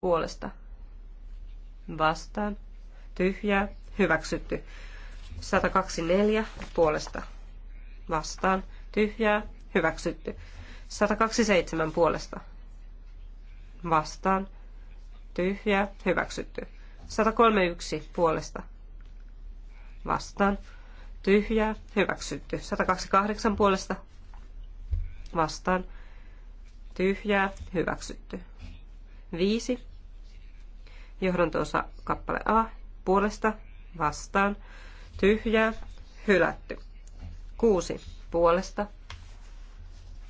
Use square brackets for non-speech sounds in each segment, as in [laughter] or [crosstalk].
puolesta. Vastaan. Tyhjää. Hyväksytty. 124 puolesta. Vastaan. Tyhjää. Hyväksytty. 127 puolesta. Vastaan. Tyhjää. Hyväksytty. 131 puolesta. Vastaan. Tyhjää. Hyväksytty. 128 puolesta. Vastaan. Tyhjää. Hyväksytty. 5 Johdantoosa kappale A puolesta vastaan tyhjää hylätty. Kuusi puolesta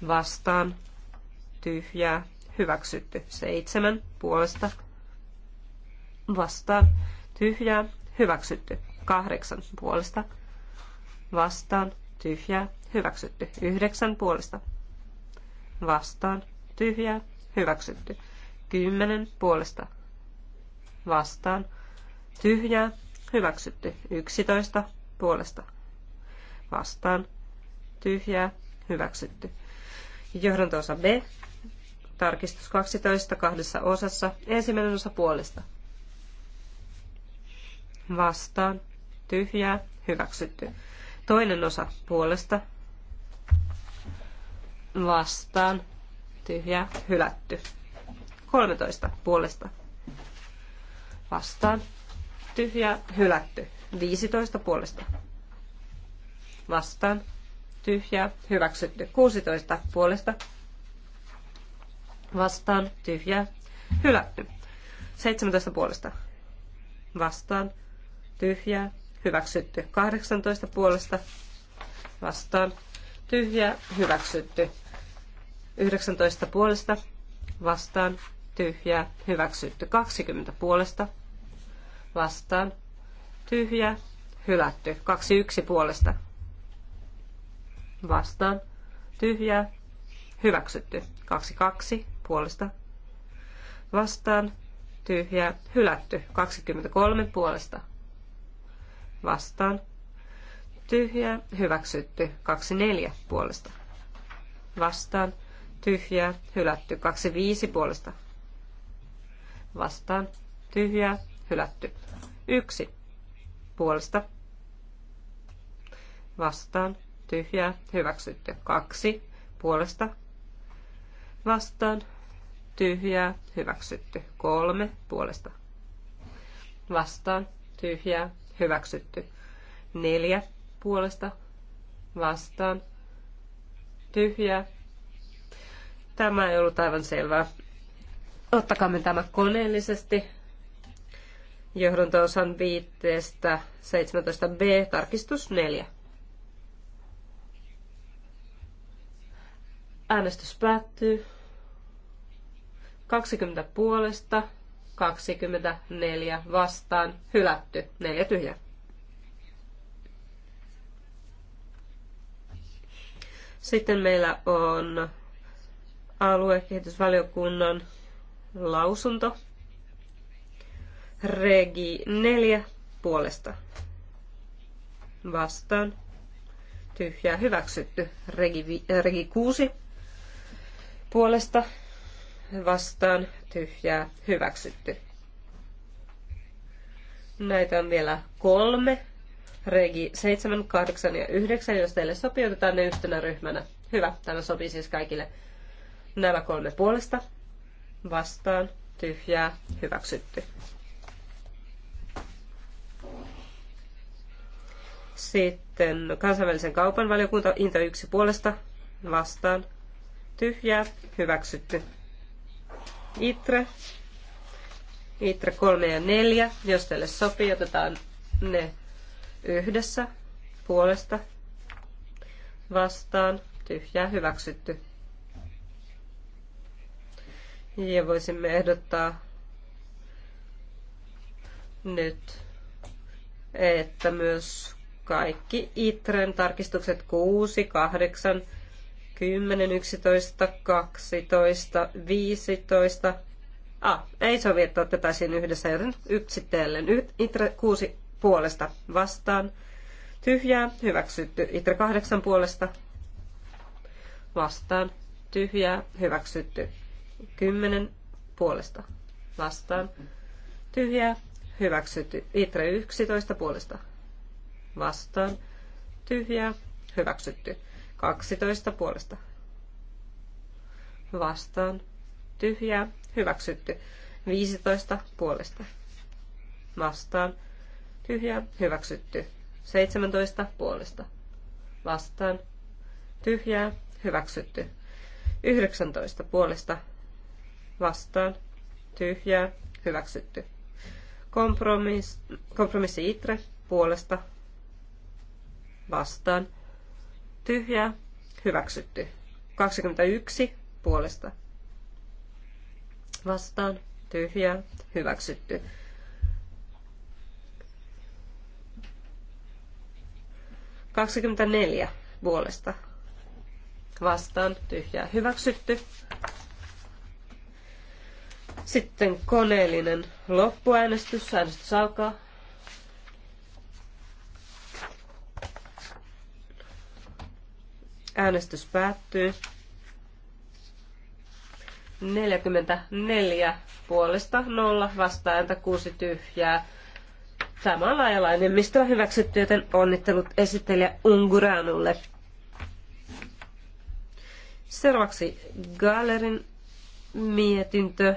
vastaan tyhjää hyväksytty. Seitsemän puolesta vastaan tyhjää hyväksytty. Kahdeksan puolesta vastaan tyhjää hyväksytty. Yhdeksän puolesta vastaan tyhjää hyväksytty. Kymmenen puolesta vastaan, tyhjää, hyväksytty. 11 puolesta vastaan, tyhjää, hyväksytty. Johdanto-osa B, tarkistus 12 kahdessa osassa, ensimmäinen osa puolesta. Vastaan, tyhjää, hyväksytty. Toinen osa puolesta, vastaan, tyhjää, hylätty. 13 puolesta, vastaan, Tyhjä, hylätty. 15 puolesta vastaan, tyhjä hyväksytty. 16 puolesta vastaan, tyhjä hylätty. 17 puolesta vastaan, tyhjä hyväksytty. 18 puolesta vastaan, tyhjä hyväksytty. 19 puolesta vastaan, tyhjä hyväksytty. 20 puolesta vastaan, tyhjä, hylätty. yksi puolesta vastaan, tyhjä, hyväksytty. kaksi kaksi puolesta vastaan, tyhjä, hylätty. 23 puolesta vastaan, tyhjä, hyväksytty. 24 puolesta vastaan, tyhjä, hylätty. 25 puolesta vastaan, tyhjä, hylätty. Yksi puolesta vastaan tyhjää hyväksytty. Kaksi puolesta vastaan tyhjää hyväksytty. Kolme puolesta vastaan tyhjää hyväksytty. Neljä puolesta vastaan tyhjää. Tämä ei ollut aivan selvää. me tämä koneellisesti johdonto osan viitteestä 17b, tarkistus 4. Äänestys päättyy. 20 puolesta, 24 vastaan, hylätty, 4 tyhjä Sitten meillä on aluekehitysvaliokunnan lausunto Regi 4 puolesta. Vastaan. Tyhjää hyväksytty. Regi, äh, regi 6 puolesta. Vastaan. Tyhjää hyväksytty. Näitä on vielä kolme. Regi 7, 8 ja 9, jos teille sopii, otetaan ne yhtenä ryhmänä. Hyvä, tämä sopii siis kaikille. Nämä kolme puolesta. Vastaan. Tyhjää. Hyväksytty. Sitten kansainvälisen kaupan valiokunta Inta yksi puolesta vastaan. Tyhjää. Hyväksytty. Itre. Itre 3 ja 4. Jos teille sopii, otetaan ne yhdessä puolesta vastaan. Tyhjää. Hyväksytty. Ja voisimme ehdottaa nyt, että myös kaikki ITREn tarkistukset 6, 8, 10, 11, 12, 15. Ah, ei sovi, että otettaisiin yhdessä, joten yksitellen. ITRE 6 puolesta vastaan. Tyhjää, hyväksytty. ITRE 8 puolesta vastaan. Tyhjää, hyväksytty. 10 puolesta vastaan. Tyhjää, hyväksytty. ITRE 11 puolesta vastaan, tyhjää, hyväksytty. 12 puolesta vastaan, tyhjää, hyväksytty. 15 puolesta vastaan, tyhjää, hyväksytty. 17 puolesta vastaan, tyhjää, hyväksytty. 19 puolesta vastaan, tyhjää, hyväksytty. kompromissi itre puolesta vastaan, tyhjää, hyväksytty. 21 puolesta vastaan, tyhjää, hyväksytty. kaksikymmentä neljä puolesta vastaan, tyhjää, hyväksytty. Sitten koneellinen loppuäänestys. Äänestys alkaa. Äänestys päättyy. 44 puolesta, 0 vastaan, 6 tyhjää. Tämä on laajalla enemmistöllä hyväksytty, joten onnittelut esittelijä Unguranulle. Seuraavaksi Gallerin mietintö.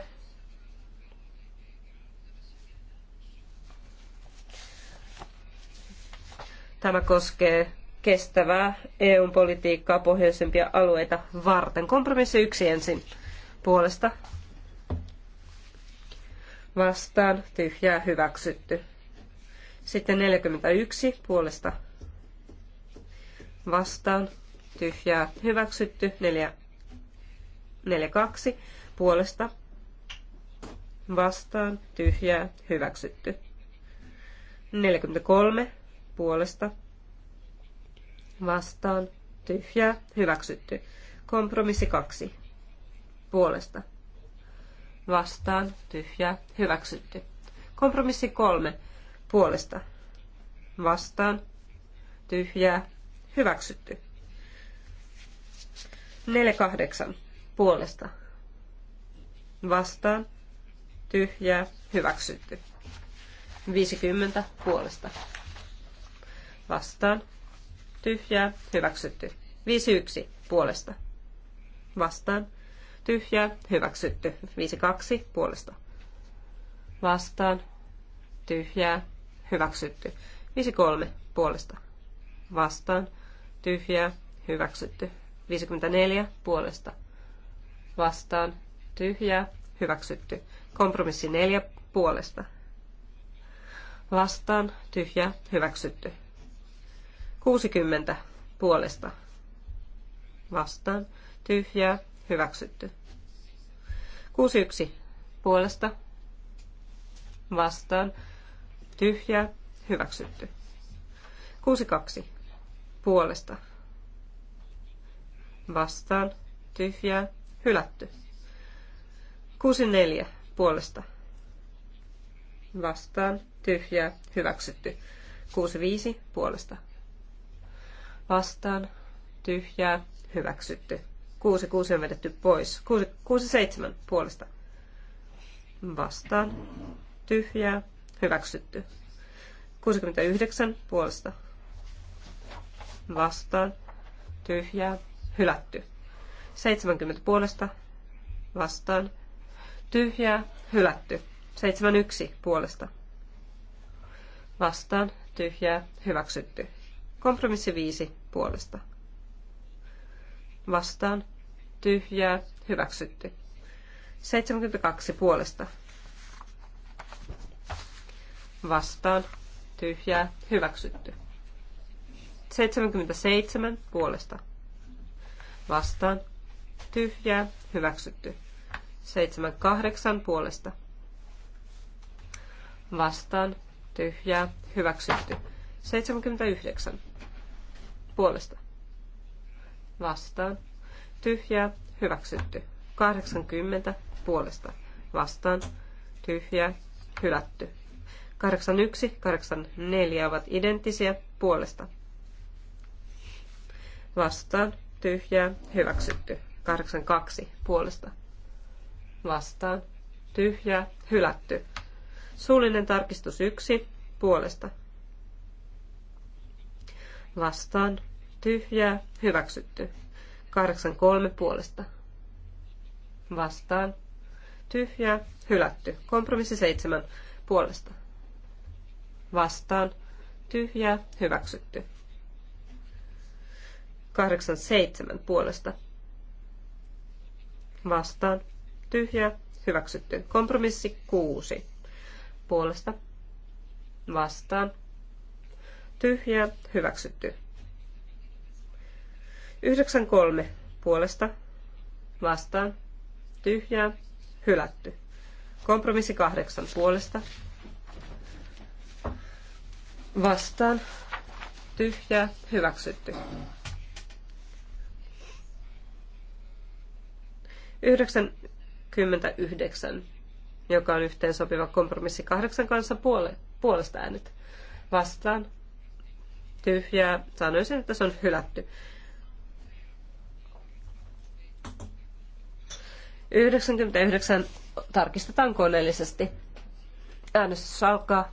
Tämä koskee kestävää EU-politiikkaa pohjoisempia alueita varten. Kompromissi yksi ensin puolesta vastaan tyhjää hyväksytty. Sitten 41 puolesta vastaan tyhjää hyväksytty. 42 puolesta vastaan tyhjää hyväksytty. 43 puolesta vastaan, tyhjää, hyväksytty. Kompromissi kaksi, puolesta, vastaan, tyhjää, hyväksytty. Kompromissi kolme, puolesta, vastaan, tyhjää, hyväksytty. 48, puolesta, vastaan, tyhjää, hyväksytty. 50 puolesta. Vastaan, tyhjää, hyväksytty. 51 puolesta vastaan, tyhjää, hyväksytty. 52 puolesta vastaan, tyhjää, hyväksytty. 53 puolesta vastaan, tyhjää, hyväksytty. 54 puolesta vastaan, tyhjää, hyväksytty. Kompromissi 4 puolesta vastaan, tyhjää, hyväksytty. 60 puolesta vastaan tyhjää hyväksytty. 61 puolesta vastaan tyhjää hyväksytty. 62 puolesta vastaan tyhjää hylätty. 64 puolesta vastaan tyhjää hyväksytty. 65 puolesta vastaan, tyhjää, hyväksytty. 6-6 on vedetty pois. 6-7 puolesta vastaan, tyhjää, hyväksytty. 69 puolesta vastaan, tyhjää, hylätty. 70 puolesta vastaan, tyhjää, hylätty. 71 puolesta vastaan, tyhjää, hyväksytty. Kompromissi 5 puolesta. Vastaan. Tyhjää. Hyväksytty. 72 puolesta. Vastaan. Tyhjää. Hyväksytty. 77 puolesta. Vastaan. Tyhjää. Hyväksytty. 78 puolesta. Vastaan. Tyhjää. Hyväksytty. 79 puolesta. Vastaan. Tyhjää. Hyväksytty. 80 puolesta. Vastaan. Tyhjää. Hylätty. 81, 84 ovat identtisiä puolesta. Vastaan. Tyhjää. Hyväksytty. 82 puolesta. Vastaan. Tyhjää. Hylätty. Suullinen tarkistus 1 puolesta vastaan tyhjää hyväksytty. 83 puolesta vastaan tyhjää hylätty. Kompromissi 7 puolesta vastaan tyhjää hyväksytty. 87 puolesta vastaan tyhjää hyväksytty. Kompromissi 6 puolesta vastaan tyhjää, hyväksytty. 9.3. Puolesta, vastaan, tyhjää, hylätty. Kompromissi 8. Puolesta, vastaan, tyhjää, hyväksytty. 99, joka on yhteensopiva kompromissi kahdeksan kanssa puole, puolesta äänet. Vastaan, tyhjää. Sanoisin, että se on hylätty. 99 tarkistetaan koneellisesti. Äänestys alkaa.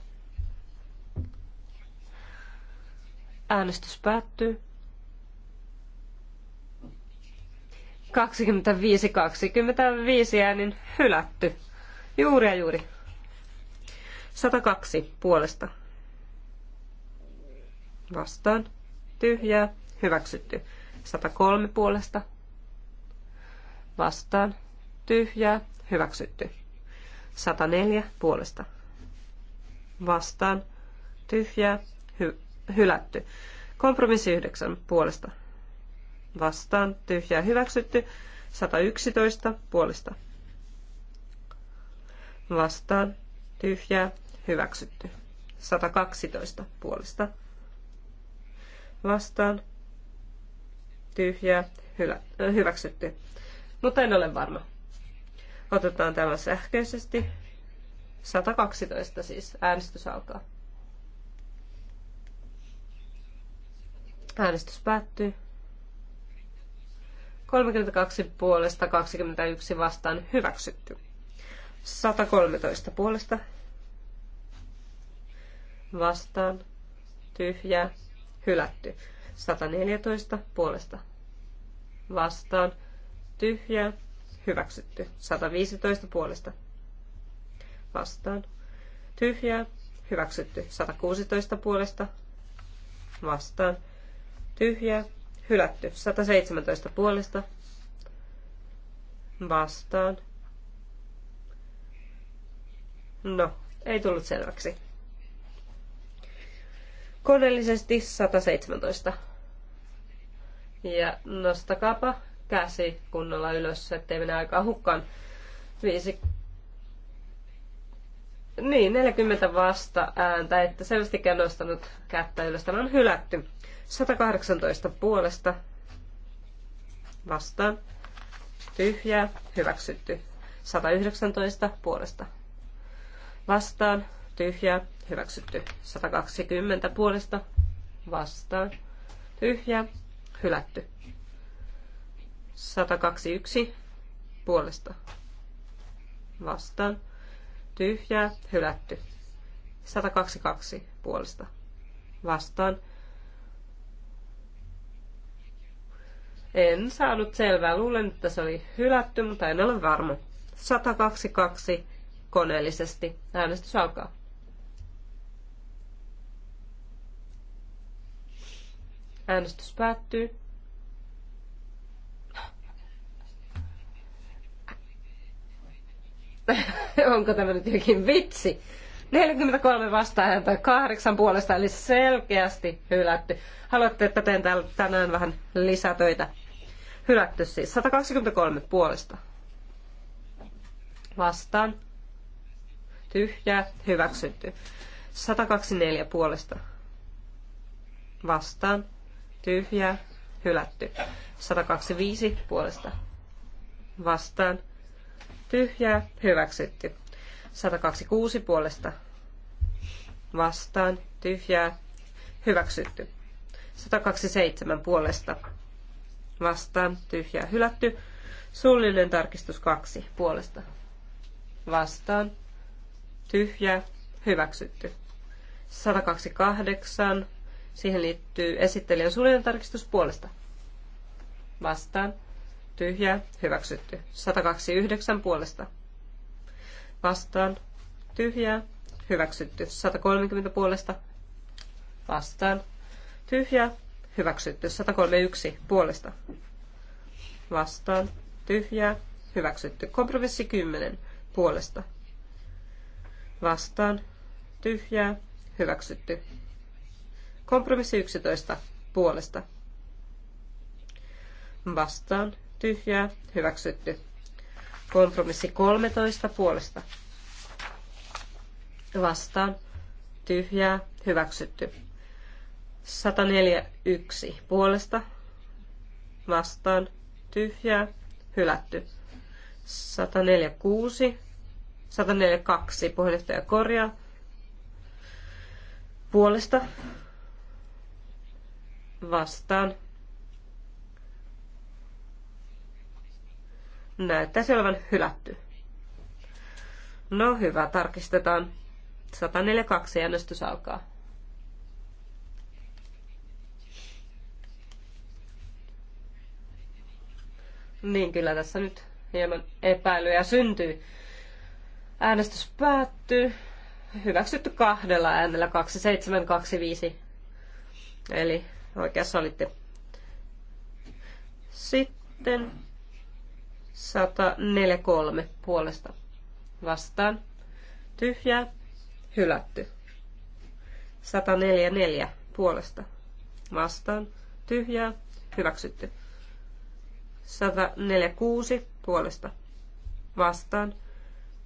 Äänestys päättyy. 25-25 äänin hylätty. Juuri ja juuri. 102 puolesta vastaan, tyhjää, hyväksytty. 103 puolesta vastaan, tyhjää, hyväksytty. 104 puolesta vastaan, tyhjää, hy- hylätty. Kompromissi 9 puolesta vastaan, tyhjää, hyväksytty. 111 puolesta vastaan, tyhjää, hyväksytty. 112 puolesta vastaan, tyhjää, hylä, hyväksytty. Mutta en ole varma. Otetaan tämä sähköisesti. 112 siis. Äänestys alkaa. Äänestys päättyy. 32 puolesta, 21 vastaan hyväksytty. 113 puolesta vastaan tyhjää hylätty. 114 puolesta vastaan tyhjää hyväksytty. 115 puolesta vastaan tyhjää hyväksytty. 116 puolesta vastaan tyhjää hylätty. 117 puolesta vastaan. No, ei tullut selväksi. Koneellisesti 117. Ja nostakaapa käsi kunnolla ylös, ettei mene aikaa hukkaan. Viisi. Niin, 40 vasta ääntä, että selvästikään nostanut kättä ylös. Tämä on hylätty. 118 puolesta vastaan. Tyhjää, hyväksytty. 119 puolesta vastaan. Tyhjää, hyväksytty. 120 puolesta vastaan, tyhjää, hylätty. 121 puolesta vastaan, tyhjää, hylätty. 122 puolesta vastaan. En saanut selvää. Luulen, että se oli hylätty, mutta en ole varma. 122 koneellisesti. Äänestys alkaa. Äänestys päättyy. [laughs] Onko tämä nyt jokin vitsi? 43 tai kahdeksan puolesta, eli selkeästi hylätty. Haluatte, että teen täällä tänään vähän lisätöitä. Hylätty siis. 123 puolesta. Vastaan. Tyhjää. Hyväksytty. 124 puolesta. Vastaan tyhjää, hylätty. 125 puolesta vastaan, tyhjää, hyväksytty. 126 puolesta vastaan, tyhjää, hyväksytty. 127 puolesta vastaan, tyhjää, hylätty. Suullinen tarkistus 2 puolesta vastaan, tyhjää, hyväksytty. 128 Siihen liittyy esittelijän suullinen tarkistus puolesta. Vastaan. Tyhjää. Hyväksytty. 129 puolesta. Vastaan. Tyhjää. Hyväksytty. 130 puolesta. Vastaan. Tyhjää. Hyväksytty. 131 puolesta. Vastaan. Tyhjää. Hyväksytty. Kompromissi 10 puolesta. Vastaan. Tyhjää. Hyväksytty. Kompromissi 11 puolesta. Vastaan tyhjää hyväksytty. Kompromissi 13 puolesta. Vastaan tyhjää hyväksytty. 141 puolesta. Vastaan tyhjää hylätty. 146 142 puheenjohtaja korjaa puolesta vastaan. Näyttää selvän hylätty. No hyvä, tarkistetaan. 142 äänestys alkaa. Niin kyllä tässä nyt hieman epäilyjä syntyy. Äänestys päättyy. Hyväksytty kahdella äänellä 2725. Eli oikeassa olitte. Sitten 143 puolesta vastaan. Tyhjää, hylätty. 144 puolesta vastaan. Tyhjää, hyväksytty. 146 puolesta vastaan.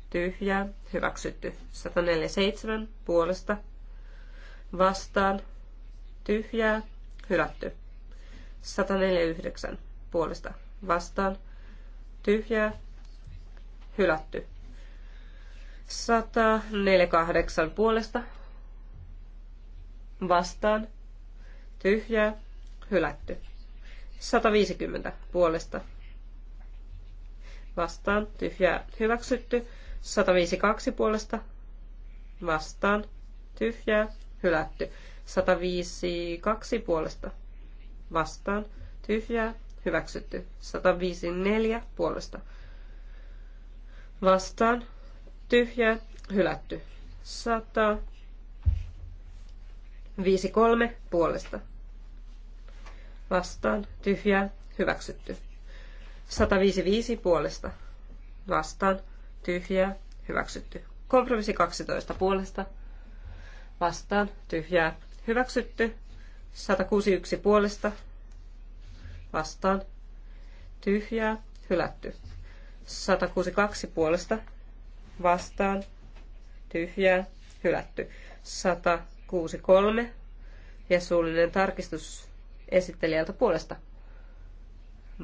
Tyhjää, hyväksytty. 147 puolesta vastaan. Tyhjää, Hylätty. 149 puolesta vastaan. Tyhjää. Hylätty. 148 puolesta vastaan. Tyhjää. Hylätty. 150 puolesta vastaan. Tyhjää. Hyväksytty. 152 puolesta vastaan. Tyhjää. Hylätty. 152 puolesta vastaan. Tyhjää hyväksytty. 154 puolesta vastaan. Tyhjää hylätty. 153 puolesta vastaan. Tyhjää hyväksytty. 155 puolesta vastaan. Tyhjää hyväksytty. Kompromissi 12 puolesta vastaan. Tyhjää Hyväksytty. 161 puolesta. Vastaan. Tyhjää. Hylätty. 162 puolesta. Vastaan. Tyhjää. Hylätty. 163. Ja suullinen tarkistus esittelijältä puolesta.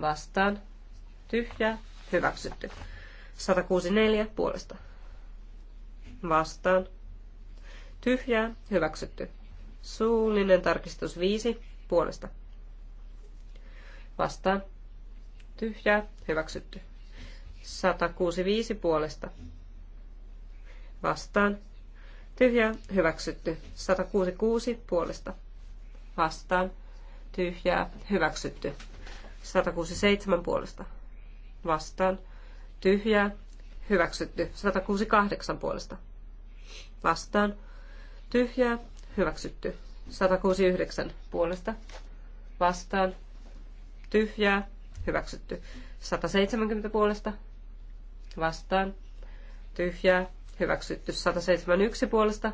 Vastaan. Tyhjää. Hyväksytty. 164 puolesta. Vastaan. Tyhjää. Hyväksytty. Suullinen tarkistus 5 puolesta. Vastaan. Tyhjää. Hyväksytty. 165 puolesta. Vastaan. Tyhjää. Hyväksytty. 166 puolesta. Vastaan. Tyhjää. Hyväksytty. 167 puolesta. Vastaan. Tyhjää. Hyväksytty. 168 puolesta. Vastaan. Tyhjää hyväksytty. 169 puolesta vastaan tyhjää hyväksytty. 170 puolesta vastaan tyhjää hyväksytty. 171 puolesta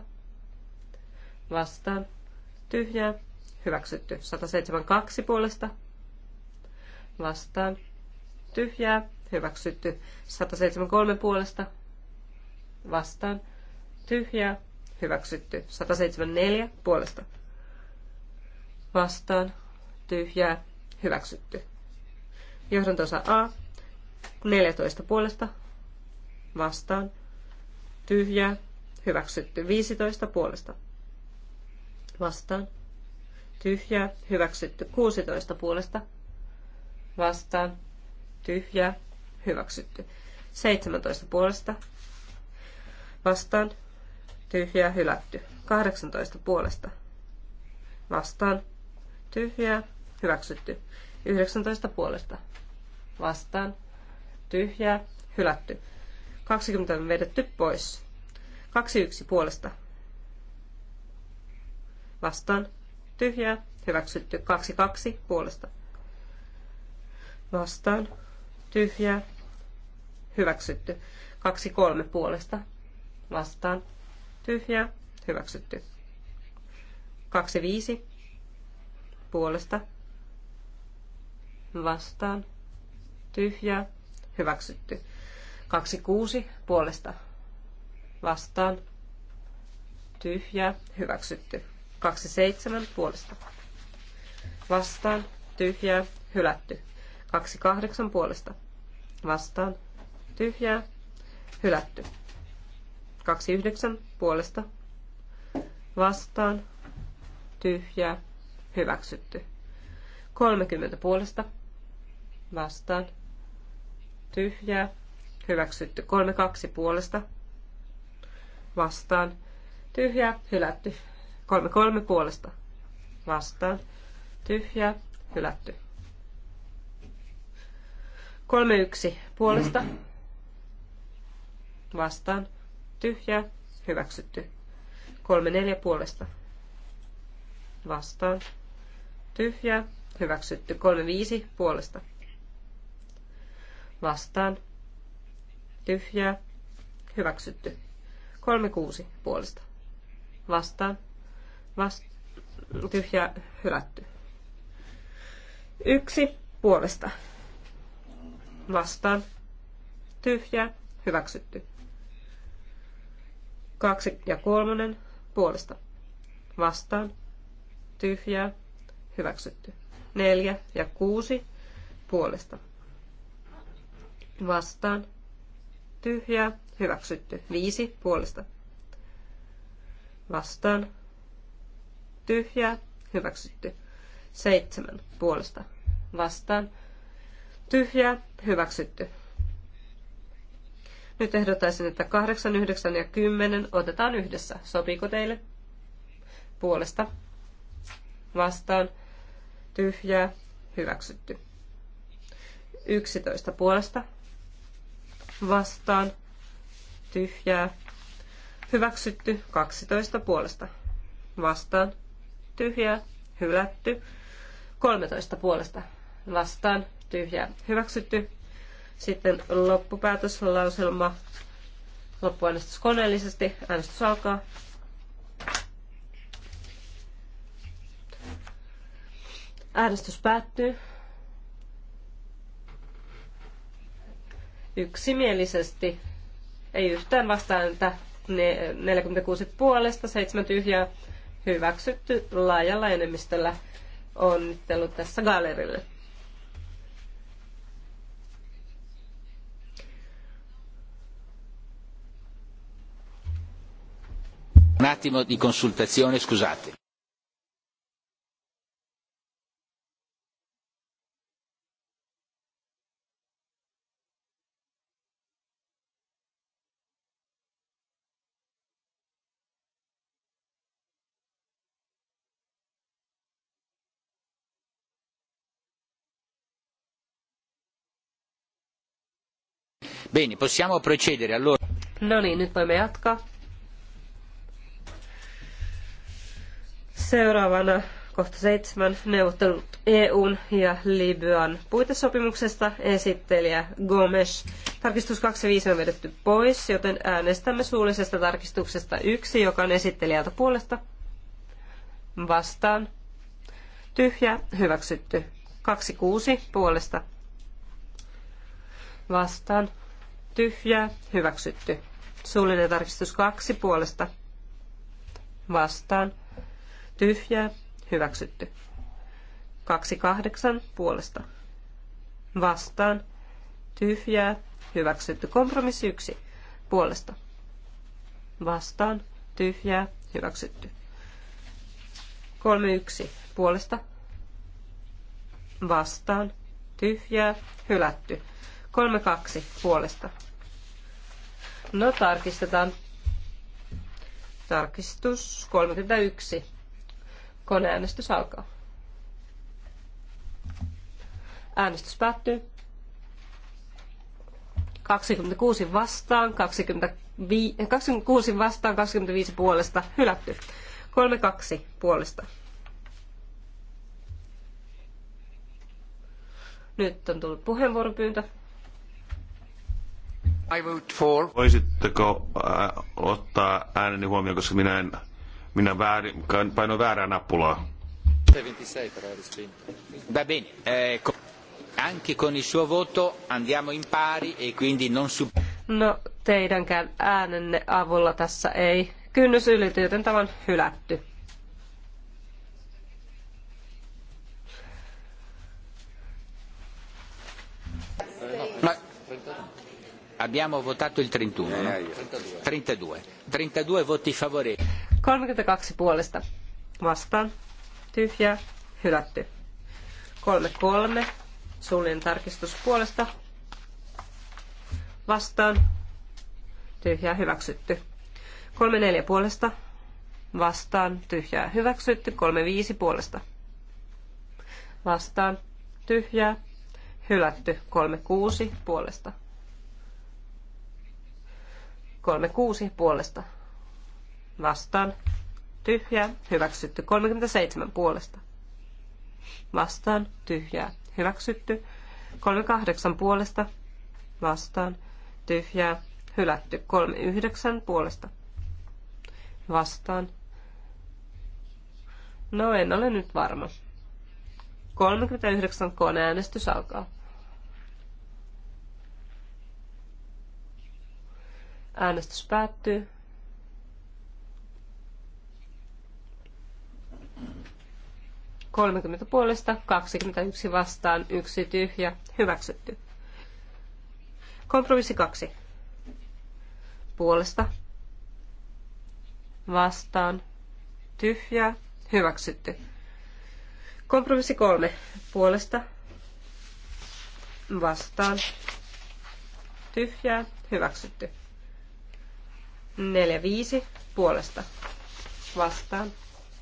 vastaan tyhjää hyväksytty. 172 puolesta vastaan tyhjää hyväksytty. 173 puolesta vastaan tyhjää hyväksytty. 174 puolesta vastaan tyhjää hyväksytty. Johdantosa A 14 puolesta vastaan tyhjää hyväksytty. 15 puolesta vastaan tyhjää hyväksytty. 16 puolesta vastaan tyhjää hyväksytty. 17 puolesta vastaan tyhjää hylätty. 18 puolesta vastaan tyhjää hyväksytty. 19 puolesta vastaan tyhjää hylätty. 20 on vedetty pois. 21 puolesta vastaan tyhjää hyväksytty. 22 puolesta vastaan tyhjää hyväksytty. 23 puolesta vastaan tyhjää, hyväksytty. 25 puolesta vastaan tyhjää, hyväksytty. 26 puolesta vastaan tyhjää, hyväksytty. 27 puolesta vastaan tyhjää, hylätty. 28 puolesta vastaan tyhjää, hylätty. 29 puolesta vastaan tyhjää hyväksytty. 30 puolesta vastaan tyhjää hyväksytty. 32 puolesta vastaan tyhjää hylätty. 33 puolesta vastaan tyhjää hylätty. 31 puolesta vastaan tyhjää, hyväksytty. Kolme neljä puolesta vastaan, tyhjää, hyväksytty. Kolme viisi puolesta vastaan, tyhjää, hyväksytty. Kolme kuusi puolesta vastaan, vast, tyhjää, hylätty. Yksi puolesta vastaan, tyhjää, hyväksytty. Kaksi ja kolmonen puolesta. Vastaan. Tyhjää. Hyväksytty. Neljä ja kuusi puolesta. Vastaan. Tyhjää. Hyväksytty. Viisi puolesta. Vastaan. Tyhjää. Hyväksytty. Seitsemän puolesta. Vastaan. Tyhjää. Hyväksytty. Nyt ehdottaisin, että 8, 9 ja 10 otetaan yhdessä. Sopiiko teille? Puolesta. Vastaan. Tyhjää. Hyväksytty. 11 puolesta. Vastaan. Tyhjää. Hyväksytty. 12 puolesta. Vastaan. Tyhjää. Hylätty. 13 puolesta. Vastaan. Tyhjää. Hyväksytty. Sitten loppupäätöslauselma. Loppuäänestys koneellisesti. Äänestys alkaa. Äänestys päättyy. Yksimielisesti. Ei yhtään vastaääntä. 46 puolesta, 7 tyhjää. Hyväksytty laajalla enemmistöllä. Onnittelu tässä galerille. Un attimo di consultazione, scusate. Bene, possiamo procedere allora. No niin, nyt voimme jatkaa. Seuraavana kohta seitsemän neuvottelut EUn ja Libyan puitesopimuksesta esittelijä Gomes. Tarkistus 25 on vedetty pois, joten äänestämme suullisesta tarkistuksesta yksi, joka on esittelijältä puolesta. Vastaan. Tyhjä. Hyväksytty. 26 puolesta. Vastaan. Tyhjä. Hyväksytty. Suullinen tarkistus kaksi puolesta. Vastaan tyhjää, hyväksytty. 28 puolesta. Vastaan, tyhjää, hyväksytty. Kompromissi 1 puolesta. Vastaan, tyhjää, hyväksytty. 31 puolesta. Vastaan, tyhjää, hylätty. 32 puolesta. No tarkistetaan. Tarkistus 31. Koneäänestys alkaa. Äänestys päättyy. 26 vastaan, 25, 26 eh, vastaan, 25 puolesta, hylätty. 32 puolesta. Nyt on tullut puheenvuoropyyntö. I vote for. Voisitteko äh, ottaa ääneni huomioon, koska minä en minä väärin, painoin väärää nappulaa. Va bene, eh, anche con il suo voto andiamo in pari e quindi non su... No, teidänkään äänenne avulla tässä ei kynnys ylity, joten tämä on hylätty. No, Abbiamo votato il 31, no? 32. Eh, 32 eh, voti favorevoli. 32 puolesta vastaan. Tyhjää. Hylätty. 33. Suullinen tarkistus puolesta. Vastaan. tyhjä Hyväksytty. 34 puolesta. Vastaan. tyhjä Hyväksytty. 35 puolesta. Vastaan. Tyhjää. Hylätty. 36 puolesta. 36 puolesta vastaan, tyhjää, hyväksytty. 37 puolesta, vastaan, tyhjää, hyväksytty. 38 puolesta, vastaan, tyhjää, hylätty. 39 puolesta, vastaan. No en ole nyt varma. 39 koneäänestys alkaa. Äänestys päättyy. 30 puolesta, 21 vastaan, yksi tyhjä, hyväksytty. Kompromissi 2. Puolesta, vastaan, tyhjä, hyväksytty. Kompromissi 3. Puolesta, vastaan, tyhjä hyväksytty. 4, 5, puolesta, vastaan,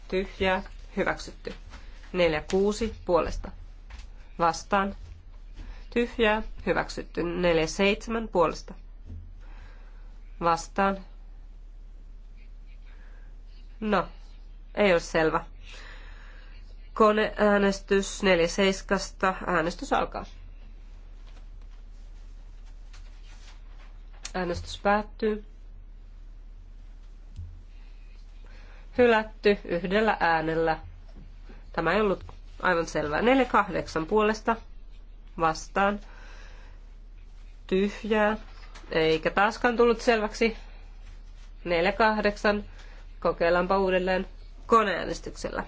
tyhjä hyväksytty. 46 puolesta. Vastaan. Tyhjää. Hyväksytty. 47 puolesta. Vastaan. No, ei ole selvä. Koneäänestys 47. Äänestys alkaa. Äänestys päättyy. Hylätty yhdellä äänellä. Tämä ei ollut aivan selvää. 48 puolesta vastaan. Tyhjää. Eikä taaskaan tullut selväksi. 48. Kokeillaanpa uudelleen koneäänestyksellä.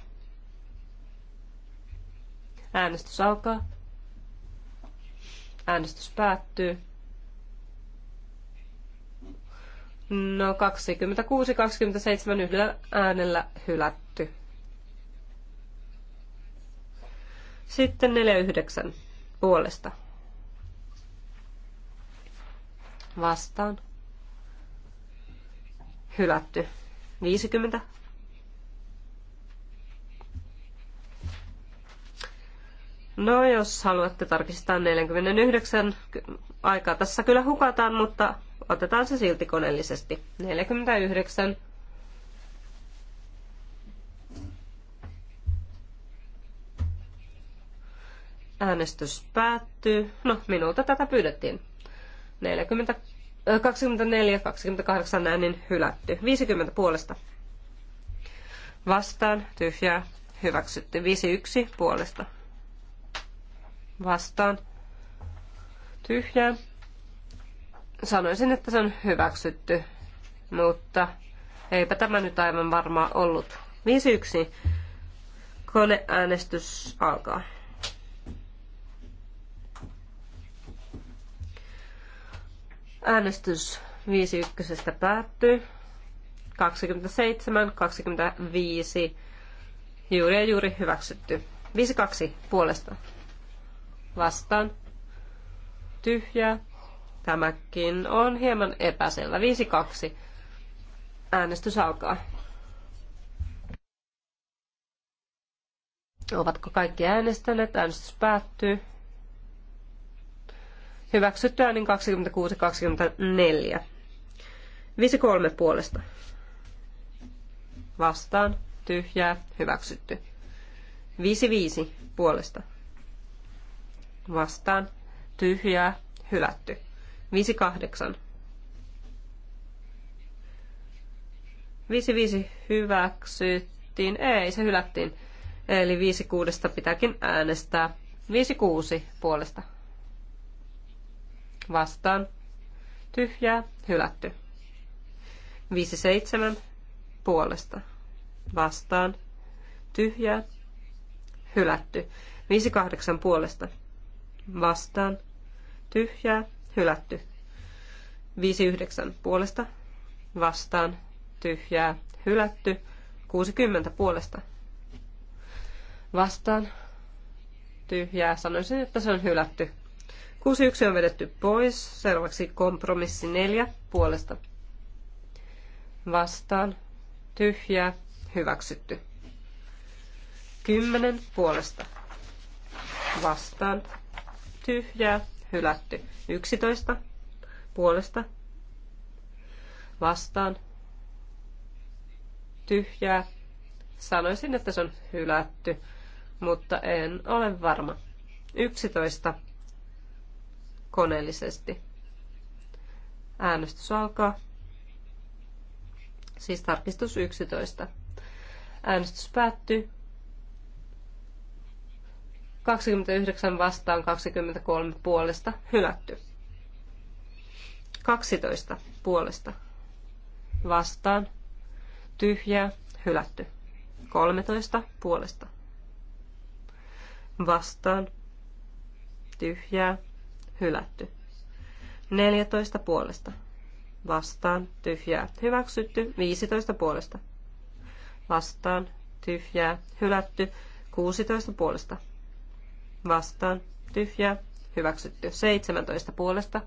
Äänestys alkaa. Äänestys päättyy. No 26-27 yhdellä äänellä hylätty. Sitten 49 puolesta. Vastaan. Hylätty. 50. No, jos haluatte tarkistaa 49, aikaa tässä kyllä hukataan, mutta otetaan se silti koneellisesti. 49 Äänestys päättyy. No, minulta tätä pyydettiin. 40, 24, 28 äänin hylätty. 50 puolesta. Vastaan, tyhjää, hyväksytty. 51 puolesta. Vastaan, tyhjää. Sanoisin, että se on hyväksytty, mutta eipä tämä nyt aivan varmaa ollut. 51. Koneäänestys alkaa. Äänestys 51 päättyy. 27, 25. Juuri ja juuri hyväksytty. 52 puolesta. Vastaan. Tyhjä. Tämäkin on hieman epäselvä. 52. Äänestys alkaa. Ovatko kaikki äänestäneet? Äänestys päättyy hyväksyttyä, niin 26-24. 5-3 puolesta. Vastaan. Tyhjää. Hyväksytty. 5-5 puolesta. Vastaan. Tyhjää. Hylätty. 5-8. 5 hyväksyttiin. Ei, se hylättiin. Eli 5-6 pitääkin äänestää. 5-6 puolesta vastaan, tyhjää, hylätty. 57. puolesta, vastaan, tyhjää, hylätty. 58. puolesta, vastaan, tyhjää, hylätty. 59. puolesta, vastaan, tyhjää, hylätty. 60 puolesta, vastaan, tyhjää. Sanoisin, että se on hylätty. 61 on vedetty pois. Seuraavaksi kompromissi 4 puolesta. Vastaan. Tyhjää. Hyväksytty. 10 puolesta. Vastaan. Tyhjää. Hylätty. 11 puolesta. Vastaan. Tyhjää. Sanoisin, että se on hylätty, mutta en ole varma. 11 koneellisesti. Äänestys alkaa. Siis tarkistus 11. Äänestys päättyy. 29 vastaan 23 puolesta hylätty. 12 puolesta vastaan tyhjää hylätty. 13 puolesta vastaan tyhjää hylätty. 14 puolesta. Vastaan, tyhjää, hyväksytty. 15 puolesta. Vastaan, tyhjää, hylätty. 16 puolesta. Vastaan, tyhjää, hyväksytty. 17 puolesta.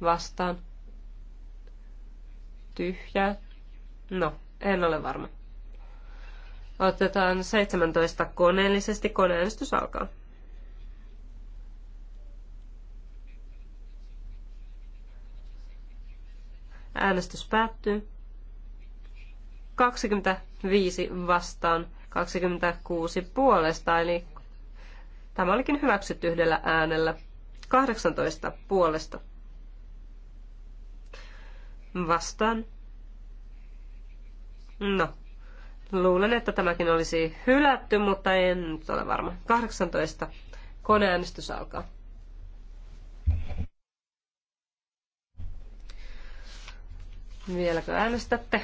Vastaan, tyhjää. No, en ole varma. Otetaan 17 koneellisesti. Koneäänestys alkaa. Äänestys päättyy. 25 vastaan, 26 puolesta, eli tämä olikin hyväksytty yhdellä äänellä. 18 puolesta. Vastaan. No, luulen, että tämäkin olisi hylätty, mutta en nyt ole varma. 18. Koneäänestys alkaa. Vieläkö äänestätte?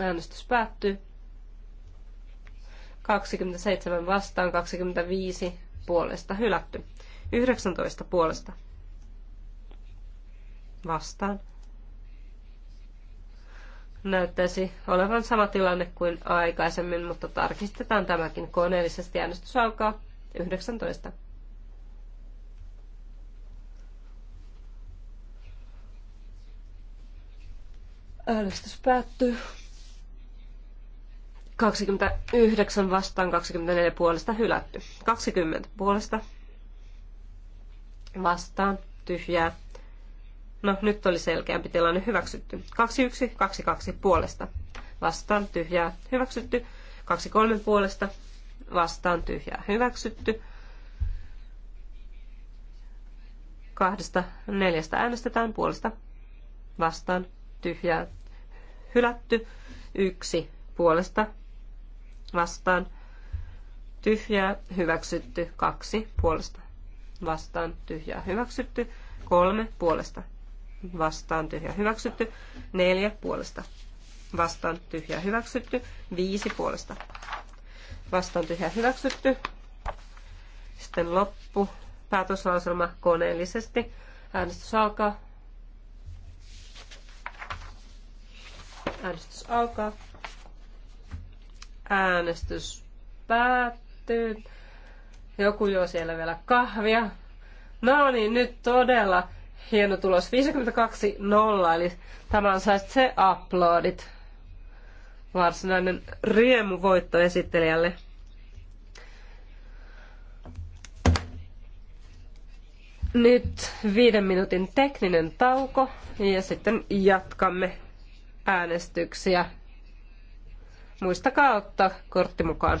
Äänestys päättyy. 27 vastaan, 25 puolesta hylätty. 19 puolesta vastaan. Näyttäisi olevan sama tilanne kuin aikaisemmin, mutta tarkistetaan tämäkin koneellisesti. Äänestys alkaa 19. Äänestys päättyy. 29 vastaan 24 puolesta hylätty. 20 puolesta vastaan tyhjää. No nyt oli selkeämpi tilanne hyväksytty. 21, 22 puolesta vastaan tyhjää hyväksytty. 23 puolesta vastaan tyhjää hyväksytty. Kahdesta neljästä äänestetään puolesta vastaan tyhjää hylätty. Yksi puolesta vastaan tyhjää hyväksytty. Kaksi puolesta vastaan tyhjää hyväksytty. Kolme puolesta vastaan tyhjää hyväksytty. Neljä puolesta vastaan tyhjää hyväksytty. Viisi puolesta vastaan tyhjää hyväksytty. Sitten loppu päätöslauselma koneellisesti. Äänestys alkaa. Äänestys alkaa. Äänestys päättyy. Joku juo siellä vielä kahvia. No niin, nyt todella hieno tulos. 52.0, eli tämä on se uploadit. Varsinainen riemuvoitto esittelijälle. Nyt viiden minuutin tekninen tauko ja sitten jatkamme äänestyksiä. Muistakaa ottaa kortti mukaan.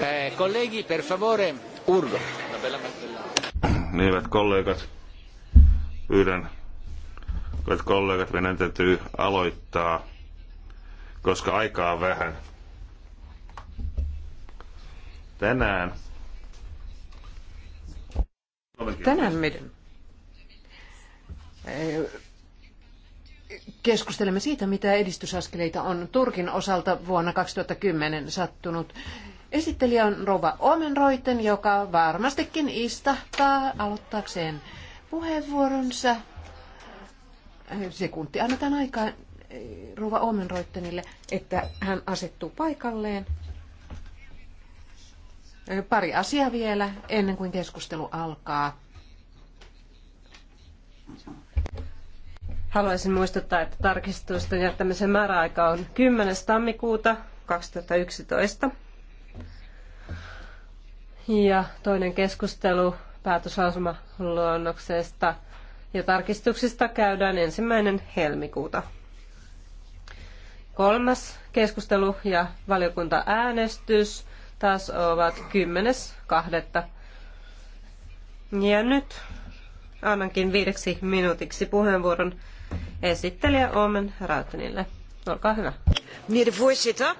Eh, colleghi, per favore, urlo. Niin, hyvät kollegat, pyydän, hyvät kollegat, meidän täytyy aloittaa, koska aikaa on vähän. Tänään Tänään meidän keskustelemme siitä, mitä edistysaskeleita on Turkin osalta vuonna 2010 sattunut. Esittelijä on Rova Omenroiten, joka varmastikin istahtaa aloittaakseen puheenvuoronsa. Sekunti annetaan aikaa eh, Rova Omenroittenille, että hän asettuu paikalleen. Eh, pari asiaa vielä ennen kuin keskustelu alkaa. Haluaisin muistuttaa, että tarkistusten jättämisen määräaika on 10. tammikuuta 2011. Ja toinen keskustelu päätöslausumaluonnoksesta ja tarkistuksista käydään ensimmäinen helmikuuta. Kolmas keskustelu ja valiokuntaäänestys taas ovat 10.2. Ja nyt annankin viideksi minuutiksi puheenvuoron esittelijä Omen Rautenille. Olkaa hyvä. Meneer de voorzitter,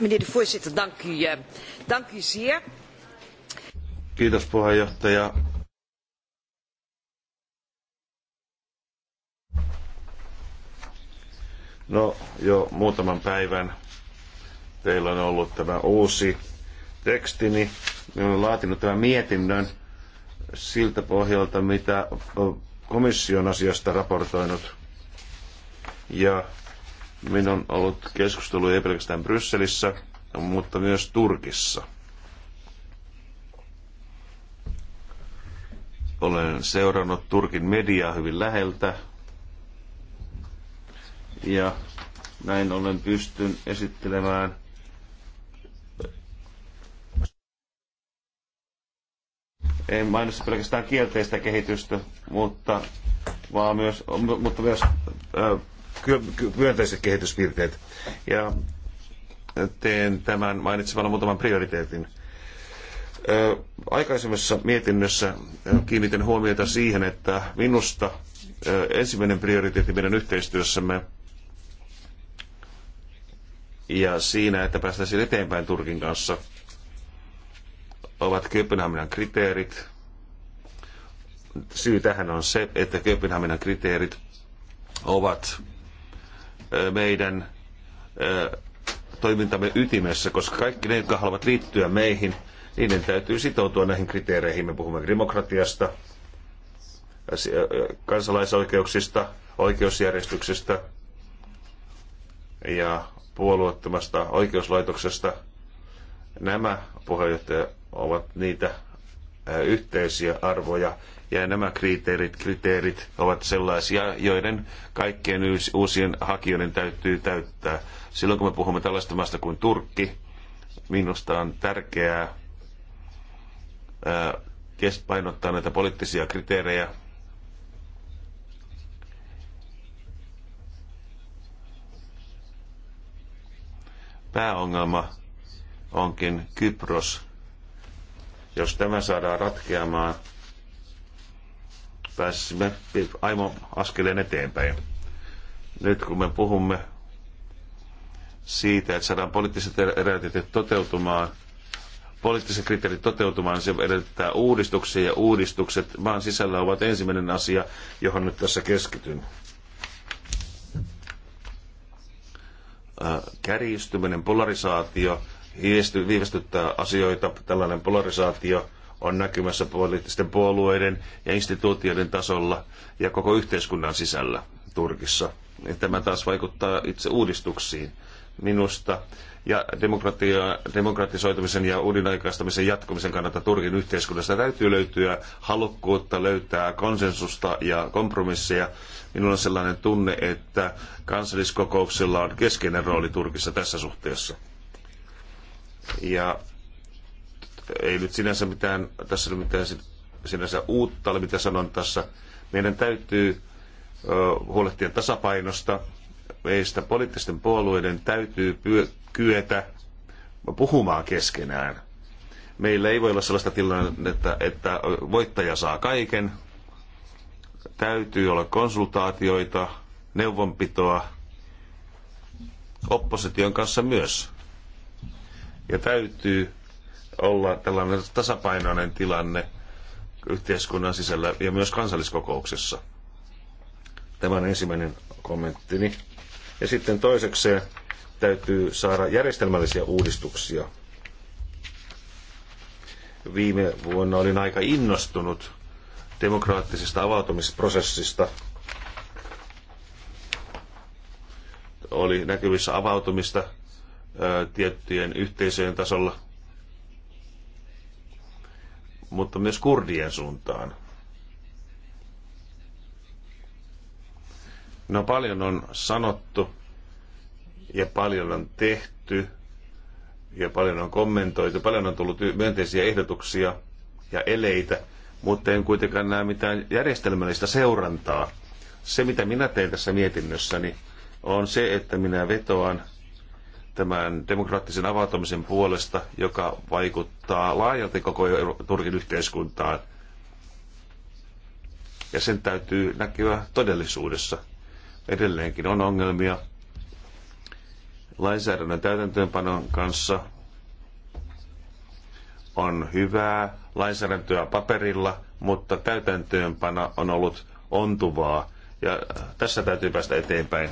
meneer de voorzitter, dank u, eh, dank u zeer. Kiitos puheenjohtaja. No jo muutaman päivän teillä on ollut tämä uusi tekstini. Niin minä olen laatinut tämän mietinnön siltä pohjalta, mitä komission asiasta raportoinut. Ja minun on ollut keskustelu ei pelkästään Brysselissä, mutta myös Turkissa – Olen seurannut Turkin mediaa hyvin läheltä ja näin olen pystyn esittelemään en mainosta pelkästään kielteistä kehitystä, mutta, vaan myös, mutta myös myönteiset kehityspiirteet. Ja teen tämän mainitsemalla muutaman prioriteetin. Aikaisemmassa mietinnössä kiinnitin huomiota siihen, että minusta ensimmäinen prioriteetti meidän yhteistyössämme ja siinä, että päästäisiin eteenpäin Turkin kanssa, ovat Kööpenhaminan kriteerit. Syy tähän on se, että Kööpenhaminan kriteerit ovat meidän toimintamme ytimessä, koska kaikki ne, jotka haluavat liittyä meihin – niiden täytyy sitoutua näihin kriteereihin. Me puhumme demokratiasta, kansalaisoikeuksista, oikeusjärjestyksestä ja puolueettomasta oikeuslaitoksesta. Nämä puheenjohtaja ovat niitä yhteisiä arvoja, ja nämä kriteerit, kriteerit ovat sellaisia, joiden kaikkien uusien hakijoiden täytyy täyttää. Silloin kun me puhumme tällaista maasta kuin Turkki, minusta on tärkeää painottaa näitä poliittisia kriteerejä. Pääongelma onkin Kypros. Jos tämä saadaan ratkeamaan, pääsisimme aimo askeleen eteenpäin. Nyt kun me puhumme siitä, että saadaan poliittiset realiteetit toteutumaan – poliittiset kriteerit toteutumaan, se edellyttää uudistuksia ja uudistukset maan sisällä ovat ensimmäinen asia, johon nyt tässä keskityn. Kärjistyminen, polarisaatio, viivästyttää asioita, tällainen polarisaatio on näkymässä poliittisten puolueiden ja instituutioiden tasolla ja koko yhteiskunnan sisällä Turkissa. Tämä taas vaikuttaa itse uudistuksiin. Minusta ja demokratia, demokratisoitumisen ja uudinaikaistamisen jatkumisen kannalta Turkin yhteiskunnasta täytyy löytyä halukkuutta löytää konsensusta ja kompromisseja. Minulla on sellainen tunne, että kansalliskokouksilla on keskeinen rooli Turkissa tässä suhteessa. Ja ei nyt sinänsä mitään, tässä ei mitään sinänsä uutta ole, mitä sanon tässä. Meidän täytyy huolehtia tasapainosta. Meistä poliittisten puolueiden täytyy kyetä puhumaan keskenään. Meillä ei voi olla sellaista tilannetta, että voittaja saa kaiken. Täytyy olla konsultaatioita, neuvonpitoa opposition kanssa myös. Ja täytyy olla tällainen tasapainoinen tilanne yhteiskunnan sisällä ja myös kansalliskokouksessa. Tämä on ensimmäinen kommenttini. Ja sitten toisekseen täytyy saada järjestelmällisiä uudistuksia. Viime vuonna olin aika innostunut demokraattisesta avautumisprosessista. Oli näkyvissä avautumista tiettyjen yhteisöjen tasolla, mutta myös kurdien suuntaan. No paljon on sanottu ja paljon on tehty ja paljon on kommentoitu, paljon on tullut myönteisiä ehdotuksia ja eleitä, mutta en kuitenkaan näe mitään järjestelmällistä seurantaa. Se, mitä minä teen tässä mietinnössäni, on se, että minä vetoan tämän demokraattisen avautumisen puolesta, joka vaikuttaa laajalti koko Turkin yhteiskuntaan. Ja sen täytyy näkyä todellisuudessa. Edelleenkin on ongelmia, lainsäädännön täytäntöönpanon kanssa on hyvää lainsäädäntöä paperilla, mutta täytäntöönpano on ollut ontuvaa. Ja äh, tässä täytyy päästä eteenpäin.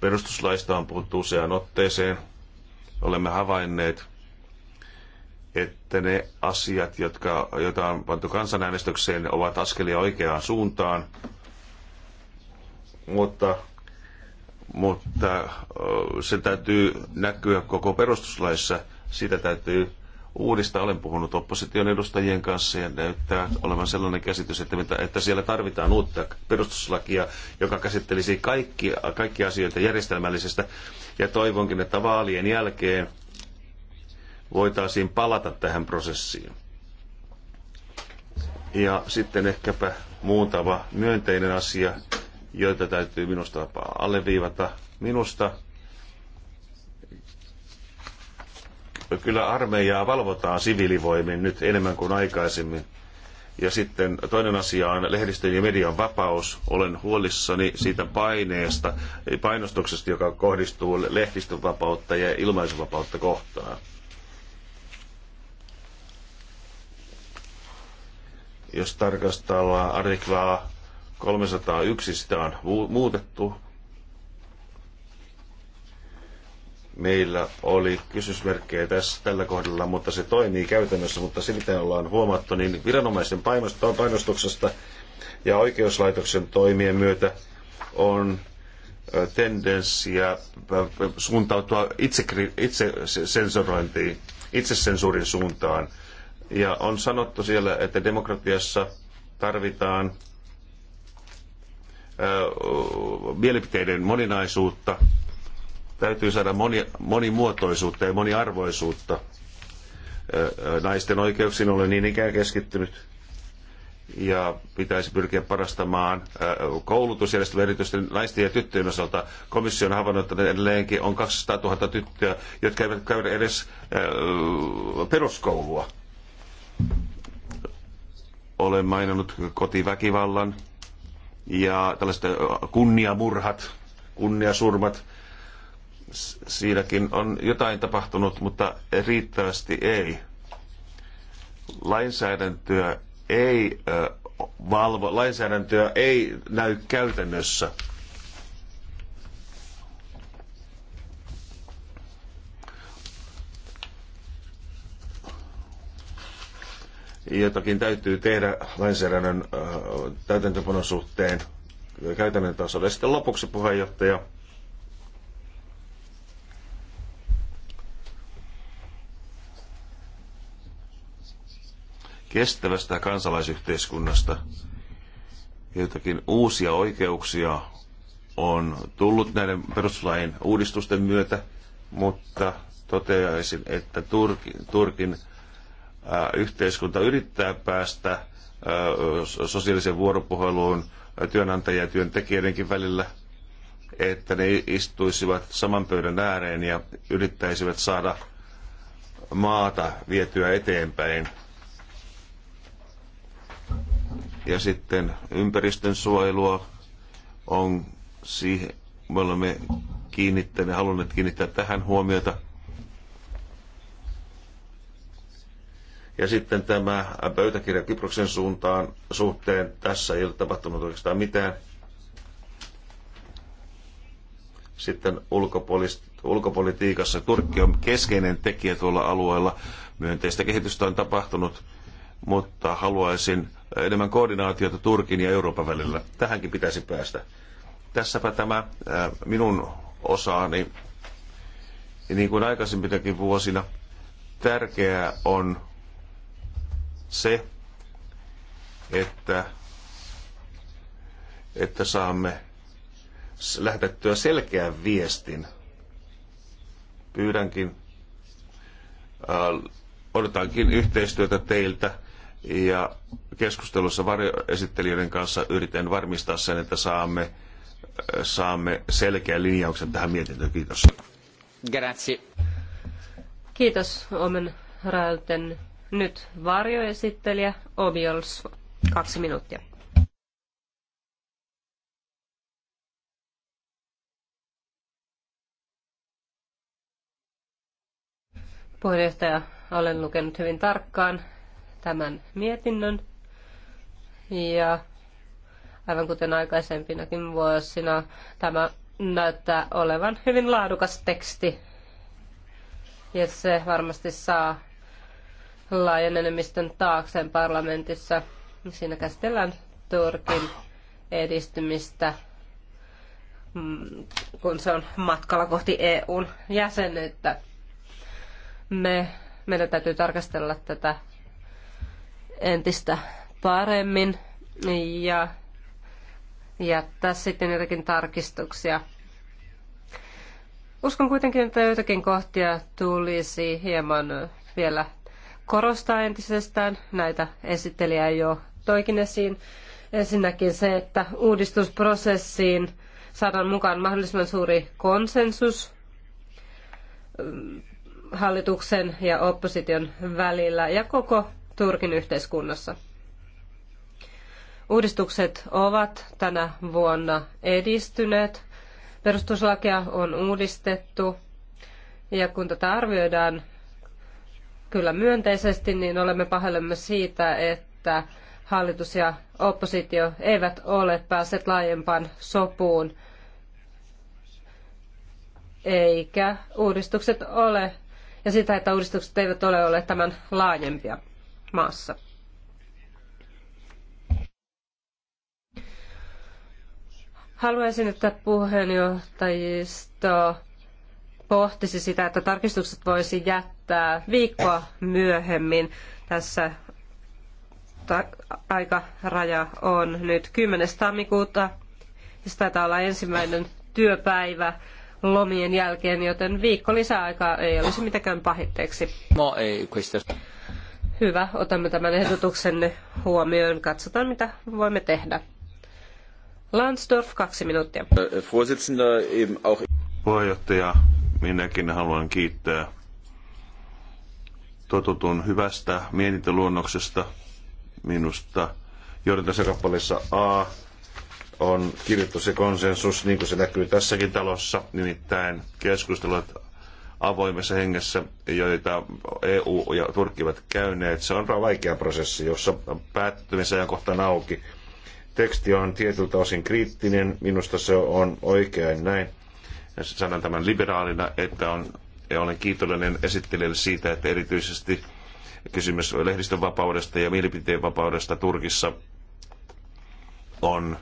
Perustuslaista on puhuttu useaan otteeseen. Olemme havainneet, että ne asiat, jotka, joita on pantu kansanäänestykseen, ovat askelia oikeaan suuntaan. Mutta mutta se täytyy näkyä koko perustuslaissa. Sitä täytyy uudistaa. Olen puhunut opposition edustajien kanssa ja näyttää olevan sellainen käsitys, että, että siellä tarvitaan uutta perustuslakia, joka käsittelisi kaikki, kaikki asioita järjestelmällisestä. Ja toivonkin, että vaalien jälkeen voitaisiin palata tähän prosessiin. Ja sitten ehkäpä muutama myönteinen asia joita täytyy minusta alleviivata. Minusta kyllä armeijaa valvotaan siviilivoimin nyt enemmän kuin aikaisemmin. Ja sitten toinen asia on lehdistön ja median vapaus. Olen huolissani siitä paineesta, painostuksesta, joka kohdistuu lehdistön vapautta ja ilmaisuvapautta kohtaan. Jos tarkastellaan artiklaa 301 sitä on muutettu. Meillä oli kysymysmerkkejä tässä tällä kohdalla, mutta se toimii käytännössä, mutta siltä ollaan huomattu niin viranomaisen painostuksesta ja oikeuslaitoksen toimien myötä on tendenssiä suuntautua itse, itse sensorointiin, sensuurin suuntaan. Ja on sanottu siellä, että demokratiassa tarvitaan mielipiteiden moninaisuutta, täytyy saada moni, monimuotoisuutta ja moniarvoisuutta. Naisten oikeuksiin olen niin ikään keskittynyt ja pitäisi pyrkiä parastamaan koulutusjärjestelmä erityisesti naisten ja tyttöjen osalta. Komissio on havainnut, että edelleenkin on 200 000 tyttöä, jotka eivät käy edes peruskoulua. Olen maininnut kotiväkivallan ja tällaiset kunniamurhat, kunniasurmat. Siinäkin on jotain tapahtunut, mutta riittävästi ei. Lainsäädäntöä ei valvo, lainsäädäntöä ei näy käytännössä. Jotakin täytyy tehdä lainsäädännön täytäntöpanon suhteen käytännön tasolla. Ja sitten lopuksi puheenjohtaja. kestävästä kansalaisyhteiskunnasta. Joitakin uusia oikeuksia on tullut näiden perustuslain uudistusten myötä, mutta toteaisin, että Turkin, Turkin Äh, yhteiskunta yrittää päästä äh, sosiaaliseen vuoropuheluun äh, työnantajien ja työntekijöidenkin välillä, että ne istuisivat saman pöydän ääreen ja yrittäisivät saada maata vietyä eteenpäin. Ja sitten ympäristön suojelua on siihen, me olemme kiinnittäneet, halunneet kiinnittää tähän huomiota – Ja sitten tämä pöytäkirja Kyproksen suuntaan suhteen, tässä ei ole tapahtunut oikeastaan mitään. Sitten ulkopolitiikassa Turkki on keskeinen tekijä tuolla alueella. Myönteistä kehitystä on tapahtunut, mutta haluaisin enemmän koordinaatiota Turkin ja Euroopan välillä. Tähänkin pitäisi päästä. Tässäpä tämä minun osaani. Niin kuin aikaisemminakin vuosina, tärkeää on se, että, että saamme lähetettyä selkeän viestin. Pyydänkin, äh, odotankin yhteistyötä teiltä ja keskustelussa varjoesittelijöiden kanssa yritän varmistaa sen, että saamme, äh, saamme selkeän linjauksen tähän mietintöön. Kiitos. Grazie. Kiitos Omen Raelten nyt varjoesittelijä Obiols, kaksi minuuttia. Puheenjohtaja, olen lukenut hyvin tarkkaan tämän mietinnön ja aivan kuten aikaisempinakin vuosina tämä näyttää olevan hyvin laadukas teksti ja se varmasti saa laajan enemmistön parlamentissa. Siinä käsitellään Turkin edistymistä, mm, kun se on matkalla kohti EUn jäsenyyttä. Me, meidän täytyy tarkastella tätä entistä paremmin ja jättää sitten jotakin tarkistuksia. Uskon kuitenkin, että joitakin kohtia tulisi hieman vielä korostaa entisestään. Näitä esittelijä jo toikin esiin. Ensinnäkin se, että uudistusprosessiin saadaan mukaan mahdollisimman suuri konsensus mm, hallituksen ja opposition välillä ja koko Turkin yhteiskunnassa. Uudistukset ovat tänä vuonna edistyneet. Perustuslakia on uudistettu ja kun tätä arvioidaan kyllä myönteisesti, niin olemme pahoillamme siitä, että hallitus ja oppositio eivät ole päässeet laajempaan sopuun, eikä uudistukset ole, ja sitä, että uudistukset eivät ole olleet tämän laajempia maassa. Haluaisin, että puheenjohtajisto pohtisi sitä, että tarkistukset voisi jättää päättää viikkoa myöhemmin. Tässä aikaraja on nyt 10. tammikuuta. Se taitaa olla ensimmäinen työpäivä lomien jälkeen, joten viikko lisäaikaa ei olisi mitenkään pahitteeksi. No ei, questa. Hyvä, otamme tämän ehdotuksenne huomioon. Katsotaan, mitä voimme tehdä. Landsdorf kaksi minuuttia. Äh, Puheenjohtaja, minäkin haluan kiittää totutun hyvästä mietintöluonnoksesta minusta. Joiden tässä kappaleessa A on kirjoittu se konsensus, niin kuin se näkyy tässäkin talossa, nimittäin keskustelut avoimessa hengessä, joita EU ja Turkki ovat käyneet. Se on vaikea prosessi, jossa päättymisajankohta on auki. Teksti on tietyltä osin kriittinen, minusta se on oikein näin. Sanon tämän liberaalina, että on ja olen kiitollinen esittelijälle siitä, että erityisesti kysymys lehdistönvapaudesta ja mielipiteenvapaudesta Turkissa on,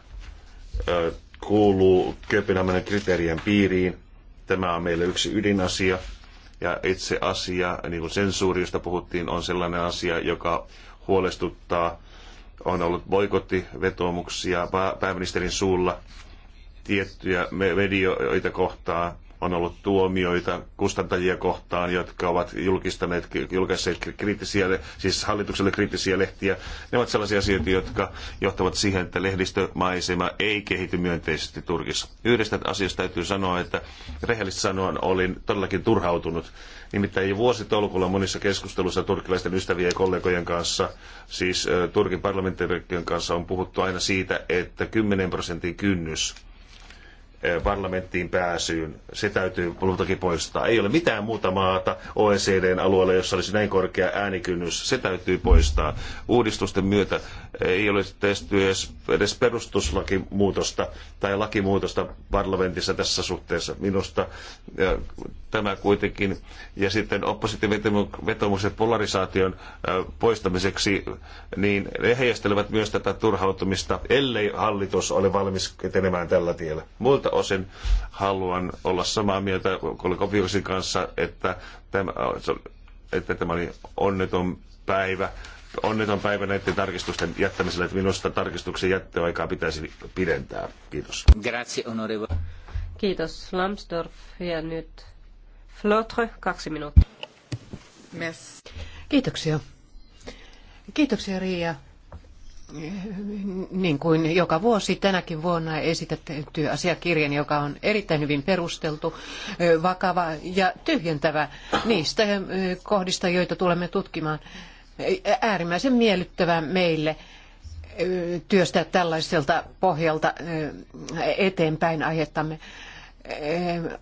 kuuluu Kööpenhaminan kriteerien piiriin. Tämä on meille yksi ydinasia. Ja itse asia, niin kuin sensuuri, josta puhuttiin, on sellainen asia, joka huolestuttaa. On ollut boikottivetoomuksia pääministerin suulla tiettyjä medioita kohtaan on ollut tuomioita kustantajia kohtaan, jotka ovat julkistaneet, julkaisseet kriittisiä, siis hallitukselle kriittisiä lehtiä. Ne ovat sellaisia asioita, jotka johtavat siihen, että lehdistömaisema ei kehity myönteisesti Turkissa. Yhdestä asiasta täytyy sanoa, että rehellisesti sanoen olin todellakin turhautunut. Nimittäin jo vuositolkulla monissa keskusteluissa turkilaisten ystävien ja kollegojen kanssa, siis Turkin parlamentin kanssa on puhuttu aina siitä, että 10 prosentin kynnys parlamenttiin pääsyyn. Se täytyy toki poistaa. Ei ole mitään muuta maata OECDn alueella, jossa olisi näin korkea äänikynnys. Se täytyy poistaa. Uudistusten myötä ei ole tehty edes, edes perustuslakimuutosta tai lakimuutosta parlamentissa tässä suhteessa. Minusta tämä kuitenkin, ja sitten oppositiovetomukset polarisaation poistamiseksi, niin ne heijastelevat myös tätä turhautumista, ellei hallitus ole valmis etenemään tällä tiellä. Muilta osin haluan olla samaa mieltä kollega Viusin kanssa, että tämä, että tämä oli onneton päivä, onneton päivä näiden tarkistusten jättämisellä, että minusta tarkistuksen jättöaikaa pitäisi pidentää. Kiitos. Grazie, onorevo. Kiitos Lambsdorff ja nyt Flotre, kaksi minuuttia. Kiitoksia. Kiitoksia Riia. Niin kuin joka vuosi tänäkin vuonna esitetty asiakirjan, joka on erittäin hyvin perusteltu, vakava ja tyhjentävä niistä kohdista, joita tulemme tutkimaan. Äärimmäisen miellyttävä meille työstää tällaiselta pohjalta eteenpäin aiheuttamme.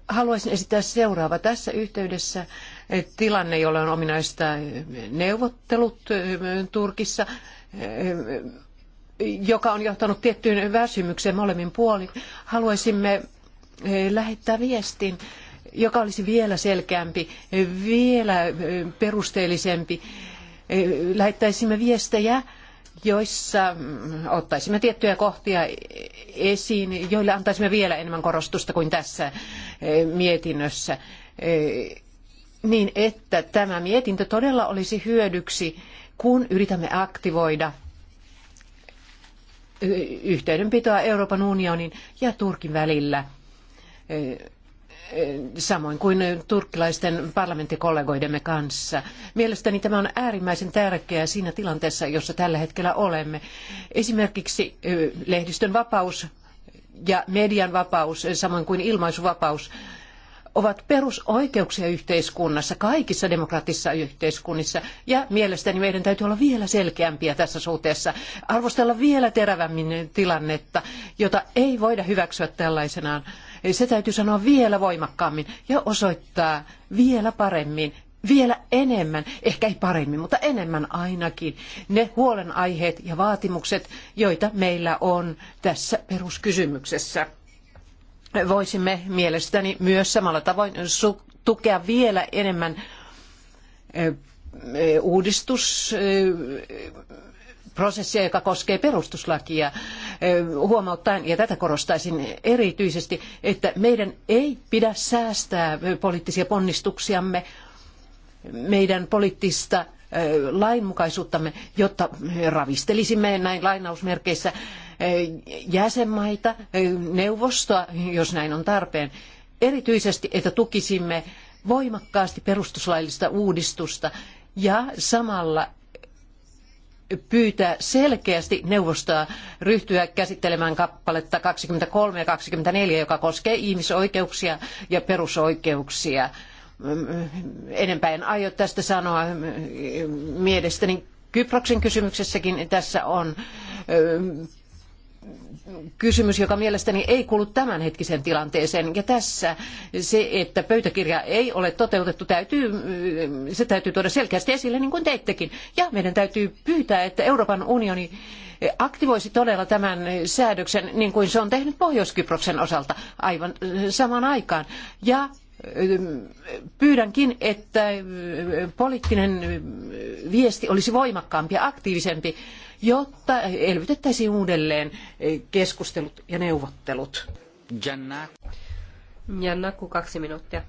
Haluaisin esittää seuraava. Tässä yhteydessä eh, tilanne, jolla on ominaista eh, neuvottelut eh, Turkissa, joka on johtanut tiettyyn väsymykseen molemmin puolin. Haluaisimme lähettää viestin, joka olisi vielä selkeämpi, vielä perusteellisempi. Lähettäisimme viestejä joissa mm, ottaisimme tiettyjä kohtia esiin, joille antaisimme vielä enemmän korostusta kuin tässä e, mietinnössä, e, niin että tämä mietintö todella olisi hyödyksi, kun yritämme aktivoida yhteydenpitoa Euroopan unionin ja Turkin välillä e, samoin kuin turkkilaisten parlamenttikollegoidemme kanssa. Mielestäni tämä on äärimmäisen tärkeää siinä tilanteessa, jossa tällä hetkellä olemme. Esimerkiksi lehdistön vapaus ja median vapaus, samoin kuin ilmaisuvapaus, ovat perusoikeuksia yhteiskunnassa, kaikissa demokraattisissa yhteiskunnissa. Ja mielestäni meidän täytyy olla vielä selkeämpiä tässä suhteessa, arvostella vielä terävämmin tilannetta, jota ei voida hyväksyä tällaisenaan. Se täytyy sanoa vielä voimakkaammin ja osoittaa vielä paremmin vielä enemmän, ehkä ei paremmin, mutta enemmän ainakin, ne huolenaiheet ja vaatimukset, joita meillä on tässä peruskysymyksessä. Voisimme mielestäni myös samalla tavoin tukea vielä enemmän uudistusprosessia, joka koskee perustuslakia huomauttaen, ja tätä korostaisin erityisesti, että meidän ei pidä säästää poliittisia ponnistuksiamme, meidän poliittista lainmukaisuuttamme, jotta ravistelisimme näin lainausmerkeissä jäsenmaita, neuvostoa, jos näin on tarpeen. Erityisesti, että tukisimme voimakkaasti perustuslaillista uudistusta ja samalla pyytää selkeästi neuvostoa ryhtyä käsittelemään kappaletta 23 ja 24, joka koskee ihmisoikeuksia ja perusoikeuksia. Enempää en aio tästä sanoa. Mielestäni Kyproksen kysymyksessäkin tässä on kysymys, joka mielestäni ei kuulu tämänhetkiseen tilanteeseen. Ja tässä se, että pöytäkirja ei ole toteutettu, täytyy, se täytyy tuoda selkeästi esille, niin kuin teittekin. Ja meidän täytyy pyytää, että Euroopan unioni aktivoisi todella tämän säädöksen, niin kuin se on tehnyt Pohjois-Kyproksen osalta aivan samaan aikaan. Ja pyydänkin, että poliittinen viesti olisi voimakkaampi ja aktiivisempi jotta elvytettäisiin uudelleen keskustelut ja neuvottelut. Janna. Jannaku, kaksi minuuttia.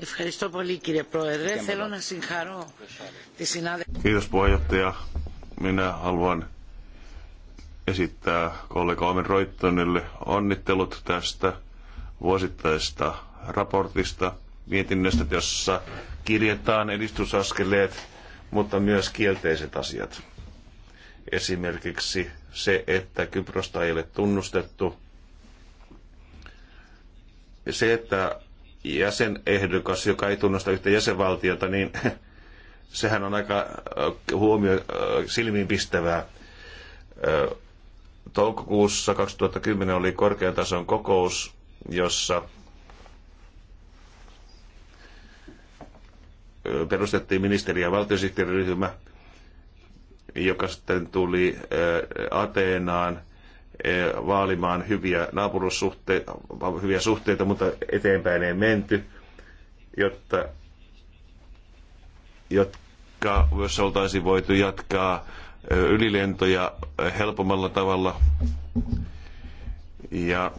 Ευχαριστώ πολύ κύριε Πρόεδρε. Θέλω να συγχαρώ τη συνάδελφη. Κύριος Puheenjohtaja, minä haluan esittää kollega Omen Roittonille onnittelut tästä vuosittaisesta raportista mietinnöstä, jossa kirjataan edistysaskeleet mutta myös kielteiset asiat. Esimerkiksi se, että Kyprosta ei ole tunnustettu. Se, että jäsenehdokas, joka ei tunnusta yhtä jäsenvaltiota, niin [laughs] sehän on aika huomio silmiinpistävää. Toukokuussa 2010 oli korkean tason kokous, jossa perustettiin ministeri- ja valtiosihteeriryhmä, joka sitten tuli äh, Ateenaan äh, vaalimaan hyviä naapurussuhteita, hyviä suhteita, mutta eteenpäin ei menty, jotta, jotka, jos oltaisiin voitu jatkaa äh, ylilentoja helpommalla tavalla. Ja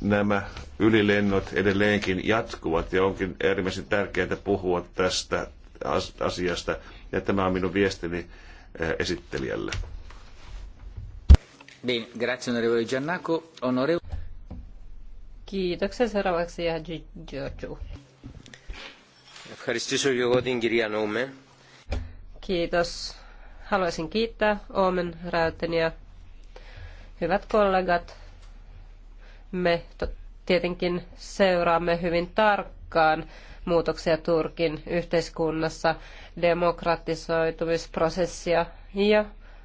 nämä ylilennot edelleenkin jatkuvat ja onkin äärimmäisen tärkeää puhua tästä asiasta. Ja tämä on minun viestini eh, esittelijälle. Bene, grazie onorevole Giannaco. Onorevole... Kiitoksia seuraavaksi ja Giorgio. Kiitos. Haluaisin kiittää Omen Räyteniä. Hyvät kollegat, me tietenkin seuraamme hyvin tarkkaan muutoksia Turkin yhteiskunnassa, demokratisoitumisprosessia ja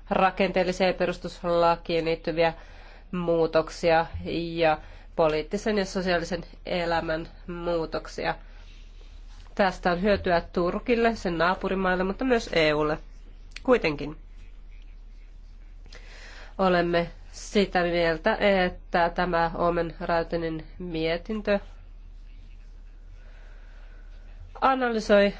rakenteelliseen perustuslakiin liittyviä muutoksia ja poliittisen ja sosiaalisen elämän muutoksia. Tästä on hyötyä Turkille, sen naapurimaille, mutta myös EUlle. Kuitenkin olemme sitä mieltä, että tämä Omen Rautinen mietintö analysoi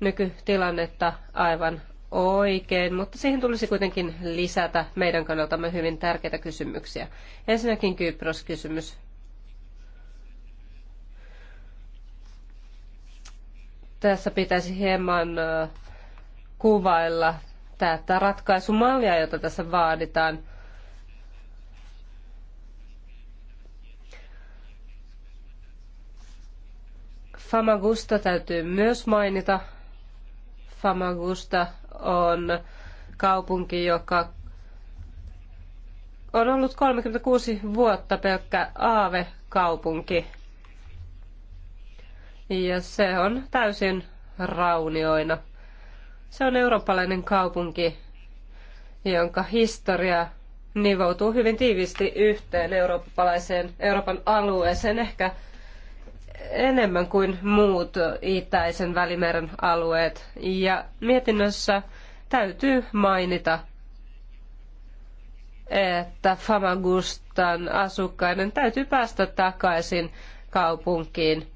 nykytilannetta aivan oikein, mutta siihen tulisi kuitenkin lisätä meidän kannaltamme hyvin tärkeitä kysymyksiä. Ensinnäkin Kypros-kysymys. Tässä pitäisi hieman äh, kuvailla tätä ratkaisumallia, jota tässä vaaditaan – Famagusta täytyy myös mainita. Famagusta on kaupunki, joka on ollut 36 vuotta pelkkä aavekaupunki. Ja se on täysin raunioina. Se on eurooppalainen kaupunki, jonka historia nivoutuu hyvin tiiviisti yhteen eurooppalaiseen Euroopan alueeseen. Ehkä enemmän kuin muut itäisen välimeren alueet. Ja mietinnössä täytyy mainita, että Famagustan asukkaiden täytyy päästä takaisin kaupunkiin.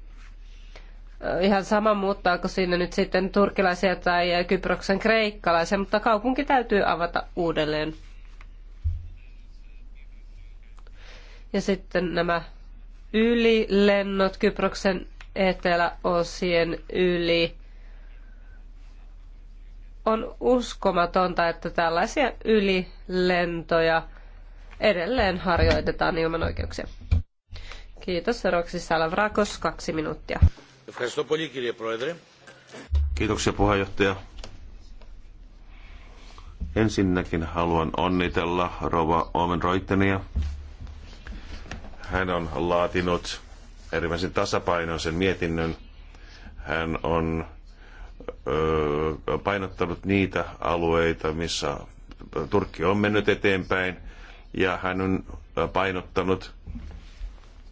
Ihan sama muuttaako sinne nyt sitten turkilaisia tai Kyproksen kreikkalaisia, mutta kaupunki täytyy avata uudelleen. Ja sitten nämä lennot Kyproksen eteläosien yli. On uskomatonta, että tällaisia ylilentoja edelleen harjoitetaan ilman oikeuksia. Kiitos. Seuraavaksi Salavrakos, kaksi minuuttia. Kiitoksia puheenjohtaja. Ensinnäkin haluan onnitella Rova Omen Reutenia hän on laatinut äärimmäisen tasapainoisen mietinnön. Hän on painottanut niitä alueita, missä Turkki on mennyt eteenpäin, ja hän on painottanut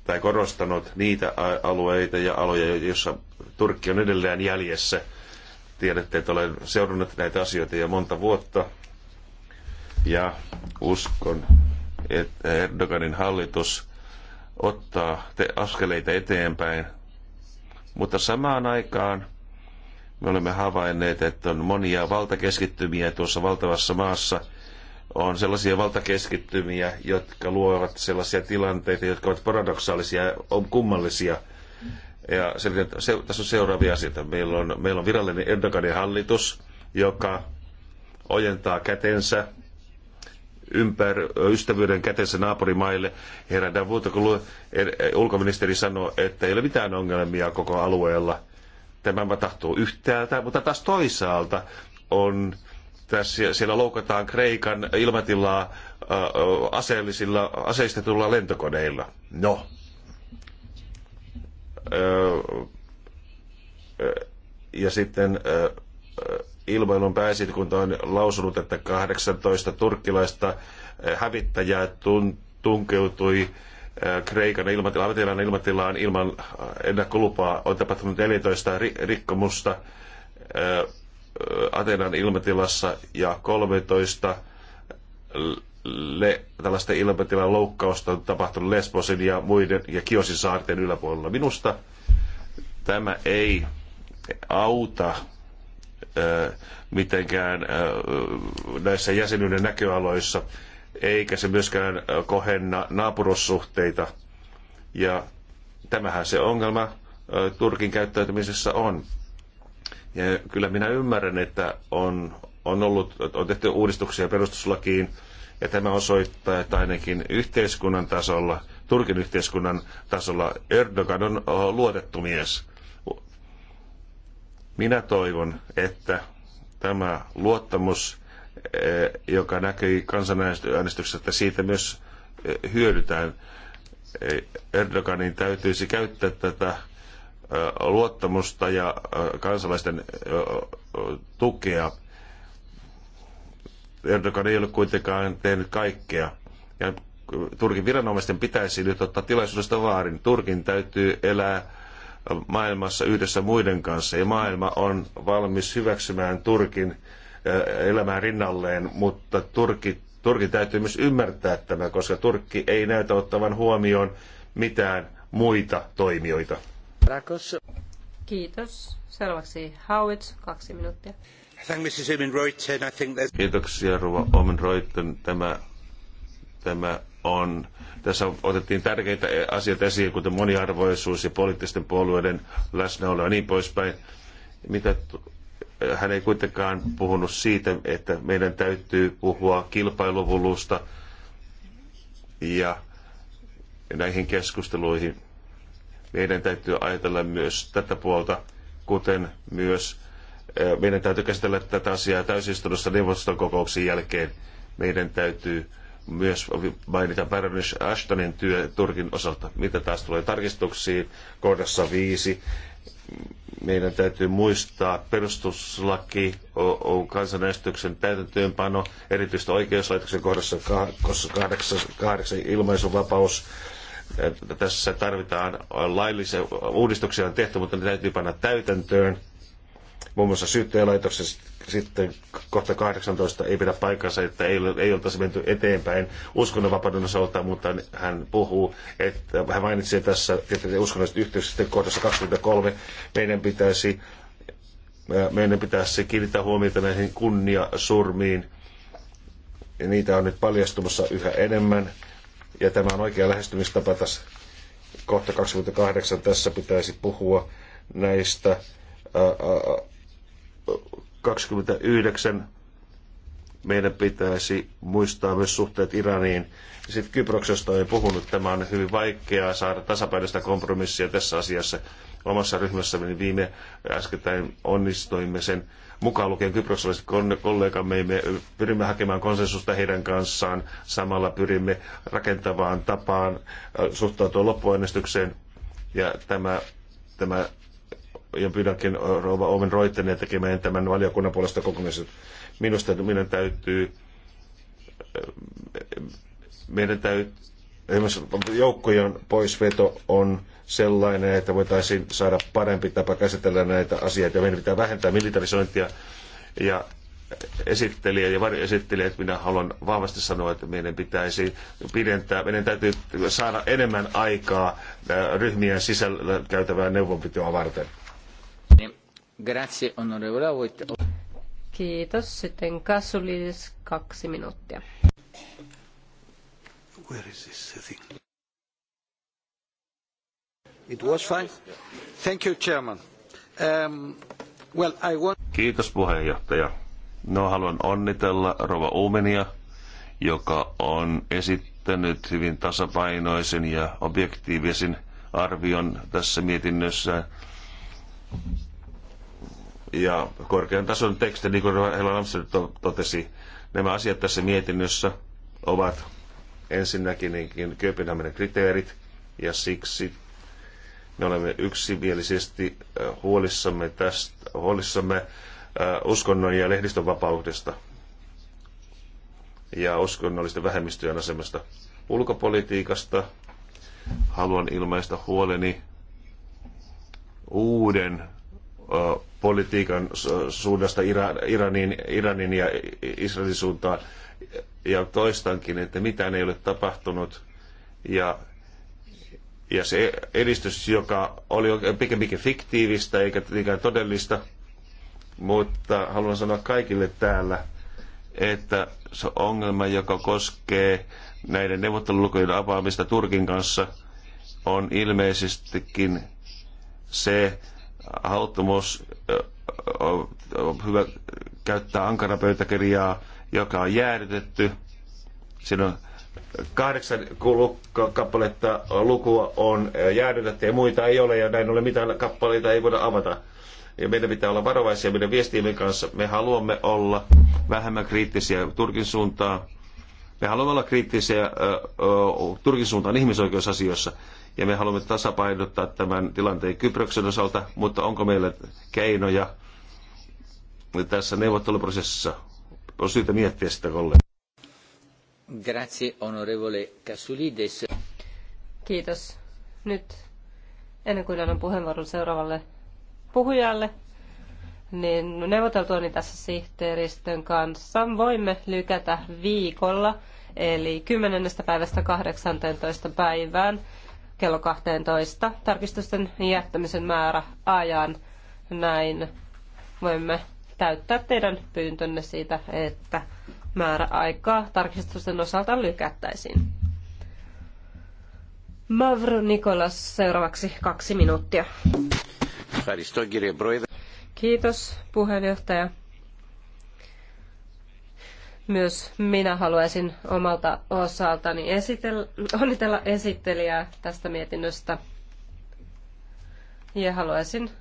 tai korostanut niitä alueita ja aloja, joissa Turkki on edelleen jäljessä. Tiedätte, että olen seurannut näitä asioita jo monta vuotta, ja uskon, että Erdoganin hallitus ottaa te askeleita eteenpäin, mutta samaan aikaan me olemme havainneet, että on monia valtakeskittymiä tuossa valtavassa maassa. On sellaisia valtakeskittymiä, jotka luovat sellaisia tilanteita, jotka ovat paradoksaalisia ja kummallisia. Ja se, se, tässä on seuraavia asioita. Meillä on, meillä on virallinen Erdoganin hallitus, joka ojentaa kätensä ympär, ystävyyden kätensä naapurimaille. Herra Davut, kun eh, ulkoministeri sanoi, että ei ole mitään ongelmia koko alueella. Tämä tahtoo yhtäältä, mutta taas toisaalta on tässä, siellä loukataan Kreikan ilmatilaa aseellisilla, aseistetulla lentokoneilla. No. ja sitten ilmailun pääesikunta on lausunut, että 18 turkkilaista eh, hävittäjää tun, tunkeutui eh, Kreikan ilmatilaan, ilmatilaan ilman eh, ennakkolupaa. On tapahtunut 14 ri, rikkomusta Ateenan ilmatilassa ja 13 le, tällaista ilmatilan loukkausta on tapahtunut Lesbosin ja muiden ja Kiosin saarten yläpuolella. Minusta tämä ei auta Äh, mitenkään äh, näissä jäsenyyden näköaloissa, eikä se myöskään äh, kohenna naapurussuhteita. Ja tämähän se ongelma Turkin käyttäytymisessä on. Ja kyllä minä ymmärrän, että on, on, ollut, on tehty uudistuksia perustuslakiin, ja tämä osoittaa, että ainakin yhteiskunnan tasolla, Turkin yhteiskunnan tasolla, Erdogan on luotettu mies. Minä toivon, että tämä luottamus, eh, joka näkyi kansanäänestyksessä, että siitä myös eh, hyödytään. Eh, Erdoganin täytyisi käyttää tätä luottamusta ja kansalaisten tukea. Erdogan ei ole kuitenkaan tehnyt kaikkea. Ja Turkin viranomaisten pitäisi nyt ottaa tilaisuudesta vaarin. Turkin täytyy elää maailmassa yhdessä muiden kanssa. Ja maailma on valmis hyväksymään Turkin eh, elämään rinnalleen, mutta Turki, Turkin täytyy myös ymmärtää tämä, koska Turkki ei näytä ottavan huomioon mitään muita toimijoita. Kiitos. Seuraavaksi Howitz, kaksi minuuttia. Kiitoksia, Ruva Omenroitten. Tämä, tämä on tässä otettiin tärkeitä asioita esiin, kuten moniarvoisuus ja poliittisten puolueiden läsnäolo ja niin poispäin. Mitä hän ei kuitenkaan puhunut siitä, että meidän täytyy puhua kilpailuvulusta ja näihin keskusteluihin. Meidän täytyy ajatella myös tätä puolta, kuten myös eh, meidän täytyy käsitellä tätä asiaa täysistunnossa neuvoston kokouksen jälkeen. Meidän täytyy myös mainita Baroness Ashtonin työ Turkin osalta, mitä taas tulee tarkistuksiin kohdassa viisi. Meidän täytyy muistaa perustuslaki, kansanäänestyksen täytäntöönpano, erityisesti oikeuslaitoksen kohdassa kahdeksan, kahdeksan ilmaisuvapaus, tässä tarvitaan laillisia uudistuksia on tehty, mutta ne täytyy panna täytäntöön. Muun muassa syyttäjälaitoksessa sitten kohta 18 ei pidä paikkansa, että ei, ei oltaisi menty eteenpäin uskonnonvapauden osalta, mutta hän puhuu, että hän mainitsi tässä tietysti uskonnolliset sitten kohdassa 23, meidän pitäisi meidän pitäisi kiinnittää huomiota näihin kunniasurmiin. Ja niitä on nyt paljastumassa yhä enemmän. Ja tämä on oikea lähestymistapa tässä kohta 28. Tässä pitäisi puhua näistä ää, ää, 29 meidän pitäisi muistaa myös suhteet Iraniin. Sitten Kyproksesta ei puhunut, tämä on hyvin vaikeaa saada tasapainoista kompromissia tässä asiassa. Omassa ryhmässämme niin viime äskettäin onnistuimme sen mukaan lukien kyproksalaiset kollegamme, me pyrimme hakemaan konsensusta heidän kanssaan, samalla pyrimme rakentavaan tapaan äh, suhtautua loppuäänestykseen. Ja tämä, tämä ja pyydänkin Rova Omen Roittenia tekemään tämän valiokunnan puolesta kokonaisuus. Minusta meidän täytyy, meidän täytyy, joukkojen poisveto on sellainen, että voitaisiin saada parempi tapa käsitellä näitä asioita. Meidän pitää vähentää militarisointia ja esittelijä ja esittelijä, että minä haluan vahvasti sanoa, että meidän pitäisi pidentää, meidän täytyy saada enemmän aikaa ryhmien sisällä käytävää neuvonpitoa varten. Grazie, onorevole. Kiitos. Sitten Kassulis, kaksi minuuttia. Where is this thing? It was fine. Thank you, Chairman. Um, well, I want... Kiitos puheenjohtaja. No, haluan onnitella Rova Uumenia, joka on esittänyt hyvin tasapainoisen ja objektiivisen arvion tässä mietinnössä ja korkean tason teksti, niin kuin Hela Lamsen totesi, nämä asiat tässä mietinnössä ovat ensinnäkin Kööpenhaminan kriteerit, ja siksi me olemme yksimielisesti äh, huolissamme, tästä, huolissamme äh, uskonnon ja lehdistön vapaudesta ja uskonnollisten vähemmistöjen asemasta ulkopolitiikasta. Haluan ilmaista huoleni uuden äh, politiikan suunnasta Iranin, Iranin ja Israelin suuntaan. Ja toistankin, että mitään ei ole tapahtunut. Ja, ja se edistys, joka oli pikemminkin fiktiivistä eikä tietenkään todellista, mutta haluan sanoa kaikille täällä, että se ongelma, joka koskee näiden neuvottelulukujen avaamista Turkin kanssa, on ilmeisestikin se, haluttomuus hyvä käyttää ankarapöytäkirjaa, joka on jäädytetty. Siinä on kahdeksan kappaletta lukua on jäädytetty ja muita ei ole ja näin ole mitään kappaleita ei voida avata. Ja meidän pitää olla varovaisia meidän viestiimme kanssa. Me haluamme olla vähemmän kriittisiä Turkin suuntaan. Me haluamme olla kriittisiä Turkin suuntaan ihmisoikeusasioissa, ja me haluamme tasapainottaa tämän tilanteen Kyproksen osalta, mutta onko meillä keinoja tässä neuvotteluprosessissa? On syytä miettiä sitä kollega. Grazie, onorevole Kasulides. Kiitos. Nyt ennen kuin annan puheenvuoron seuraavalle puhujalle, niin neuvoteltuani tässä sihteeristön kanssa voimme lykätä viikolla, eli 10. päivästä 18. päivään kello 12 tarkistusten jättämisen määrä ajan. Näin voimme täyttää teidän pyyntönne siitä, että määräaikaa tarkistusten osalta lykättäisiin. Mavro Nikolas, seuraavaksi kaksi minuuttia. Kiitos puheenjohtaja. Myös minä haluaisin omalta osaltani esitellä, onnitella esittelijää tästä mietinnöstä. Ja haluaisin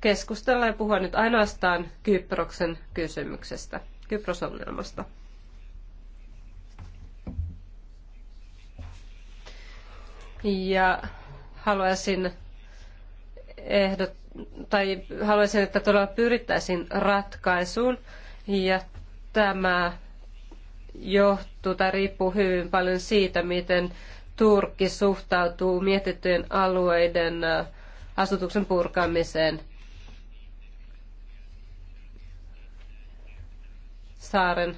keskustella ja puhua nyt ainoastaan Kyproksen kysymyksestä, Kyprosongelmasta. Ja haluaisin ehdot, tai haluaisin, että todella pyrittäisiin ratkaisuun ja tämä johtuu tai riippuu hyvin paljon siitä, miten Turkki suhtautuu mietittyjen alueiden äh, asutuksen purkamiseen. saaren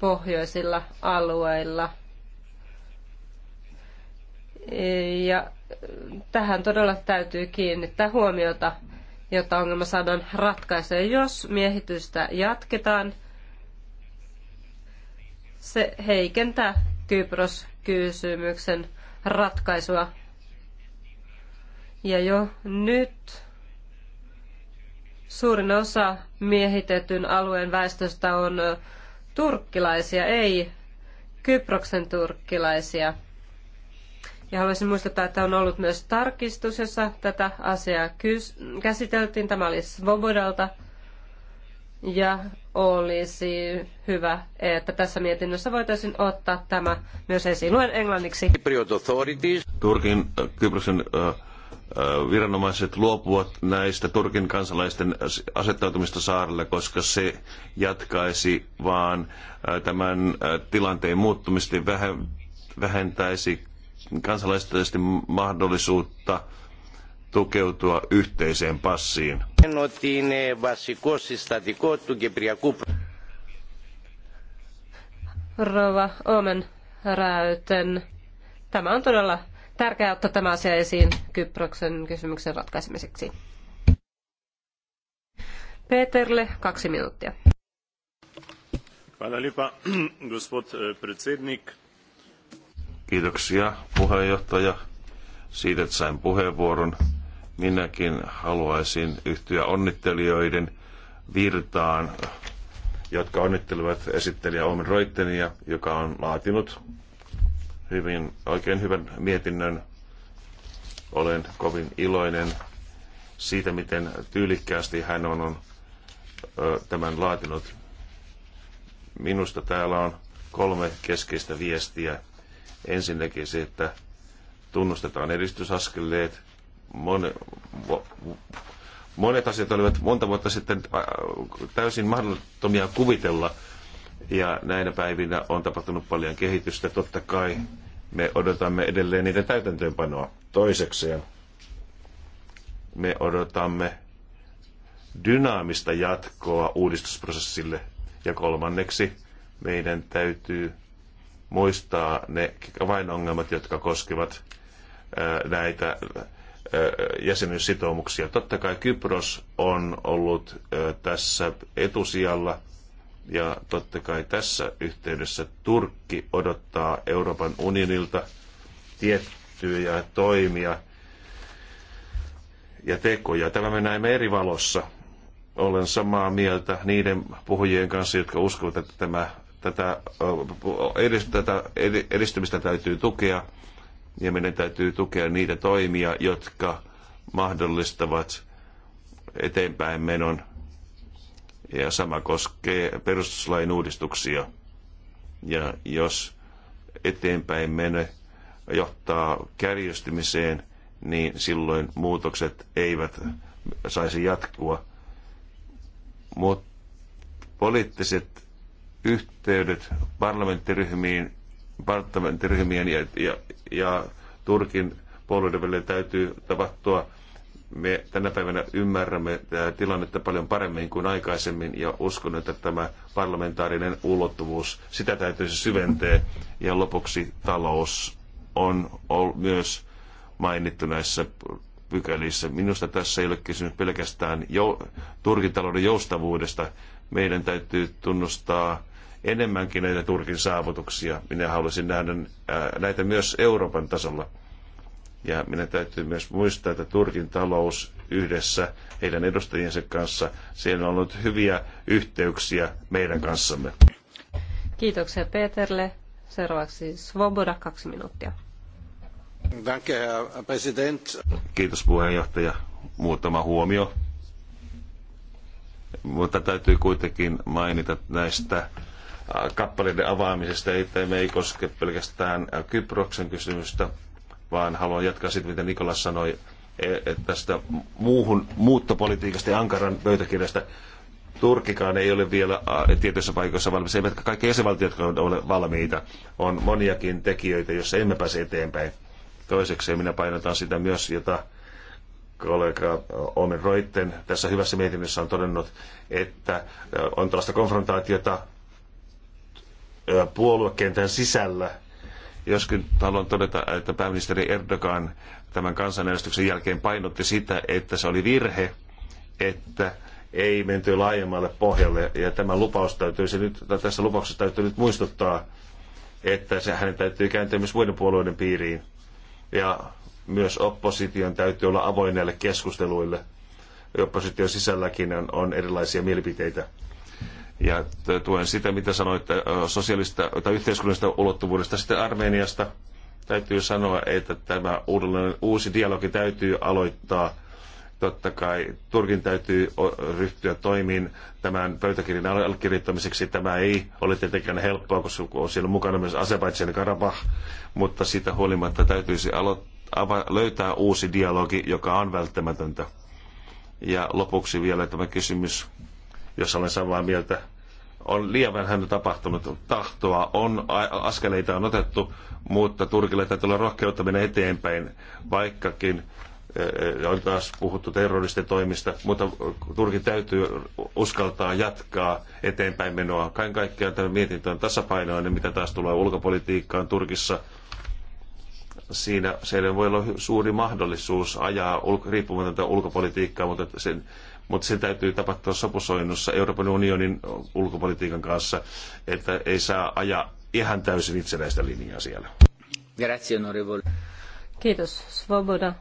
pohjoisilla alueilla. Ja äh, tähän todella täytyy kiinnittää huomiota, jotta ongelma saadaan ratkaisua. Jos miehitystä jatketaan, se heikentää Kypros-kysymyksen ratkaisua. Ja jo nyt suurin osa miehitetyn alueen väestöstä on turkkilaisia, ei Kyproksen turkkilaisia. Ja haluaisin muistuttaa, että on ollut myös tarkistus, jossa tätä asiaa käsiteltiin. Tämä oli Svobodalta. Ja olisi hyvä, että tässä mietinnössä voitaisiin ottaa tämä myös esiin. Luen englanniksi. Turkin äh, Kyproksen äh, äh, viranomaiset luopuvat näistä Turkin kansalaisten asettautumista saarelle, koska se jatkaisi vaan tämän tilanteen muuttumista vähentäisi kansalaisten mahdollisuutta tukeutua yhteiseen passiin. Rova Omen Räyten. Tämä on todella tärkeää ottaa tämä asia esiin Kyproksen kysymyksen ratkaisemiseksi. Peterle kaksi minuuttia. Hvala lepa, [clears throat] gospod eh, predsednik. Kiitoksia puheenjohtaja siitä, että sain puheenvuoron. Minäkin haluaisin yhtyä onnittelijoiden virtaan, jotka onnittelevat esittelijä Omen Reutenia, joka on laatinut hyvin, oikein hyvän mietinnön. Olen kovin iloinen siitä, miten tyylikkäästi hän on, on tämän laatinut. Minusta täällä on kolme keskeistä viestiä. Ensinnäkin se, että tunnustetaan edistysaskeleet, Mone, monet asiat olivat monta vuotta sitten äh, täysin mahdottomia kuvitella. Ja näinä päivinä on tapahtunut paljon kehitystä. Totta kai me odotamme edelleen niiden täytäntöönpanoa. Toisekseen me odotamme dynaamista jatkoa uudistusprosessille. Ja kolmanneksi meidän täytyy muistaa ne vain ongelmat, jotka koskevat äh, näitä jäsenyyssitoumuksia. Totta kai Kypros on ollut tässä etusijalla ja totta kai tässä yhteydessä Turkki odottaa Euroopan unionilta tiettyjä toimia ja tekoja. Tämä me näemme eri valossa. Olen samaa mieltä niiden puhujien kanssa, jotka uskovat, että tämä, tätä, edistymistä täytyy tukea ja meidän täytyy tukea niitä toimia, jotka mahdollistavat eteenpäin menon. Ja sama koskee perustuslain uudistuksia. Ja jos eteenpäin mene johtaa kärjistymiseen, niin silloin muutokset eivät saisi jatkua. Mutta poliittiset yhteydet parlamenttiryhmiin, parlamenttiryhmien ja, ja, ja Turkin puolueiden välillä täytyy tapahtua. Me tänä päivänä ymmärrämme äh, tilannetta paljon paremmin kuin aikaisemmin ja uskon, että tämä parlamentaarinen ulottuvuus, sitä täytyisi syventää. Ja lopuksi talous on myös mainittu näissä pykälissä. Minusta tässä ei ole kysymys pelkästään jo, Turkin talouden joustavuudesta. Meidän täytyy tunnustaa enemmänkin näitä Turkin saavutuksia. Minä haluaisin nähdä äh, näitä myös Euroopan tasolla. Ja minä täytyy myös muistaa, että Turkin talous yhdessä heidän edustajiensa kanssa, siellä on ollut hyviä yhteyksiä meidän kanssamme. Kiitoksia Peterle. Seuraavaksi Svoboda, kaksi minuuttia. Kiitos puheenjohtaja. Muutama huomio. Mutta täytyy kuitenkin mainita näistä kappaleiden avaamisesta. Ei, me ei koske pelkästään Kyproksen kysymystä, vaan haluan jatkaa siitä, mitä Nikolas sanoi e, tästä muuhun muuttopolitiikasta ja Ankaran pöytäkirjasta. Turkikaan ei ole vielä tietyissä paikoissa valmis, eivätkä kaikki jäsenvaltiot ole valmiita. On moniakin tekijöitä, joissa emme pääse eteenpäin. Toiseksi minä painotan sitä myös, jota kollega Omen Roitten tässä hyvässä mietinnössä on todennut, että on tällaista konfrontaatiota puoluekentän sisällä. Joskin haluan todeta, että pääministeri Erdogan tämän kansanäänestyksen jälkeen painotti sitä, että se oli virhe, että ei menty laajemmalle pohjalle. Ja tämä lupaus täytyy nyt, tässä lupauksessa täytyy nyt muistuttaa, että se hänen täytyy kääntyä myös muiden puolueiden piiriin. Ja myös opposition täytyy olla avoin näille keskusteluille. Opposition sisälläkin on, on erilaisia mielipiteitä. Ja tuen sitä, mitä sanoit sosiaalista tai yhteiskunnallisesta ulottuvuudesta sitten Armeniasta. Täytyy sanoa, että tämä uudelleen, uusi dialogi täytyy aloittaa. Totta kai Turkin täytyy ryhtyä toimiin tämän pöytäkirjan allekirjoittamiseksi. Tämä ei ole tietenkään helppoa, koska on siellä mukana myös Azerbaidžan Karabah, mutta siitä huolimatta täytyisi aloittaa, löytää uusi dialogi, joka on välttämätöntä. Ja lopuksi vielä tämä kysymys jos olen samaa mieltä. On liian vähän tapahtunut. Tahtoa on, askeleita on otettu, mutta Turkille täytyy olla rohkeutta mennä eteenpäin, vaikkakin eh, on taas puhuttu terroristitoimista, mutta Turkin täytyy uskaltaa jatkaa eteenpäin menoa. Kaiken kaikkiaan tämä mietintö on tasapainoinen, mitä taas tulee ulkopolitiikkaan Turkissa. Siinä siellä voi olla suuri mahdollisuus ajaa ulko, riippumatonta ulkopolitiikkaa, mutta sen mutta se täytyy tapahtua sopusoinnussa Euroopan unionin ulkopolitiikan kanssa, että ei saa ajaa ihan täysin itsenäistä linjaa siellä. Kiitos, Svoboda.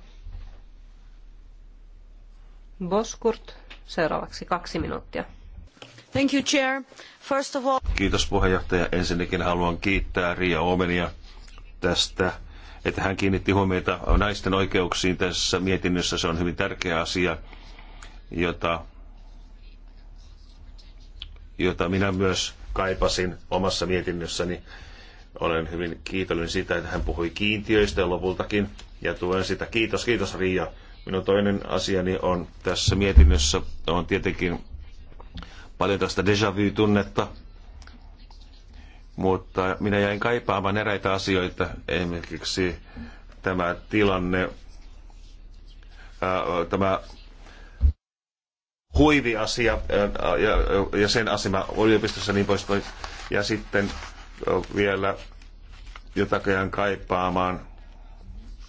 Boskurt, seuraavaksi kaksi minuuttia. Thank you, Chair. First of all... Kiitos puheenjohtaja. Ensinnäkin haluan kiittää Ria Omenia tästä että hän kiinnitti huomiota naisten oikeuksiin tässä mietinnössä. Se on hyvin tärkeä asia jota, jota minä myös kaipasin omassa mietinnössäni. Olen hyvin kiitollinen siitä, että hän puhui kiintiöistä lopultakin, ja tuen sitä. Kiitos, kiitos Riia. Minun toinen asiani on tässä mietinnössä, on tietenkin paljon tästä déjà vu-tunnetta, mutta minä jäin kaipaamaan eräitä asioita, esimerkiksi tämä tilanne, ää, tämä huiviasia ja, ja sen asema yliopistossa niin poispäin. Ja sitten vielä jotakin kaipaamaan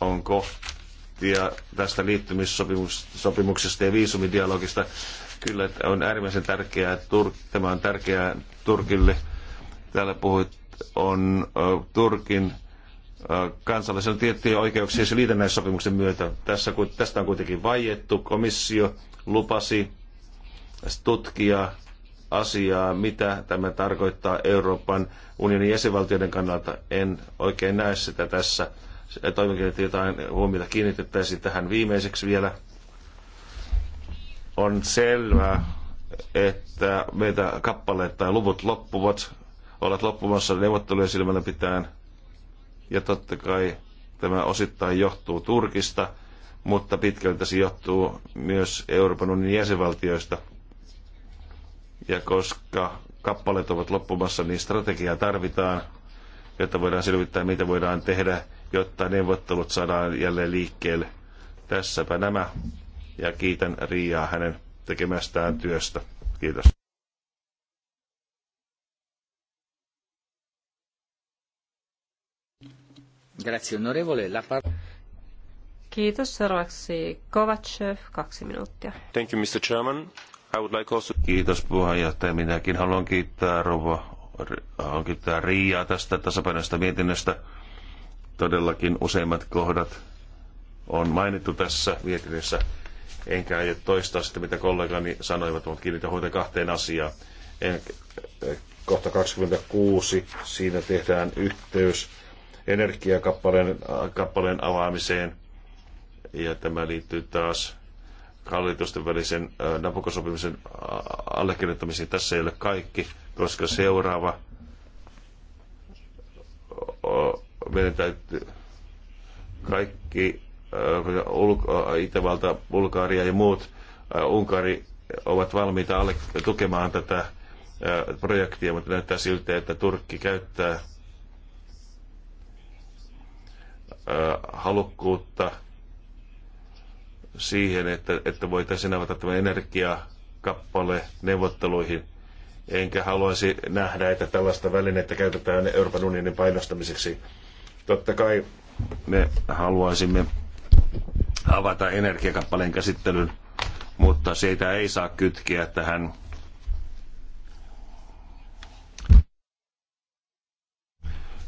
on kohtia tästä liittymissopimuksesta ja viisumidialogista. Kyllä on äärimmäisen tärkeää, Tur- tämä on tärkeää Turkille. Täällä puhuit, on Turkin kansalaisen tiettyjä oikeuksia liitännäissopimuksen myötä. Tässä, tästä on kuitenkin vaiettu. Komissio lupasi tutkia asiaa, mitä tämä tarkoittaa Euroopan unionin jäsenvaltioiden kannalta. En oikein näe sitä tässä. Toivonkin, että jotain huomiota kiinnitettäisiin tähän viimeiseksi vielä. On selvää, että meitä kappaleet tai luvut loppuvat, ovat loppumassa neuvottelujen silmällä pitäen. Ja totta kai tämä osittain johtuu Turkista, mutta pitkältä se johtuu myös Euroopan unionin jäsenvaltioista – ja koska kappaleet ovat loppumassa, niin strategiaa tarvitaan, jotta voidaan selvittää, mitä voidaan tehdä, jotta neuvottelut saadaan jälleen liikkeelle. Tässäpä nämä. Ja kiitän Riiaa hänen tekemästään työstä. Kiitos. La par- Kiitos. Seuraavaksi Kovacev, kaksi minuuttia. Thank you, Mr. Chairman. Kiitos puheenjohtaja. Minäkin haluan kiittää Rova, haluan kiittää Riiaa tästä tasapainoista mietinnöstä. Todellakin useimmat kohdat on mainittu tässä mietinnössä. Enkä aio toistaa sitä, mitä kollegani sanoivat, mutta kiinnitän huomiota kahteen asiaan. En, kohta 26, siinä tehdään yhteys energiakappaleen kappaleen avaamiseen. Ja tämä liittyy taas hallitusten välisen Nabokosopimuksen allekirjoittamisiin. Tässä ei ole kaikki, koska seuraava meidän täytyy kaikki Itävalta, Bulgaria ja muut Unkari ovat valmiita tukemaan tätä projektia, mutta näyttää siltä, että Turkki käyttää halukkuutta siihen, että, että voitaisiin avata tämä energiakappale neuvotteluihin. Enkä haluaisi nähdä, että tällaista välinettä käytetään Euroopan unionin painostamiseksi. Totta kai me haluaisimme avata energiakappaleen käsittelyn, mutta siitä ei saa kytkeä tähän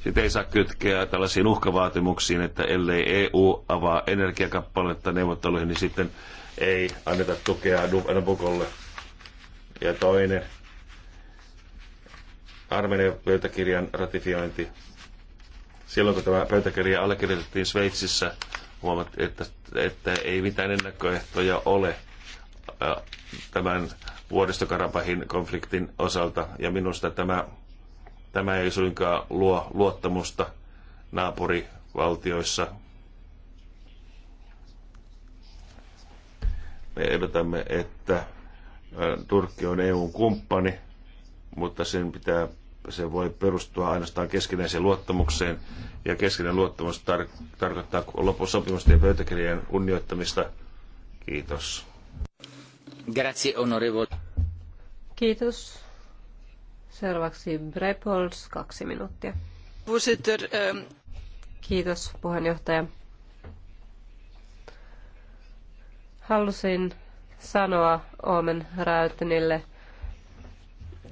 Sitä ei saa kytkeä tällaisiin uhkavaatimuksiin, että ellei EU avaa energiakappaletta neuvotteluihin, niin sitten ei anneta tukea Nabokolle. Ja toinen, Armenian pöytäkirjan ratifiointi. Silloin kun tämä pöytäkirja allekirjoitettiin Sveitsissä, huomattiin, että, että ei mitään ennakkoehtoja ole äh, tämän vuodistokarapahin konfliktin osalta. Ja minusta tämä Tämä ei suinkaan luo luottamusta naapurivaltioissa. Me ehdotamme, että Turkki on EUn kumppani, mutta sen pitää se voi perustua ainoastaan keskinäiseen luottamukseen, ja keskinäinen luottamus tar- tarkoittaa loppusopimusten ja pöytäkirjojen kunnioittamista. Kiitos. Grazie, onorevole. Kiitos, Seuraavaksi Brepols, kaksi minuuttia. Ehm, Kiitos puheenjohtaja. Halusin sanoa Omen Räytynille,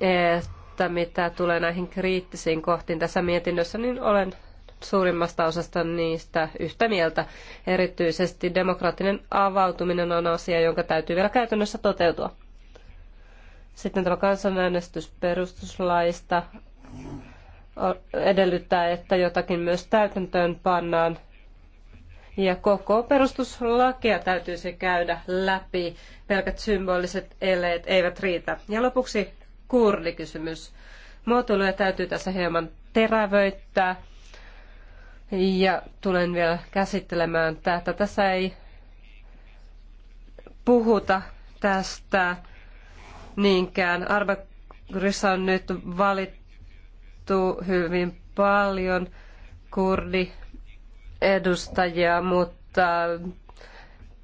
että mitä tulee näihin kriittisiin kohtiin tässä mietinnössä, niin olen suurimmasta osasta niistä yhtä mieltä. Erityisesti demokraattinen avautuminen on asia, jonka täytyy vielä käytännössä toteutua. Sitten tuolla kansanäänestys perustuslaista edellyttää, että jotakin myös täytäntöön pannaan. Ja koko perustuslakia täytyisi käydä läpi. Pelkät symboliset eleet eivät riitä. Ja lopuksi kurdikysymys. Muotoiluja täytyy tässä hieman terävöittää. Ja tulen vielä käsittelemään tätä. Tässä ei puhuta tästä niinkään. Arbakurissa on nyt valittu hyvin paljon kurdi edustajia, mutta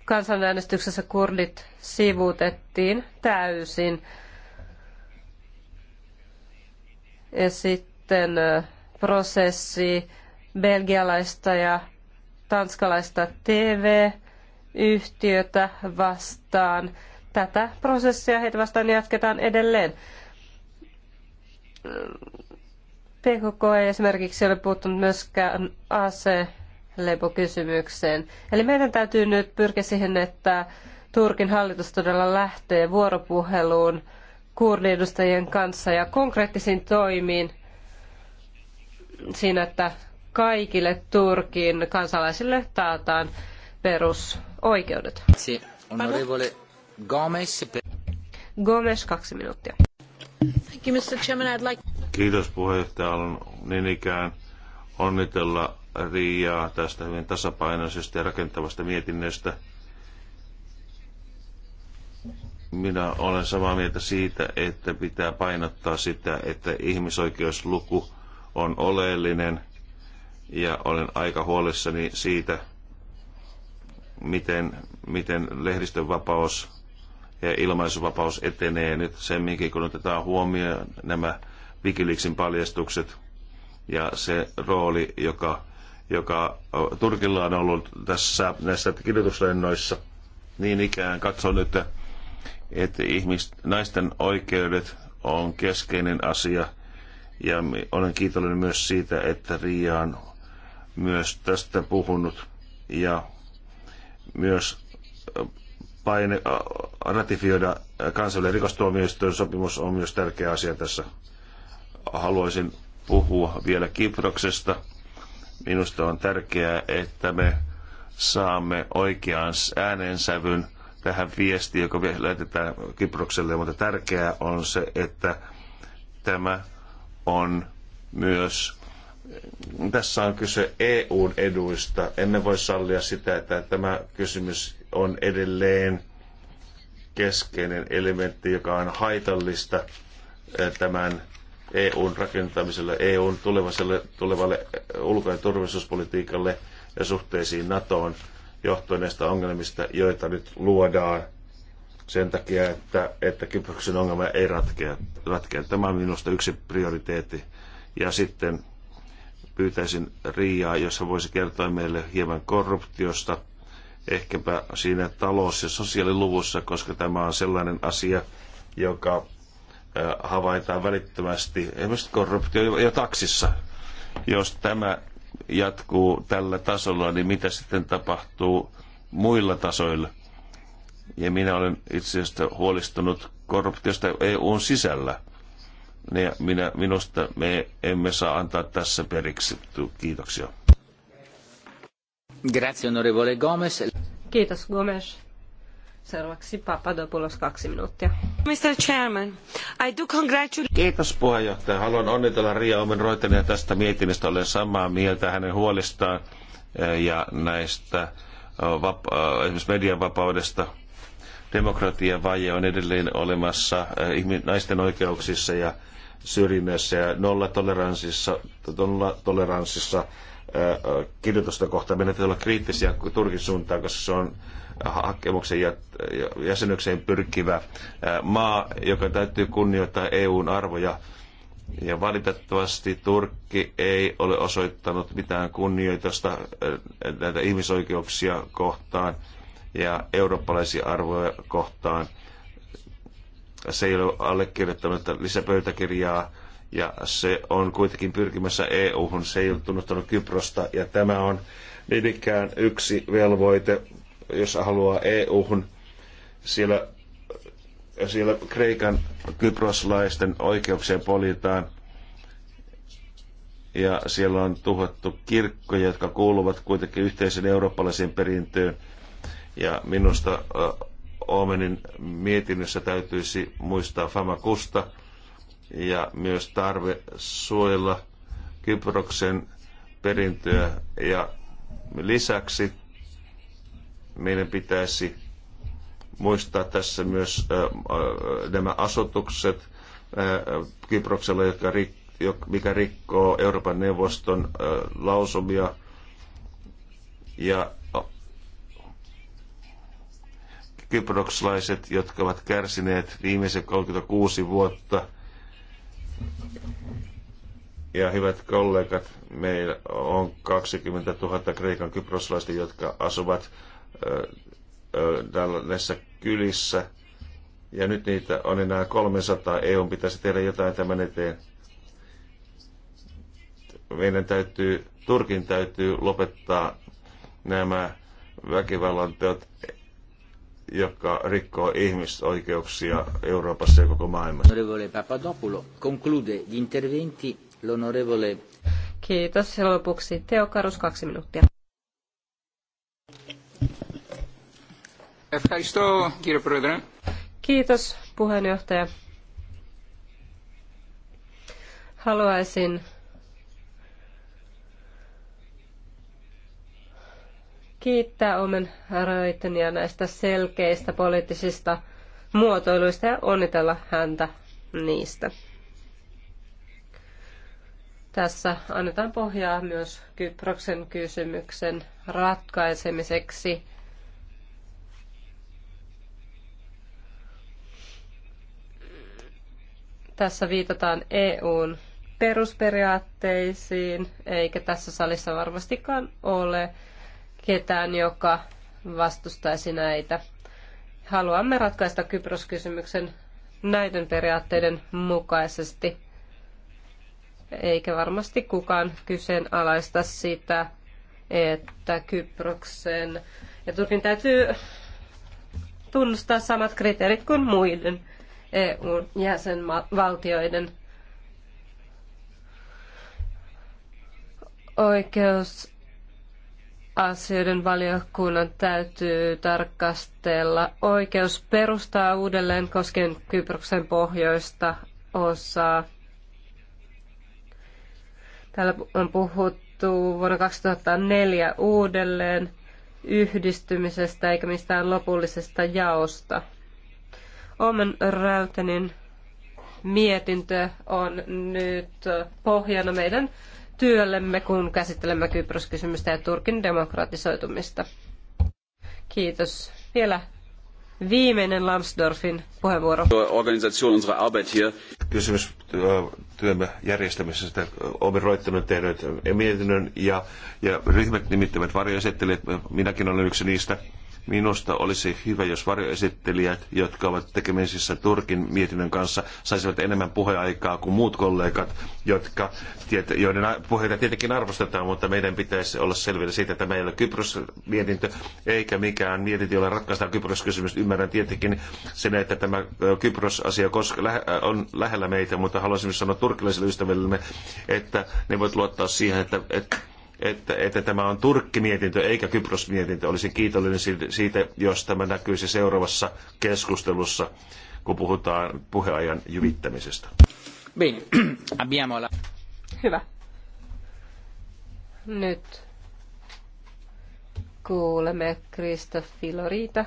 kansanäänestyksessä kurdit sivuutettiin täysin. Ja sitten prosessi belgialaista ja tanskalaista TV-yhtiötä vastaan – tätä prosessia heitä vastaan niin jatketaan edelleen. PKK ei esimerkiksi ole puuttunut myöskään ase-lepokysymykseen. Eli meidän täytyy nyt pyrkiä siihen, että Turkin hallitus todella lähtee vuoropuheluun kurdiedustajien kanssa ja konkreettisiin toimiin siinä, että kaikille Turkin kansalaisille taataan perusoikeudet. Onorevole Gomez. Gomes, kaksi minuuttia. Thank you, Mr. Chairman. I'd like... Kiitos puheenjohtaja. Haluan niin ikään onnitella Riiaa tästä hyvin tasapainoisesta ja rakentavasta mietinnöstä. Minä olen samaa mieltä siitä, että pitää painottaa sitä, että ihmisoikeusluku on oleellinen ja olen aika huolissani siitä, miten, miten lehdistön vapaus ja ilmaisuvapaus etenee nyt semminkin, kun otetaan huomioon nämä Wikileaksin paljastukset ja se rooli, joka, joka Turkilla on ollut tässä näissä kirjoituslennoissa. Niin ikään katson nyt, että, ihmis, naisten oikeudet on keskeinen asia ja olen kiitollinen myös siitä, että Riia on myös tästä puhunut ja myös paine ratifioida kansallinen rikostuomioistuin sopimus on myös tärkeä asia tässä. Haluaisin puhua vielä Kiproksesta. Minusta on tärkeää, että me saamme oikean äänensävyn tähän viestiin, joka lähetetään Kiprokselle, mutta tärkeää on se, että tämä on myös, tässä on kyse EUn eduista. Emme voi sallia sitä, että tämä kysymys on edelleen keskeinen elementti, joka on haitallista eh, tämän EUn rakentamiselle, EUn tulevalle, tulevalle eh, ulko- ja turvallisuuspolitiikalle ja suhteisiin NATOon johtuneista ongelmista, joita nyt luodaan sen takia, että, että Kyproksen ongelma ei ratkea, ratkea. Tämä on minusta yksi prioriteetti. Ja sitten pyytäisin Riiaa, jos hän voisi kertoa meille hieman korruptiosta – ehkäpä siinä talous- ja sosiaaliluvussa, koska tämä on sellainen asia, joka havaitaan välittömästi esimerkiksi korruptio ja taksissa. Jos tämä jatkuu tällä tasolla, niin mitä sitten tapahtuu muilla tasoilla? Ja minä olen itse asiassa huolistunut korruptiosta EUn sisällä. Ja minä, minusta me emme saa antaa tässä periksi. Kiitoksia. Grazie, kaksi minuuttia. Mr. Chairman, I do congratulate... Haluan onnitella Ria oomen ruijtenia tästä mietinnöstä. Olen samaa mieltä hänen huolistaan eh, ja näistä eh, eh, esimerkiksi median vapaudesta. Demokratian vaje on edelleen olemassa naisten oikeuksissa ja syrjinnässä ja nollatoleranssissa, nollatoleranssissa kirjoitusta kohtaan meidän täytyy olla kriittisiä Turkin suuntaan, koska se on hakemuksen ja jäsenykseen pyrkivä maa, joka täytyy kunnioittaa EUn arvoja. Ja valitettavasti Turkki ei ole osoittanut mitään kunnioitusta näitä ihmisoikeuksia kohtaan ja eurooppalaisia arvoja kohtaan. Se ei ole allekirjoittanut lisäpöytäkirjaa ja se on kuitenkin pyrkimässä EU-hun. Se ei ole tunnustanut Kyprosta ja tämä on niinkään yksi velvoite, jos haluaa EU-hun. Siellä, siellä Kreikan kyproslaisten oikeuksia poljetaan ja siellä on tuhottu kirkkoja, jotka kuuluvat kuitenkin yhteisen eurooppalaiseen perintöön. Ja minusta Omenin mietinnössä täytyisi muistaa Kusta, ja myös tarve suojella Kyproksen perintöä. Ja lisäksi meidän pitäisi muistaa tässä myös nämä asutukset Kyproksella, jotka rikkoivat mikä rikkoo Euroopan neuvoston lausumia. Ja kyprokslaiset, jotka ovat kärsineet viimeiset 36 vuotta ja hyvät kollegat, meillä on 20 000 kreikan kyproslaista, jotka asuvat näissä kylissä. Ja nyt niitä on enää 300. EU pitäisi tehdä jotain tämän eteen. Meidän täytyy, Turkin täytyy lopettaa nämä väkivallan teot joka rikkoo ihmisoikeuksia Euroopassa ja koko maailmassa. conclude gli interventi Kiitos. Ja lopuksi Teo Karus, kaksi minuuttia. Kiitos puheenjohtaja. Haluaisin kiittää Omen Röitenia näistä selkeistä poliittisista muotoiluista ja onnitella häntä niistä. Tässä annetaan pohjaa myös Kyproksen kysymyksen ratkaisemiseksi. Tässä viitataan EUn perusperiaatteisiin, eikä tässä salissa varmastikaan ole ketään, joka vastustaisi näitä. Haluamme ratkaista Kyproskysymyksen näiden periaatteiden mukaisesti, eikä varmasti kukaan kyseenalaista sitä, että Kyproksen ja Turkin täytyy tunnustaa samat kriteerit kuin muiden EU-jäsenvaltioiden oikeus asioiden valiokunnan täytyy tarkastella oikeus perustaa uudelleen koskien Kyproksen pohjoista osaa. Täällä on puhuttu vuonna 2004 uudelleen yhdistymisestä eikä mistään lopullisesta jaosta. Omen Räytenin mietintö on nyt pohjana meidän työllemme, kun käsittelemme Kypros-kysymystä ja Turkin demokratisoitumista. Kiitos. Vielä viimeinen Lambsdorffin puheenvuoro. Organisation unserer Arbeit hier. Kysymys työmme järjestämisestä. Olemme roittaneet tehneet mietinnön ja, ja ryhmät nimittävät varjoesittelijät. Minäkin olen yksi niistä. Minusta olisi hyvä, jos varjoesittelijät, jotka ovat tekemisissä Turkin mietinnön kanssa, saisivat enemmän puheaikaa kuin muut kollegat, jotka, joiden puheita tietenkin arvostetaan, mutta meidän pitäisi olla selvillä siitä, että meillä ei ole Kypros-mietintö eikä mikään mietintö, jolla ratkaistaan Kypros-kysymys. Ymmärrän tietenkin sen, että tämä Kypros-asia on lähellä meitä, mutta haluaisin sanoa turkilaisille ystävillemme, että ne voivat luottaa siihen, että, että että, että tämä on Turkki-mietintö eikä Kypros-mietintö. Olisin kiitollinen siitä, jos tämä näkyisi seuraavassa keskustelussa, kun puhutaan puheajan jyvittämisestä. [clears throat] la... Hyvä. Nyt kuulemme Krista Filorita,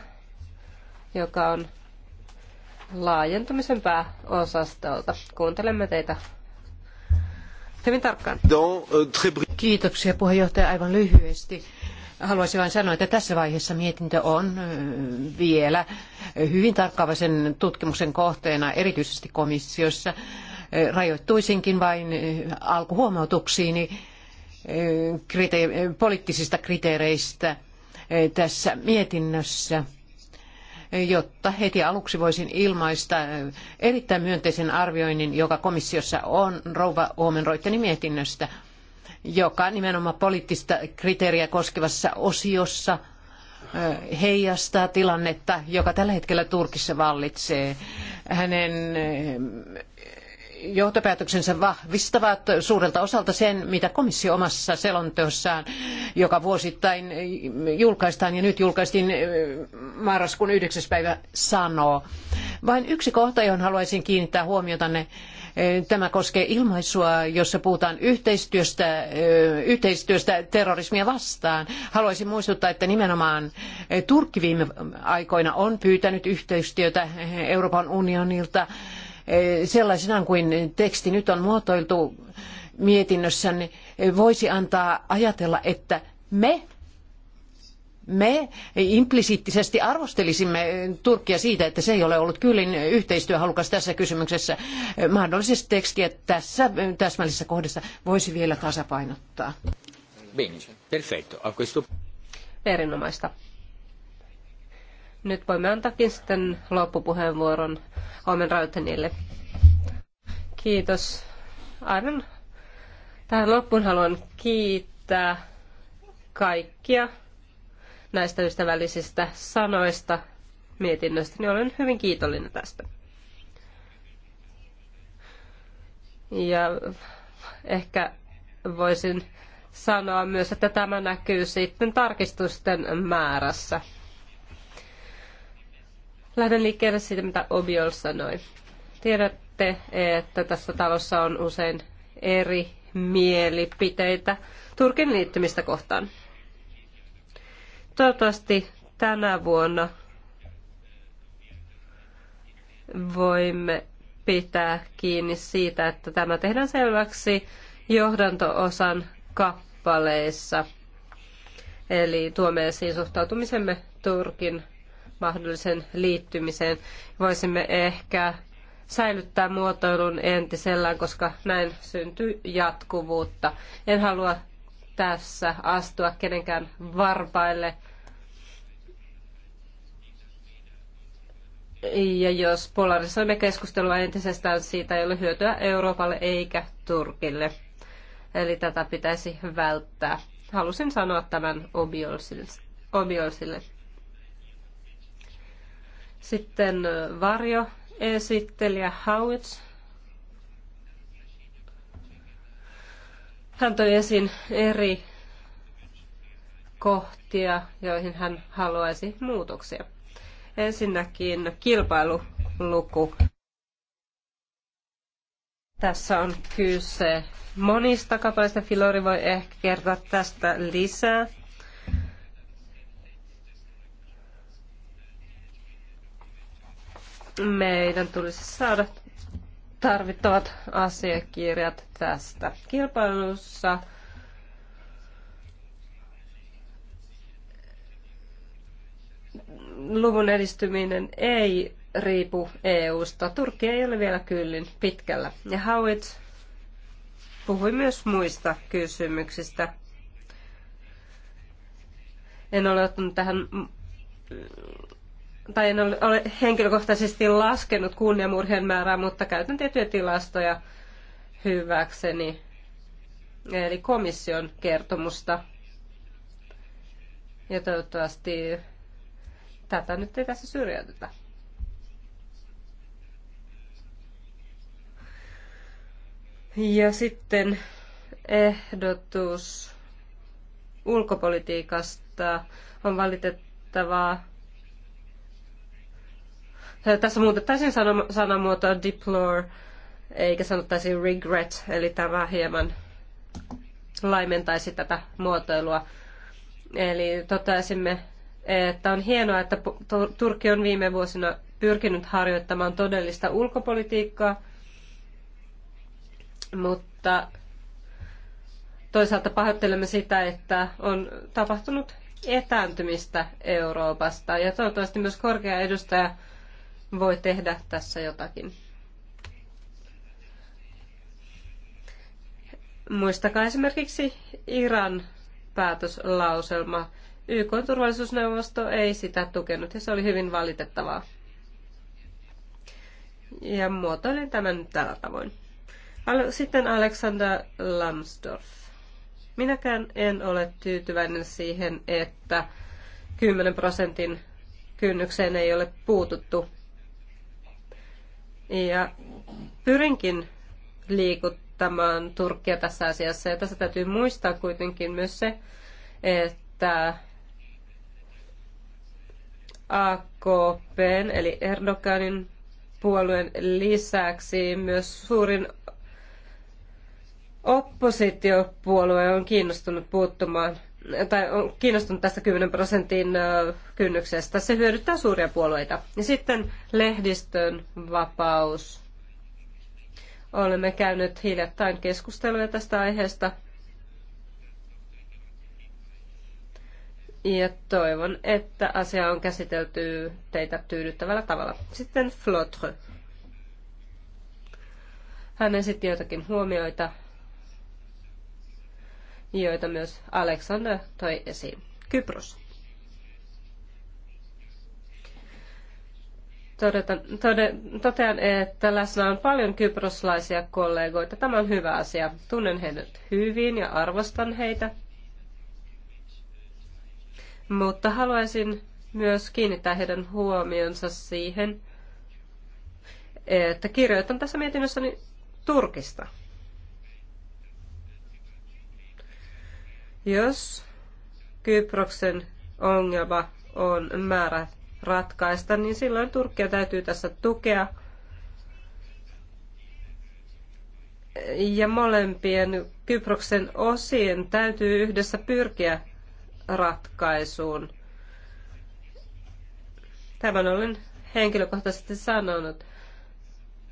joka on laajentumisen pääosastolta. Kuuntelemme teitä hyvin tarkkaan. Euh, Kiitoksia puheenjohtaja aivan lyhyesti. Haluaisin vain sanoa, että tässä vaiheessa mietintö on vielä hyvin tarkkaavaisen tutkimuksen kohteena, erityisesti komissiossa. Rajoittuisinkin vain alkuhuomautuksiini kriteer- poliittisista kriteereistä tässä mietinnössä jotta heti aluksi voisin ilmaista erittäin myönteisen arvioinnin, joka komissiossa on Rouva Omenroitteni mietinnöstä, joka nimenomaan poliittista kriteeriä koskevassa osiossa eh, heijastaa tilannetta, joka tällä hetkellä Turkissa vallitsee. Hänen eh, johtopäätöksensä vahvistavat suurelta osalta sen, mitä komissio omassa selonteossaan, joka vuosittain julkaistaan ja nyt julkaistiin eh, marraskuun 9. päivä, sanoo. Vain yksi kohta, johon haluaisin kiinnittää huomiotanne, eh, Tämä koskee ilmaisua, jossa puhutaan yhteistyöstä, eh, yhteistyöstä terrorismia vastaan. Haluaisin muistuttaa, että nimenomaan Turkki viime aikoina on pyytänyt yhteistyötä Euroopan unionilta Eh, sellaisenaan kuin teksti nyt on muotoiltu mietinnössänne, eh, voisi antaa ajatella, että me me implisiittisesti arvostelisimme eh, Turkkia siitä, että se ei ole ollut kyllin yhteistyöhalukas tässä kysymyksessä. Mahdollisesti tekstiä tässä täsmällisessä kohdassa voisi vielä tasapainottaa. Bene, perfetto. A questo... Erinomaista. Nyt voimme antaakin sitten loppupuheenvuoron Omen Rautenille. Kiitos. Aivan tähän loppuun haluan kiittää kaikkia näistä ystävällisistä sanoista mietinnöstä, niin olen hyvin kiitollinen tästä. Ja ehkä voisin sanoa myös, että tämä näkyy sitten tarkistusten määrässä. Lähden liikkeelle siitä, mitä Obiol sanoi. Tiedätte, että tässä talossa on usein eri mielipiteitä Turkin liittymistä kohtaan. Toivottavasti tänä vuonna voimme pitää kiinni siitä, että tämä tehdään selväksi johdantoosan kappaleissa. Eli tuomme esiin suhtautumisemme Turkin mahdollisen liittymiseen. Voisimme ehkä säilyttää muotoilun entisellään, koska näin syntyy jatkuvuutta. En halua tässä astua kenenkään varpaille. Ja jos polarisoimme keskustelua entisestään, siitä ei ole hyötyä Euroopalle eikä Turkille. Eli tätä pitäisi välttää. Halusin sanoa tämän Obiolsille. Sitten varjo, esittelijä Howitz. Hän toi esiin eri kohtia, joihin hän haluaisi muutoksia. Ensinnäkin kilpailuluku. Tässä on kyse monista kapaista. Filori voi ehkä kertoa tästä lisää. meidän tulisi saada tarvittavat asiakirjat tästä. Kilpailussa luvun edistyminen ei riipu EU-sta. Turkki ei ole vielä kyllin pitkällä. Ja Howitt puhui myös muista kysymyksistä. En ole ottanut tähän tai en ole henkilökohtaisesti laskenut kunniamurhien määrää, mutta käytän tiettyjä tilastoja hyväkseni, eli komission kertomusta. Ja toivottavasti tätä nyt ei tässä syrjäytetä. Ja sitten ehdotus ulkopolitiikasta on valitettavaa tässä muutettaisiin sanamuotoa deplore, eikä sanottaisi regret, eli tämä hieman laimentaisi tätä muotoilua. Eli toteaisimme, että on hienoa, että Turkki on viime vuosina pyrkinyt harjoittamaan todellista ulkopolitiikkaa, mutta toisaalta pahoittelemme sitä, että on tapahtunut etääntymistä Euroopasta. Ja toivottavasti myös korkea edustaja voi tehdä tässä jotakin. Muistakaa esimerkiksi Iran päätöslauselma. YK turvallisuusneuvosto ei sitä tukenut ja se oli hyvin valitettavaa. Ja muotoilin tämän tällä tavoin. Sitten Alexander Lambsdorff. Minäkään en ole tyytyväinen siihen, että 10 prosentin kynnykseen ei ole puututtu. Ja pyrinkin liikuttamaan Turkkia tässä asiassa. Ja tässä täytyy muistaa kuitenkin myös se, että AKP, eli Erdoganin puolueen lisäksi myös suurin oppositiopuolue on kiinnostunut puuttumaan tai on kiinnostunut tästä 10 prosentin kynnyksestä. Se hyödyttää suuria puolueita. Ja sitten lehdistön vapaus. Olemme käyneet hiljattain keskusteluja tästä aiheesta. Ja toivon, että asia on käsitelty teitä tyydyttävällä tavalla. Sitten Flotre. Hän esitti jotakin huomioita joita myös Alexander toi esiin. Kypros. Todeta, tode, totean, että läsnä on paljon kyproslaisia kollegoita. Tämä on hyvä asia. Tunnen heidät hyvin ja arvostan heitä. Mutta haluaisin myös kiinnittää heidän huomionsa siihen, että kirjoitan tässä mietinnössäni Turkista. Jos Kyproksen ongelma on määrä ratkaista, niin silloin Turkkia täytyy tässä tukea. Ja molempien Kyproksen osien täytyy yhdessä pyrkiä ratkaisuun. Tämän olen henkilökohtaisesti sanonut.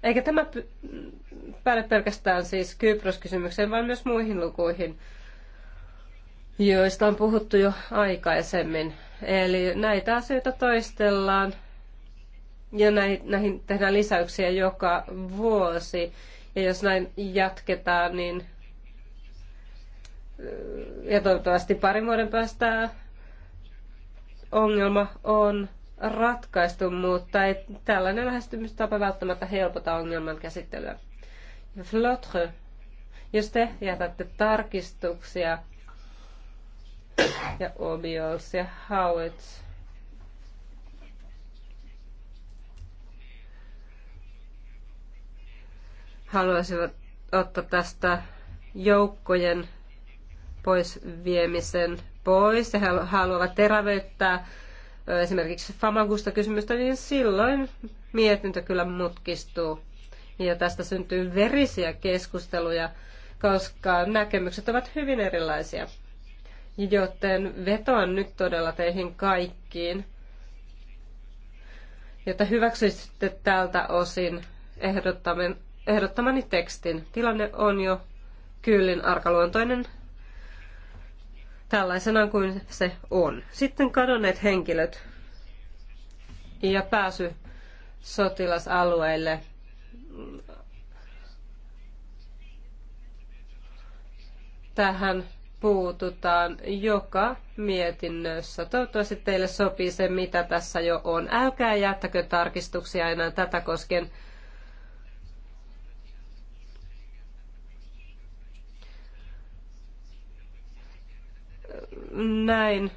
Eikä tämä päde pelkästään siis Kypros-kysymykseen, vaan myös muihin lukuihin joista on puhuttu jo aikaisemmin. Eli näitä asioita toistellaan ja näihin tehdään lisäyksiä joka vuosi. Ja jos näin jatketaan, niin ja toivottavasti parin vuoden päästä ongelma on ratkaistu, mutta ei tällainen lähestymistapa välttämättä helpota ongelman käsittelyä. Flotre, jos te jätätte tarkistuksia ja Obios ja Howitz. Haluaisivat ottaa tästä joukkojen pois viemisen pois ja haluavat terävöittää esimerkiksi Famagusta kysymystä, niin silloin mietintö kyllä mutkistuu. Ja tästä syntyy verisiä keskusteluja, koska näkemykset ovat hyvin erilaisia joten vetoan nyt todella teihin kaikkiin, jotta hyväksyisitte tältä osin ehdottamani tekstin. Tilanne on jo kyllin arkaluontoinen tällaisena kuin se on. Sitten kadonneet henkilöt ja pääsy sotilasalueille. Tähän puututaan joka mietinnössä. Toivottavasti teille sopii se, mitä tässä jo on. Älkää jättäkö tarkistuksia enää tätä koskien. Näin.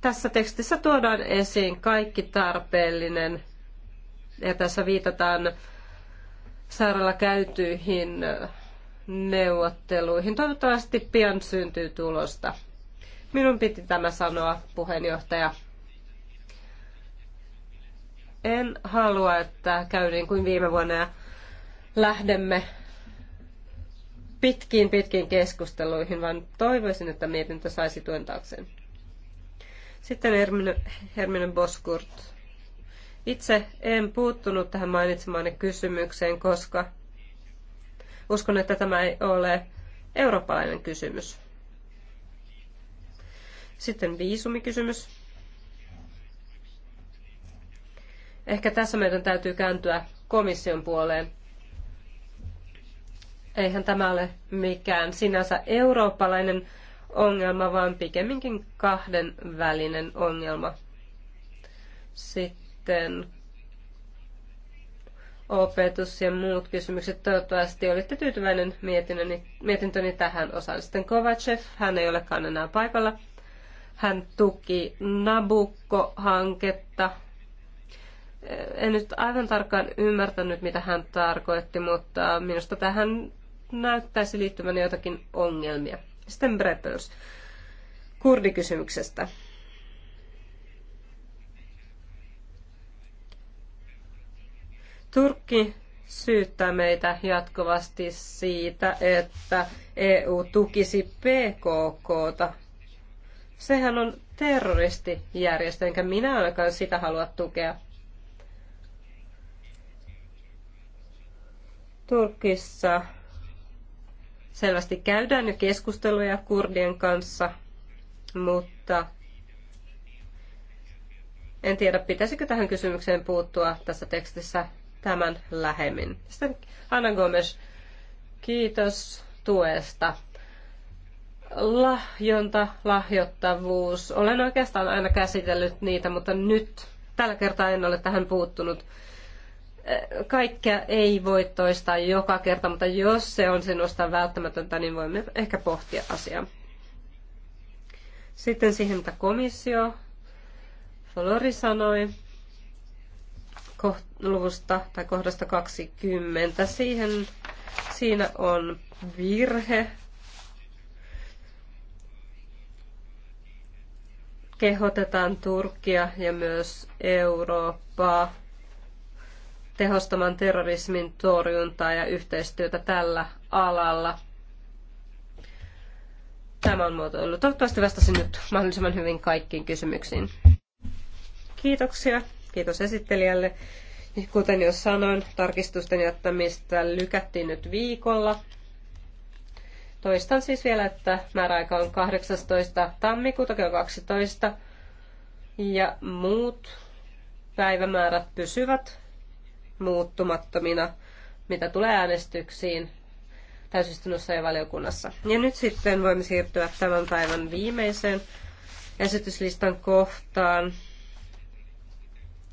Tässä tekstissä tuodaan esiin kaikki tarpeellinen ja tässä viitataan sairaala käytyihin neuvotteluihin. Toivottavasti pian syntyy tulosta. Minun piti tämä sanoa, puheenjohtaja. En halua, että käy niin kuin viime vuonna ja lähdemme pitkiin pitkiin keskusteluihin, vaan toivoisin, että mietintö saisi tuen taakseen. Sitten Herminen, Hermine Boskurt. Itse en puuttunut tähän mainitsemaan kysymykseen, koska Uskon, että tämä ei ole eurooppalainen kysymys. Sitten viisumikysymys. Ehkä tässä meidän täytyy kääntyä komission puoleen. Eihän tämä ole mikään sinänsä eurooppalainen ongelma, vaan pikemminkin kahden välinen ongelma. Sitten opetus ja muut kysymykset. Toivottavasti olitte tyytyväinen mietintöni, mietintöni tähän osaan. Sitten Kovacev, hän ei olekaan enää paikalla. Hän tuki Nabukko-hanketta. Eh, en nyt aivan tarkkaan ymmärtänyt, mitä hän tarkoitti, mutta minusta tähän näyttäisi liittyvän jotakin ongelmia. Sitten Breppels kurdikysymyksestä. Turkki syyttää meitä jatkuvasti siitä, että EU tukisi PKKta. Sehän on terroristijärjestö, enkä minä ainakaan sitä halua tukea. Turkissa selvästi käydään jo keskusteluja kurdien kanssa, mutta en tiedä, pitäisikö tähän kysymykseen puuttua tässä tekstissä tämän lähemmin. Sitten Anna Gomes, kiitos tuesta. Lahjonta, lahjottavuus. Olen oikeastaan aina käsitellyt niitä, mutta nyt tällä kertaa en ole tähän puuttunut. Kaikkea ei voi toistaa joka kerta, mutta jos se on sinusta välttämätöntä, niin voimme ehkä pohtia asiaa. Sitten siihen, mitä komissio Flori sanoi luvusta tai kohdasta 20. Siihen, siinä on virhe. Kehotetaan Turkia ja myös Eurooppaa tehostamaan terrorismin torjuntaa ja yhteistyötä tällä alalla. Tämä on muotoilu. Toivottavasti vastasin nyt mahdollisimman hyvin kaikkiin kysymyksiin. Kiitoksia. Kiitos esittelijälle. Niin kuten jo sanoin, tarkistusten jättämistä lykättiin nyt viikolla. Toistan siis vielä, että määräaika on 18. tammikuuta kello 12 ja muut päivämäärät pysyvät muuttumattomina, mitä tulee äänestyksiin täysistunnossa ja valiokunnassa. Ja nyt sitten voimme siirtyä tämän päivän viimeiseen esityslistan kohtaan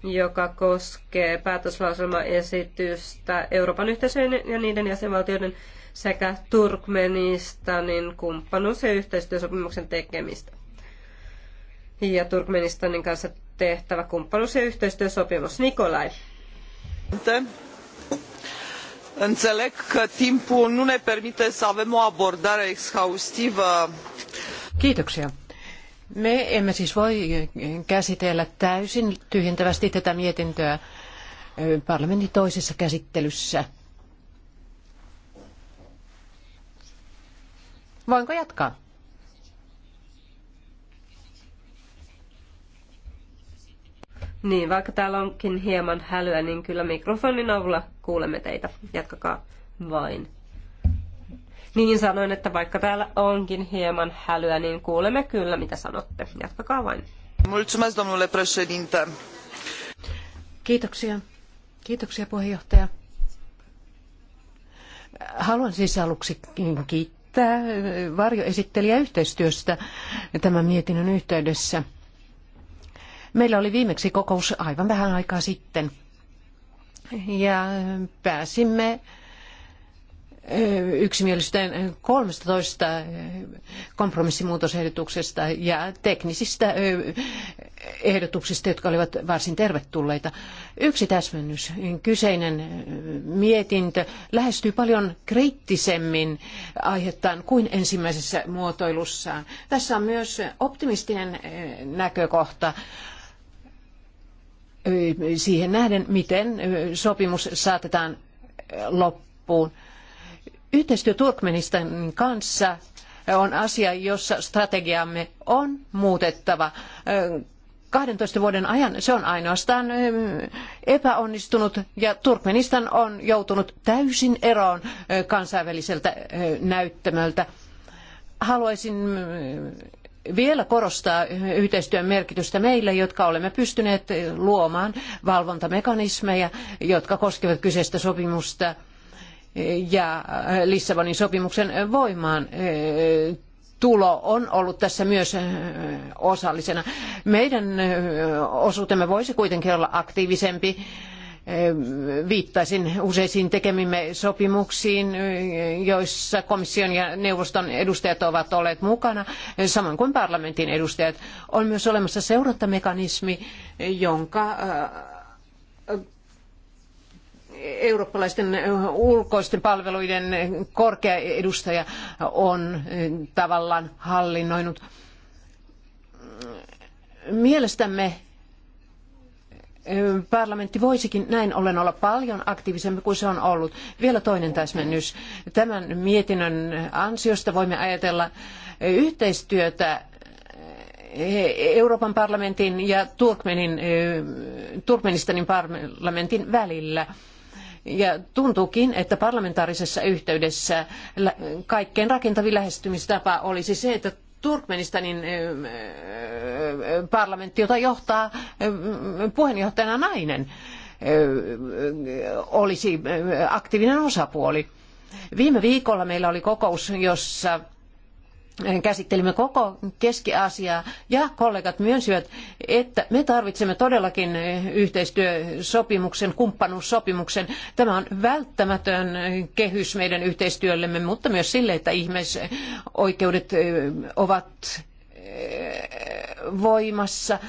joka koskee päätöslauselmaesitystä Euroopan yhteisöjen ja niiden jäsenvaltioiden sekä Turkmenistanin kumppanuus- ja yhteistyösopimuksen tekemistä. Ja Turkmenistanin kanssa tehtävä kumppanuus- ja yhteistyösopimus. Nikolai. Înțeleg că timpul nu ne permite să avem o abordare exhaustivă. Kiitoksia. Me emme siis voi käsitellä täysin tyhjentävästi tätä mietintöä parlamentin toisessa käsittelyssä. Voinko jatkaa? Niin, vaikka täällä onkin hieman hälyä, niin kyllä mikrofonin avulla kuulemme teitä. Jatkakaa vain. Niin sanoin, että vaikka täällä onkin hieman hälyä, niin kuulemme kyllä, mitä sanotte. Jatkakaa vain. Mulțumesc, domnule președinte. Kiitoksia. Kiitoksia, puheenjohtaja. Haluan siis aluksi kiittää varjoesittelijä yhteistyöstä tämän mietinnön yhteydessä. Meillä oli viimeksi kokous aivan vähän aikaa sitten ja pääsimme Eh, yksimielisyyteen 13 eh, kompromissimuutosehdotuksesta ja teknisistä eh, ehdotuksista, jotka olivat varsin tervetulleita. Yksi täsmennys. Kyseinen mietintö lähestyy paljon kriittisemmin aihettaan kuin ensimmäisessä muotoilussaan. Tässä on myös optimistinen näkökohta siihen nähden, miten sopimus saatetaan loppuun loppuun. Yhteistyö Turkmenistanin kanssa on asia, jossa strategiamme on muutettava. 12 vuoden ajan se on ainoastaan ähm, epäonnistunut ja Turkmenistan on joutunut täysin eroon äh, kansainväliseltä äh, näyttämöltä. Haluaisin äh, vielä korostaa yhteistyön merkitystä meille, jotka olemme pystyneet luomaan valvontamekanismeja, jotka koskevat kyseistä sopimusta – ja äh, Lissabonin sopimuksen äh, voimaan äh, tulo on ollut tässä myös osallisena. Meidän osuutemme voisi kuitenkin olla aktiivisempi. Viittaisin useisiin tekemimme sopimuksiin, joissa komission ja neuvoston edustajat ovat olleet mukana, samoin kuin parlamentin edustajat. On myös olemassa seurantamekanismi, jonka eurooppalaisten ulkoisten palveluiden korkea edustaja on eh, tavallaan hallinnoinut. Mielestämme eh, parlamentti voisikin näin ollen olla paljon aktiivisempi kuin se on ollut. Vielä toinen täsmennys. Tämän mietinnön ansiosta voimme ajatella eh, yhteistyötä Euroopan parlamentin ja Turkmenin, Turkmenistanin parlamentin välillä. Ja tuntuukin, että parlamentaarisessa yhteydessä kaikkein rakentavin lähestymistapa olisi se, että Turkmenistanin parlamentti, jota johtaa puheenjohtajana nainen, olisi aktiivinen osapuoli. Viime viikolla meillä oli kokous, jossa käsittelimme koko keski aasiaa ja kollegat myönsivät, että me tarvitsemme todellakin yhteistyösopimuksen, kumppanuussopimuksen. Tämä on välttämätön kehys meidän yhteistyöllemme, mutta myös sille, että ihmisoikeudet ovat voimassa.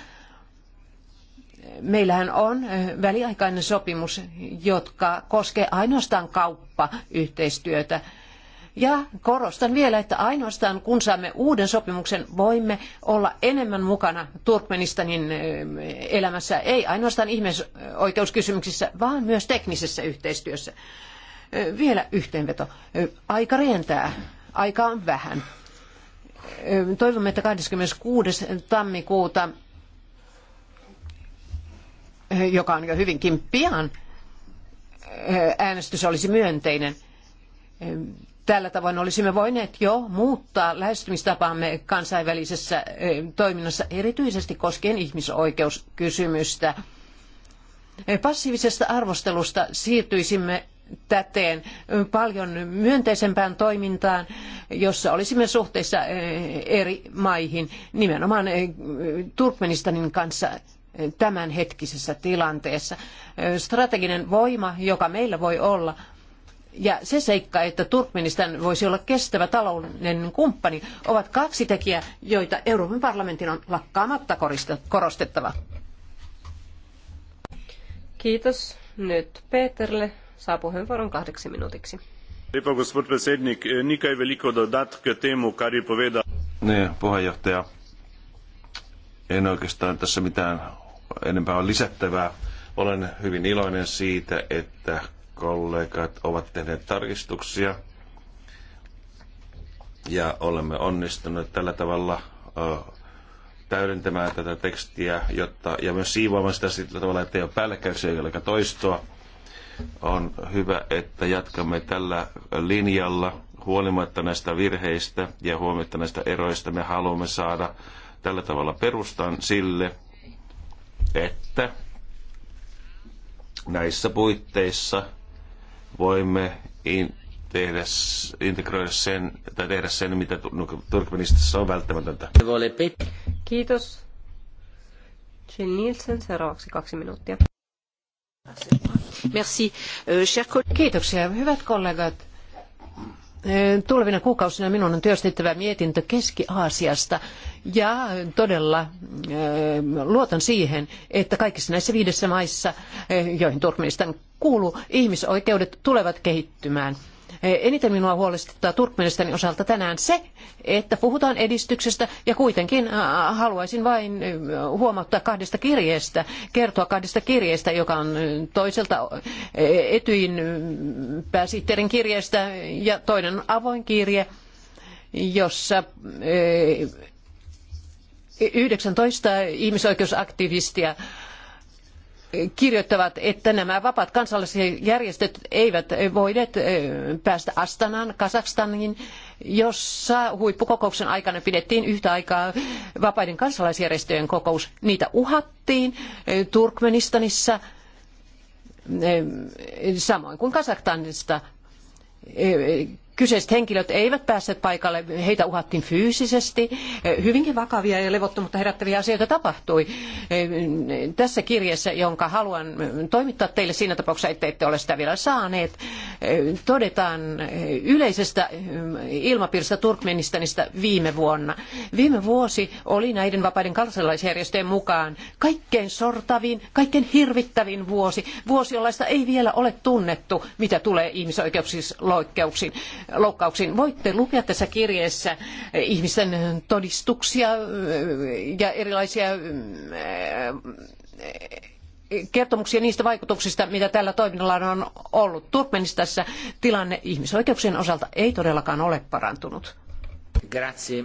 Meillähän on väliaikainen sopimus, joka koskee ainoastaan kauppayhteistyötä. yhteistyötä ja korostan vielä, että ainoastaan kun saamme uuden sopimuksen, voimme olla enemmän mukana Turkmenistanin elämässä, ei ainoastaan ihmisoikeuskysymyksissä, vaan myös teknisessä yhteistyössä. Vielä yhteenveto. Aika rientää. Aika on vähän. Toivomme, että 26. tammikuuta, joka on jo hyvinkin pian, äänestys olisi myönteinen. Tällä tavoin olisimme voineet jo muuttaa lähestymistapaamme kansainvälisessä toiminnassa, erityisesti koskien ihmisoikeuskysymystä. Passiivisesta arvostelusta siirtyisimme täten paljon myönteisempään toimintaan, jossa olisimme suhteessa eri maihin, nimenomaan Turkmenistanin kanssa tämänhetkisessä tilanteessa. Strateginen voima, joka meillä voi olla, ja se seikka, että Turkmenistan voisi olla kestävä taloudellinen kumppani, ovat kaksi tekijää, joita Euroopan parlamentin on lakkaamatta korostettava. Kiitos. Nyt Peterle saa puheenvuoron kahdeksi minuutiksi. Lepo, gospod predsednik, e, nikaj veliko dodat k temu, kari poveda. povedal. Ne, puheenjohtaja, en oikeastaan tässä mitään enempää ole lisättävää. Olen hyvin iloinen siitä, että kollegat ovat tehneet tarkistuksia ja olemme onnistuneet tällä tavalla täydentämään tätä tekstiä jotta, ja myös siivoamaan sitä sillä tavalla, että ei ole päällekkäyksiä eikä toistoa. On hyvä, että jatkamme tällä linjalla huolimatta näistä virheistä ja huolimatta näistä eroista. Me haluamme saada tällä tavalla perustan sille, että näissä puitteissa – voimme in, tehdä, integroida sen, tai tehdä sen, mitä Turkmenistassa on välttämätöntä. Kiitos. Jill Nielsen, seuraavaksi kaksi minuuttia. Merci. Euh, Kiitoksia. Hyvät kollegat, Tulevina kuukausina minun on työstettävä mietintö Keski-Aasiasta ja todella luotan siihen, että kaikissa näissä viidessä maissa, joihin Turkmenistan kuuluu, ihmisoikeudet tulevat kehittymään – Eniten minua huolestuttaa Turkmenistanin osalta tänään se, että puhutaan edistyksestä ja kuitenkin äh, haluaisin vain äh, huomauttaa kahdesta kirjeestä, kertoa kahdesta kirjeestä, joka on äh, toiselta Etyin pääsihteerin kirjeestä ja toinen avoin kirje, jossa 19 ihmisoikeusaktivistia kirjoittavat, että nämä vapaat kansalaisjärjestöt eivät voineet päästä Astanaan, Kazakstaniin, jossa huippukokouksen aikana pidettiin yhtä aikaa vapaiden kansalaisjärjestöjen kokous. Niitä uhattiin Turkmenistanissa, samoin kuin Kazakstanista Kyseiset henkilöt eivät päässeet paikalle, heitä uhattiin fyysisesti. Hyvinkin vakavia ja levottomuutta herättäviä asioita tapahtui. Tässä kirjeessä, jonka haluan toimittaa teille siinä tapauksessa, että ette ole sitä vielä saaneet, todetaan yleisestä ilmapiiristä Turkmenistanista viime vuonna. Viime vuosi oli näiden vapaiden kansalaisjärjestöjen mukaan kaikkein sortavin, kaikkein hirvittävin vuosi. Vuosi, jollaista ei vielä ole tunnettu, mitä tulee ihmisoikeuksiin loikkeuksiin loukkauksiin. Voitte lukea tässä kirjeessä ihmisten todistuksia ja erilaisia eh, kertomuksia niistä vaikutuksista, mitä tällä toiminnalla on ollut. Turkmenistassa tilanne ihmisoikeuksien osalta ei todellakaan ole parantunut. Grazie.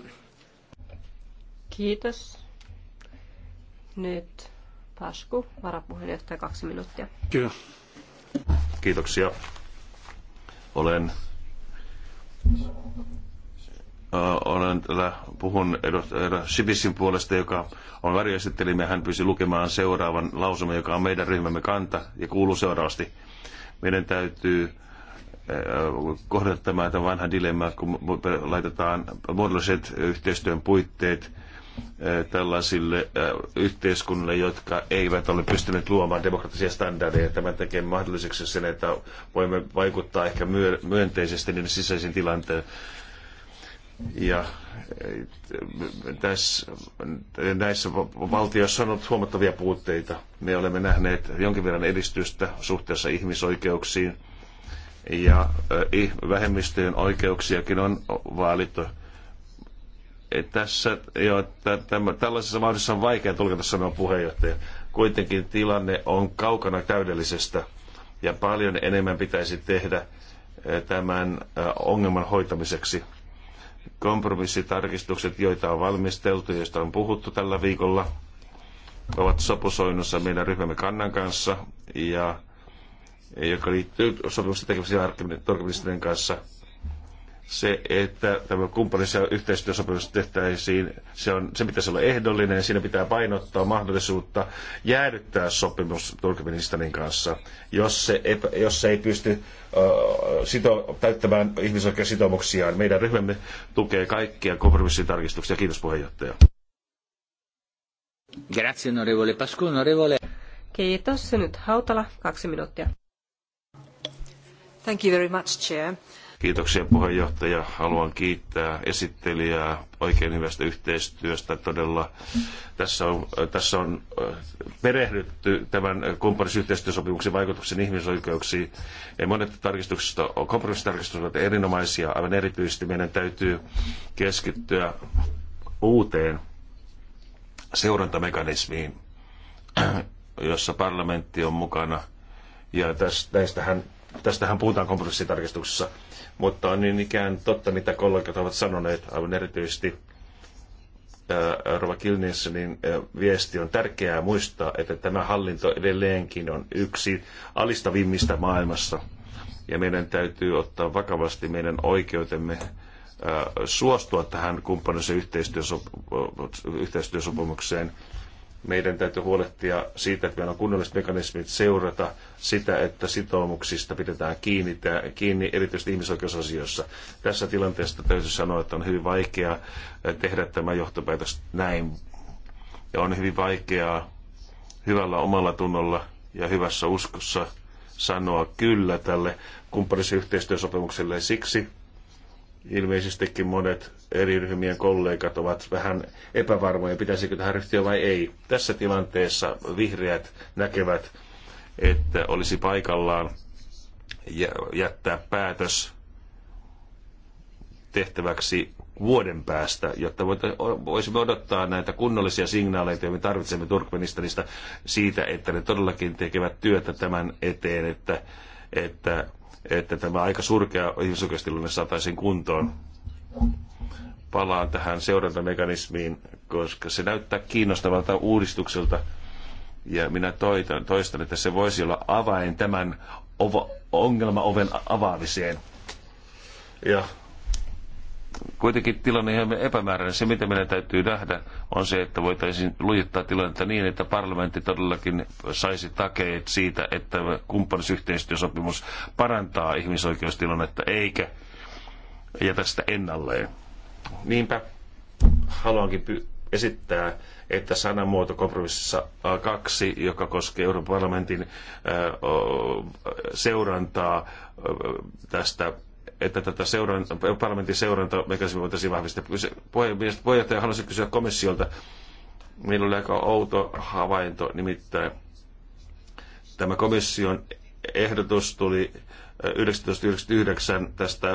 Kiitos. Nyt Pasku, varapuheenjohtaja, kaksi minuuttia. Kyllä. Kiitoksia. Olen olen täällä, puhun edustaja Shibisin puolesta, joka on varjoesittelimme. Hän pyysi lukemaan seuraavan lausuman, joka on meidän ryhmämme kanta ja kuuluu seuraavasti. Meidän täytyy kohdata tämä vanha dilemma, kun laitetaan muodolliset yhteistyön puitteet – tällaisille yhteiskunnille, jotka eivät ole pystyneet luomaan demokraattisia standardeja. Tämä tekee mahdolliseksi sen, että voimme vaikuttaa ehkä myönteisesti niiden sisäisiin tilanteen. Ja tässä, näissä valtioissa on ollut huomattavia puutteita. Me olemme nähneet jonkin verran edistystä suhteessa ihmisoikeuksiin ja vähemmistöjen oikeuksiakin on vaalittu tässä, jo, että tämä, tällaisessa mahdollisessa on vaikea tulkita sanoa puheenjohtaja. Kuitenkin tilanne on kaukana täydellisestä ja paljon enemmän pitäisi tehdä eh, tämän eh, ongelman hoitamiseksi. Kompromissitarkistukset, joita on valmisteltu ja joista on puhuttu tällä viikolla, ovat sopusoinnussa meidän ryhmämme kannan kanssa, ja, joka liittyy sopimuksen tekemisen kanssa – se, että tämä kumppanissa yhteistyösopimus tehtäisiin, se, on, se pitäisi olla ehdollinen siinä pitää painottaa mahdollisuutta jäädyttää sopimus Turkmenistanin kanssa, jos se, jos se ei pysty uh, sito, täyttämään ihmisoikeussitoumuksiaan. Meidän ryhmämme tukee kaikkia kompromissitarkistuksia. Kiitos puheenjohtaja. Grazie, onorevole Pascu, onorevole. Kiitos. Nyt Hautala, kaksi minuuttia. Thank you very much, Chair. Kiitoksia puheenjohtaja. Haluan kiittää esittelijää oikein hyvästä yhteistyöstä. Todella tässä on, tässä on äh, perehdytty tämän kumppanisyhteistyösopimuksen vaikutuksen ihmisoikeuksiin. Monet tarkistuksista, kompromissitarkistukset ovat erinomaisia. Aivan erityisesti meidän täytyy keskittyä uuteen seurantamekanismiin, äh, jossa parlamentti on mukana. Ja tästä, tästähän puhutaan kompromissitarkistuksessa mutta on niin ikään totta, mitä kollegat ovat sanoneet, aivan erityisesti Rova niin viesti on tärkeää muistaa, että tämä hallinto edelleenkin on yksi alistavimmista maailmassa. Ja meidän täytyy ottaa vakavasti meidän oikeutemme suostua tähän kumppanuus- ja yhteistyösopimukseen meidän täytyy huolehtia siitä, että meillä on kunnolliset mekanismit seurata sitä, että sitoumuksista pidetään kiinni, kiinni erityisesti ihmisoikeusasioissa. Tässä tilanteessa täytyy sanoa, että on hyvin vaikea äh, tehdä tämä johtopäätös näin. Ja on hyvin vaikeaa hyvällä omalla tunnolla ja hyvässä uskossa sanoa kyllä tälle kumppanisyhteistyösopimukselle. Siksi ilmeisestikin monet eri ryhmien kollegat ovat vähän epävarmoja, pitäisikö tähän ryhtyä vai ei. Tässä tilanteessa vihreät näkevät, että olisi paikallaan jättää päätös tehtäväksi vuoden päästä, jotta voisimme odottaa näitä kunnollisia signaaleita, joita me tarvitsemme Turkmenistanista siitä, että ne todellakin tekevät työtä tämän eteen, että, että, että tämä aika surkea ihmisoikeustilanne saataisiin kuntoon palaan tähän seurantamekanismiin, koska se näyttää kiinnostavalta uudistukselta. Ja minä toitan, toistan, että se voisi olla avain tämän ovo, ongelmaoven avaamiseen. Ja kuitenkin tilanne on epämääräinen. Se, mitä meidän täytyy nähdä, on se, että voitaisiin lujittaa tilannetta niin, että parlamentti todellakin saisi takeet siitä, että kumppanisyhteistyösopimus parantaa ihmisoikeustilannetta, eikä jätä sitä ennalleen. Niinpä haluankin esittää, että sanamuoto kompromississa A2, joka koskee Euroopan parlamentin seurantaa tästä että tätä seuran, parlamentin seurantamekanismia voitaisiin vahvistaa. Puhemies, puheenjohtaja halusi kysyä komissiolta. Meillä oli aika outo havainto, nimittäin tämä komission ehdotus tuli 1999 tästä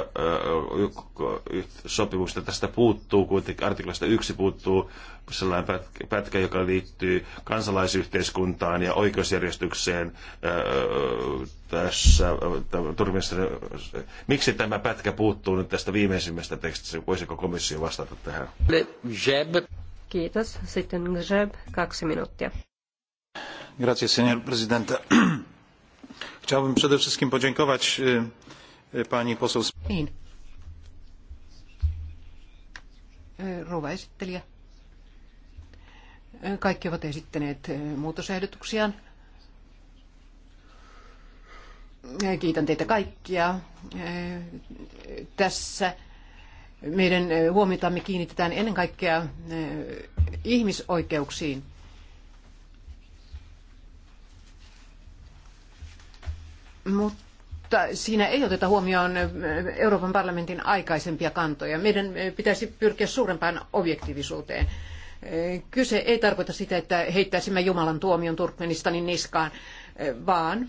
sopimuksesta tästä puuttuu, kuitenkin artiklasta yksi puuttuu sellainen pätkä, joka liittyy kansalaisyhteiskuntaan ja oikeusjärjestykseen tässä turvissa. Miksi tämä pätkä puuttuu nyt tästä viimeisimmästä tekstistä? Voisiko komissio vastata tähän? Kiitos. Sitten Grzyb, kaksi minuuttia. Grazie, signor Presidente. Chciałbym przede wszystkim podziękować pani poseł. Niin. Rouva esittelijä. Kaikki ovat esittäneet muutosehdotuksiaan. Kiitän teitä kaikkia. Tässä meidän huomiotamme kiinnitetään ennen kaikkea ihmisoikeuksiin mutta siinä ei oteta huomioon Euroopan parlamentin aikaisempia kantoja. Meidän pitäisi pyrkiä suurempaan objektiivisuuteen. Kyse ei tarkoita sitä, että heittäisimme Jumalan tuomion Turkmenistanin niskaan, vaan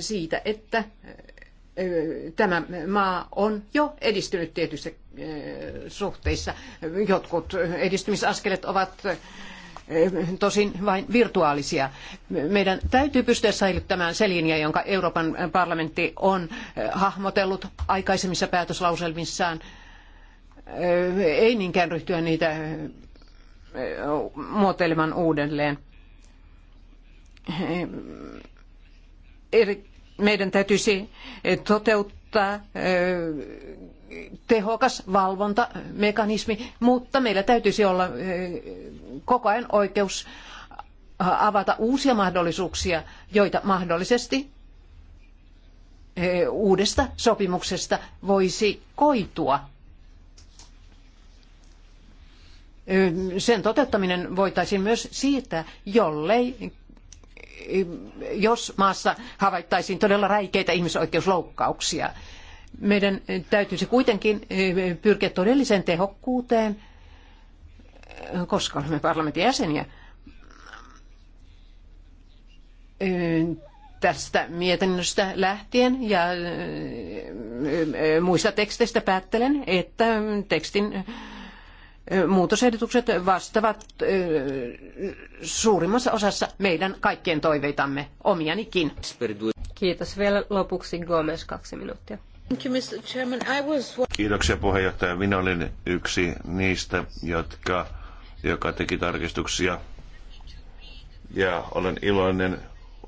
siitä, että tämä maa on jo edistynyt tietyissä suhteissa. Jotkut edistymisaskelet ovat Eh, tosin vain virtuaalisia. Meidän täytyy pystyä säilyttämään se linja, jonka Euroopan parlamentti on eh, hahmotellut aikaisemmissa päätöslauselmissaan. Eh, ei niinkään ryhtyä niitä muotoilemaan uudelleen. Meidän täytyisi toteuttaa tehokas valvontamekanismi, mutta meillä täytyisi olla koko ajan oikeus avata uusia mahdollisuuksia, joita mahdollisesti uudesta sopimuksesta voisi koitua. Sen toteuttaminen voitaisiin myös siirtää, jollei jos maassa havaittaisiin todella räikeitä ihmisoikeusloukkauksia. Meidän täytyisi kuitenkin eh, pyrkiä todelliseen tehokkuuteen, koska olemme parlamentin jäseniä. Eh, tästä mietinnöstä lähtien ja eh, muista teksteistä päättelen, että tekstin muutosehdotukset vastaavat suurimmassa osassa meidän kaikkien toiveitamme, omianikin. Kiitos vielä lopuksi Gomes kaksi minuuttia. Kiitoksia puheenjohtaja. Minä olin yksi niistä, jotka, joka teki tarkistuksia. Ja olen iloinen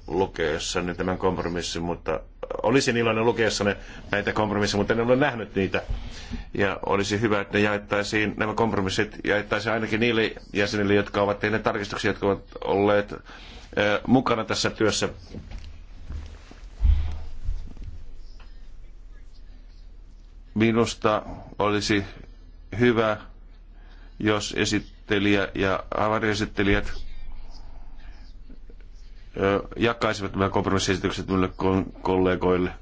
lukeessani tämän kompromissin, mutta olisin iloinen lukeessani näitä kompromisseja, mutta en ole nähnyt niitä. Ja olisi hyvä, että ne jaettaisiin, nämä kompromissit jaettaisiin ainakin niille jäsenille, jotka ovat tehneet tarkistuksia, jotka ovat olleet mukana tässä työssä Minusta olisi hyvä, jos esittelijä ja avariesittelijät jakaisivat nämä kompromissiesitykset minulle kollegoille.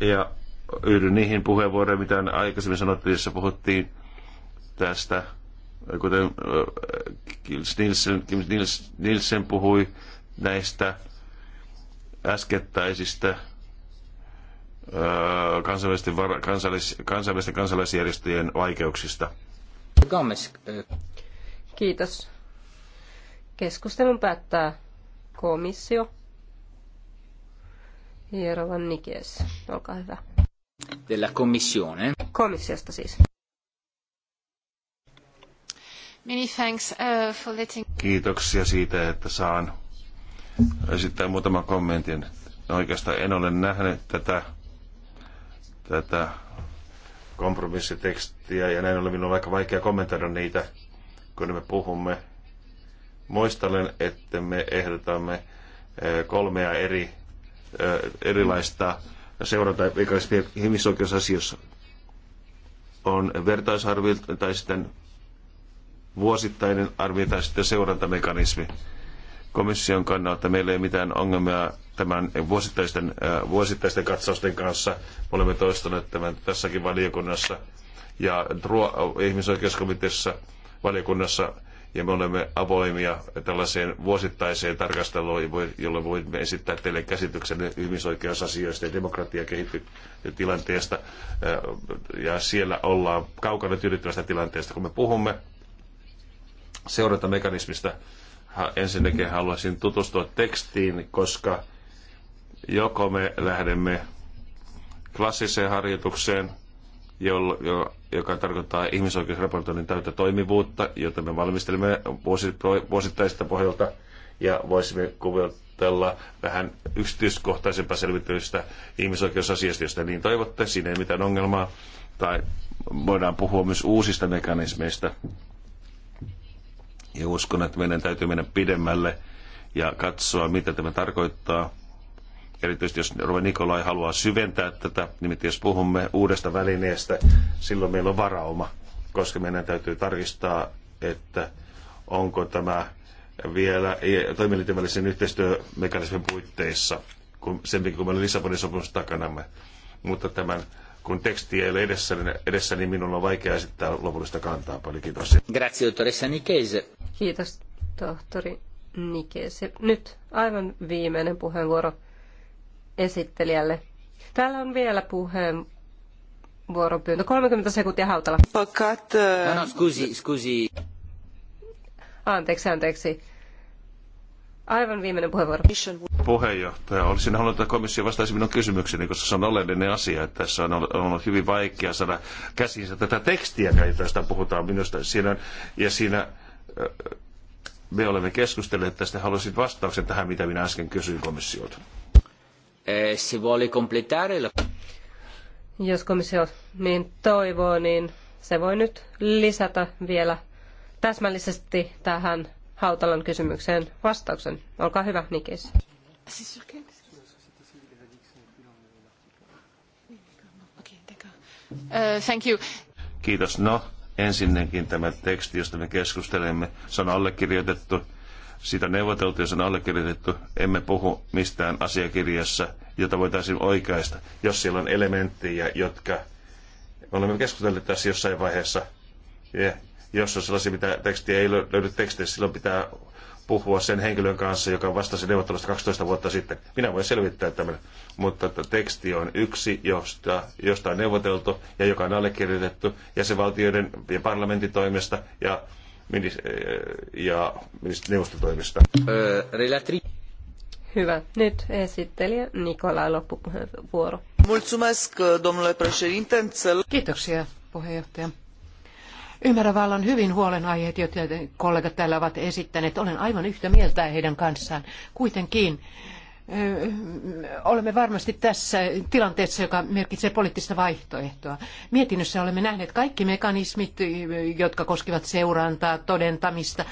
Ja yhdyn niihin puheenvuoroihin, mitä aikaisemmin sanottiin, jossa puhuttiin tästä, kuten Kils Nielsen, Kils Nielsen puhui näistä äskettäisistä Öö, kansainvälisten, kansallis, kansainvälisten kansalaisjärjestöjen vaikeuksista. Gomes. Kiitos. Keskustelun päättää komissio. Hierovan Nikes, olkaa hyvä. Della Commissione. Komissiosta siis. Many thanks uh, for letting... Kiitoksia siitä, että saan esittää muutaman kommentin. Oikeastaan en ole nähnyt tätä tätä kompromissitekstiä ja näin ollen minun on aika vaikea kommentoida niitä, kun me puhumme. Muistelen, että me ehdotamme eh, kolmea eri, eh, erilaista seuranta ihmisoikeusasioissa. On vertaisarvio tai sitten vuosittainen arvio tai sitten seurantamekanismi komission kannalta meillä ei ole mitään ongelmia tämän vuosittaisten, vuosittaisten katsausten kanssa. Me olemme toistaneet tämän tässäkin valiokunnassa ja ihmisoikeuskomiteassa valiokunnassa ja me olemme avoimia tällaiseen vuosittaiseen tarkasteluun, jolloin voimme esittää teille käsityksen ihmisoikeusasioista ja demokratiakehitystilanteesta. Ja siellä ollaan kaukana tyydyttävästä tilanteesta, kun me puhumme seurantamekanismista. mekanismista ensinnäkin haluaisin tutustua tekstiin, koska joko me lähdemme klassiseen harjoitukseen, joka tarkoittaa ihmisoikeusraportoinnin täyttä toimivuutta, jota me valmistelemme vuosittaisesta pohjalta, ja voisimme kuvitella vähän yksityiskohtaisempaa selvitystä ihmisoikeusasiasta, jos niin toivotte, siinä ei mitään ongelmaa, tai voidaan puhua myös uusista mekanismeista, ja uskon, että meidän täytyy mennä pidemmälle ja katsoa, mitä tämä tarkoittaa. Erityisesti jos Rove Nikolai haluaa syventää tätä, nimittäin jos puhumme uudesta välineestä, silloin meillä on varauma, koska meidän täytyy tarkistaa, että onko tämä vielä toimielinten välisen yhteistyömekanismin puitteissa, kun, sen kun meillä on Lissabonin sopimus takanamme. Mutta tämän kun teksti ei ole edessä, niin edessä niin on vaikea esittää lopullista kantaa. Paljon kiitos. Grazie, dottoressa Nikese. Kiitos, tohtori Nikese. Nyt aivan viimeinen puheenvuoro esittelijälle. Täällä on vielä puheen vuoropyyntö. 30 sekuntia hautala. Pakat. No, no, scusi, eh, scusi. Anteeksi, anteeksi. Aivan viimeinen puheenvuoro. Puheenjohtaja, olisin halunnut, että komissio vastaisi minun kysymykseni, koska se on oleellinen asia, että tässä on ollut hyvin vaikea saada käsinsä tätä tekstiä, josta puhutaan minusta. Siinä, ja siinä me olemme keskustelleet tästä. Haluaisin vastauksen tähän, mitä minä äsken kysyin komissiolta. Eh, si vuole completare Jos komissio niin toivoo, niin se voi nyt lisätä vielä täsmällisesti tähän Hautalan kysymykseen vastauksen. Olkaa hyvä, Nikis. Uh, thank you. Kiitos. No, ensinnäkin tämä teksti, josta me keskustelemme, se on allekirjoitettu. Sitä neuvoteltu ja se on allekirjoitettu. Emme puhu mistään asiakirjassa, jota voitaisiin oikaista, jos siellä on elementtejä, jotka... Me olemme keskustelleet tässä jossain vaiheessa, jos on sellaisia mitä tekstiä ei löydy teksteissä, silloin pitää puhua sen henkilön kanssa, joka vastasi neuvottelusta 12 vuotta sitten. Minä voin selvittää tämän, mutta teksti on yksi, josta, josta on neuvoteltu ja joka on allekirjoitettu jäsenvaltioiden ja parlamentin toimesta ja, ja neuvostotoimesta. Hyvä. Nyt esittelijä Nikola loppupuheenvuoro. Kiitoksia, puheenjohtaja. Ymmärrän vallan hyvin huolenaiheet, joita kollegat täällä ovat esittäneet. Olen aivan yhtä mieltä heidän kanssaan. Kuitenkin olemme varmasti tässä tilanteessa, joka merkitsee poliittista vaihtoehtoa. Mietinnössä olemme nähneet kaikki mekanismit, jotka koskevat seurantaa, todentamista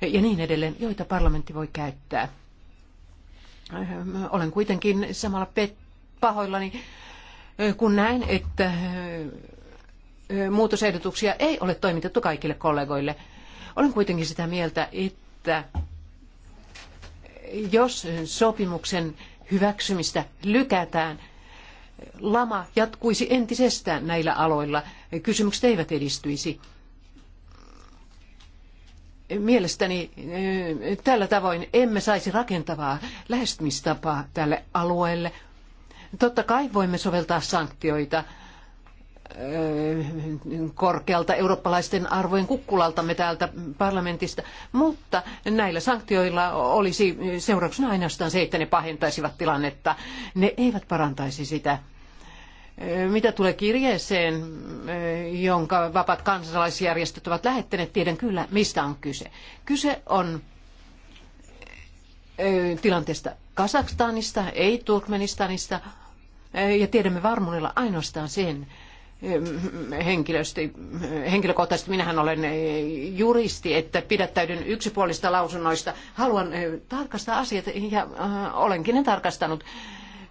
ja niin edelleen, joita parlamentti voi käyttää. Olen kuitenkin samalla pahoillani, kun näen, että muutosehdotuksia ei ole toimitettu kaikille kollegoille. Olen kuitenkin sitä mieltä, että jos sopimuksen hyväksymistä lykätään, lama jatkuisi entisestään näillä aloilla. Kysymykset eivät edistyisi. Mielestäni tällä tavoin emme saisi rakentavaa lähestymistapaa tälle alueelle. Totta kai voimme soveltaa sanktioita, Äh, korkealta eurooppalaisten arvojen kukkulaltamme täältä parlamentista, mutta näillä sanktioilla olisi seurauksena ainoastaan se, että ne pahentaisivat tilannetta. Ne eivät parantaisi sitä. Äh, mitä tulee kirjeeseen, äh, jonka vapaat kansalaisjärjestöt ovat lähettäneet, tiedän kyllä, mistä on kyse. Kyse on tilanteesta Kazakstanista, ei Turkmenistanista, ja tiedämme varmuudella ainoastaan sen, henkilöstö, henkilökohtaisesti minähän olen juristi, että pidättäydyn yksipuolista lausunnoista. Haluan eh, tarkastaa asiat ja eh, olenkin ne tarkastanut.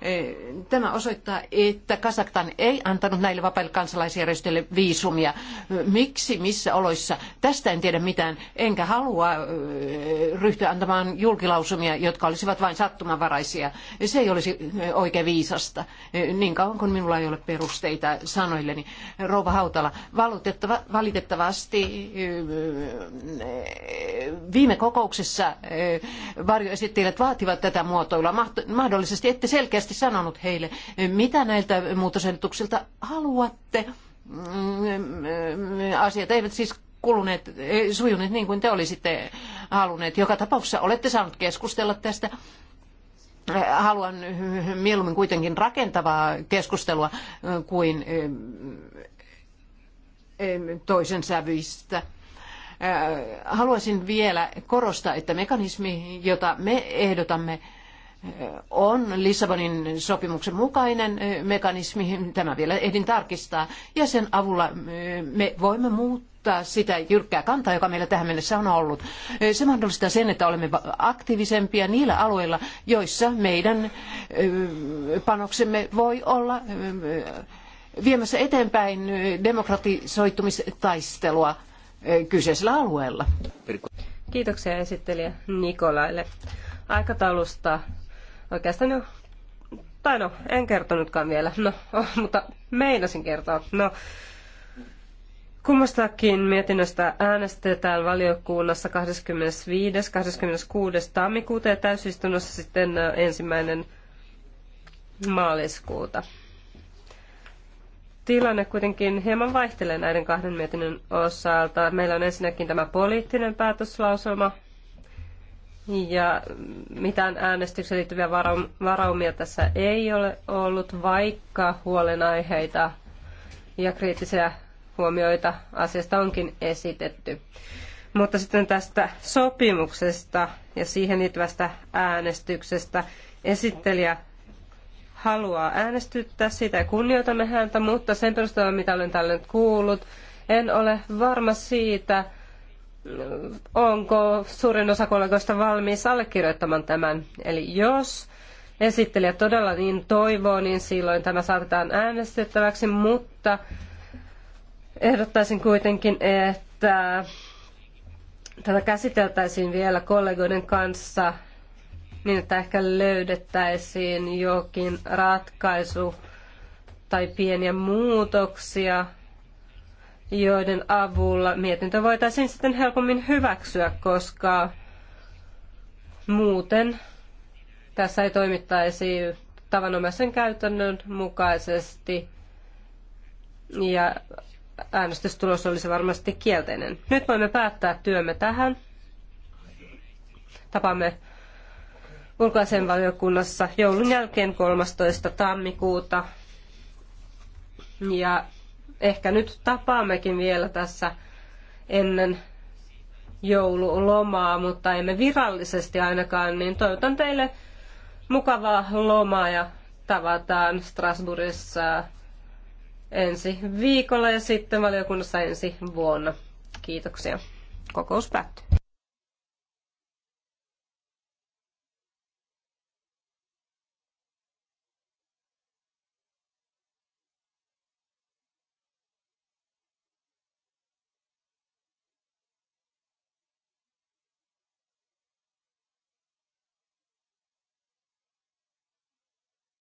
Eh, tämä osoittaa, että Kazakstan ei antanut näille vapaille kansalaisjärjestöille viisumia. Eh, miksi, missä oloissa? Tästä en tiedä mitään, enkä halua eh, ryhtyä antamaan julkilausumia, jotka olisivat vain sattumanvaraisia. Se ei olisi oikein viisasta, niin kauan kuin minulla ei ole perusteita sanoilleni. Rouva Hautala, valitettavasti viime kokouksessa varjoesittelijät vaativat tätä muotoilua. Mahdollisesti ette selkeästi selkeästi sanonut heille, mitä näiltä muutosehdotuksilta haluatte. Asiat eivät siis kuluneet, sujuneet niin kuin te olisitte halunneet. Joka tapauksessa olette saanut keskustella tästä haluan mieluummin kuitenkin rakentavaa keskustelua kuin toisen sävyistä. Haluaisin vielä korostaa, että mekanismi, jota me ehdotamme, on Lissabonin sopimuksen mukainen mekanismi, tämä vielä ehdin tarkistaa, ja sen avulla me voimme muuttaa sitä jyrkkää kantaa, joka meillä tähän mennessä on ollut. Se mahdollistaa sen, että olemme aktiivisempia niillä alueilla, joissa meidän panoksemme voi olla viemässä eteenpäin demokratisoitumistaistelua kyseisellä alueella. Kiitoksia esittelijä Nikolaille. Aikataulusta Oikeastaan jo, tai no, en kertonutkaan vielä, no, oh, mutta meinasin kertoa. No, kummastakin mietinnöstä äänestetään valiokunnassa 25. 26. tammikuuta ja täysistunnossa sitten ensimmäinen maaliskuuta. Tilanne kuitenkin hieman vaihtelee näiden kahden mietinnön osalta. Meillä on ensinnäkin tämä poliittinen päätöslauselma, ja mitään äänestykseen liittyviä varaumia tässä ei ole ollut, vaikka huolenaiheita ja kriittisiä huomioita asiasta onkin esitetty. Mutta sitten tästä sopimuksesta ja siihen liittyvästä äänestyksestä esittelijä haluaa äänestyttää sitä ja kunnioitamme häntä, mutta sen perusteella mitä olen tällä nyt kuullut, en ole varma siitä, onko suurin osa kollegoista valmis allekirjoittamaan tämän. Eli jos esittelijä todella niin toivoo, niin silloin tämä saatetaan äänestettäväksi, mutta ehdottaisin kuitenkin, että tätä käsiteltäisiin vielä kollegoiden kanssa niin, että ehkä löydettäisiin jokin ratkaisu tai pieniä muutoksia – joiden avulla mietintö voitaisiin sitten helpommin hyväksyä, koska muuten tässä ei toimittaisi tavanomaisen käytännön mukaisesti ja äänestystulos olisi varmasti kielteinen. Nyt voimme päättää työmme tähän. Tapaamme ulkoisen valiokunnassa joulun jälkeen 13. tammikuuta. Ja ehkä nyt tapaammekin vielä tässä ennen joululomaa, mutta emme virallisesti ainakaan, niin toivotan teille mukavaa lomaa ja tavataan Strasbourgissa ensi viikolla ja sitten valiokunnassa ensi vuonna. Kiitoksia. Kokous päättyy.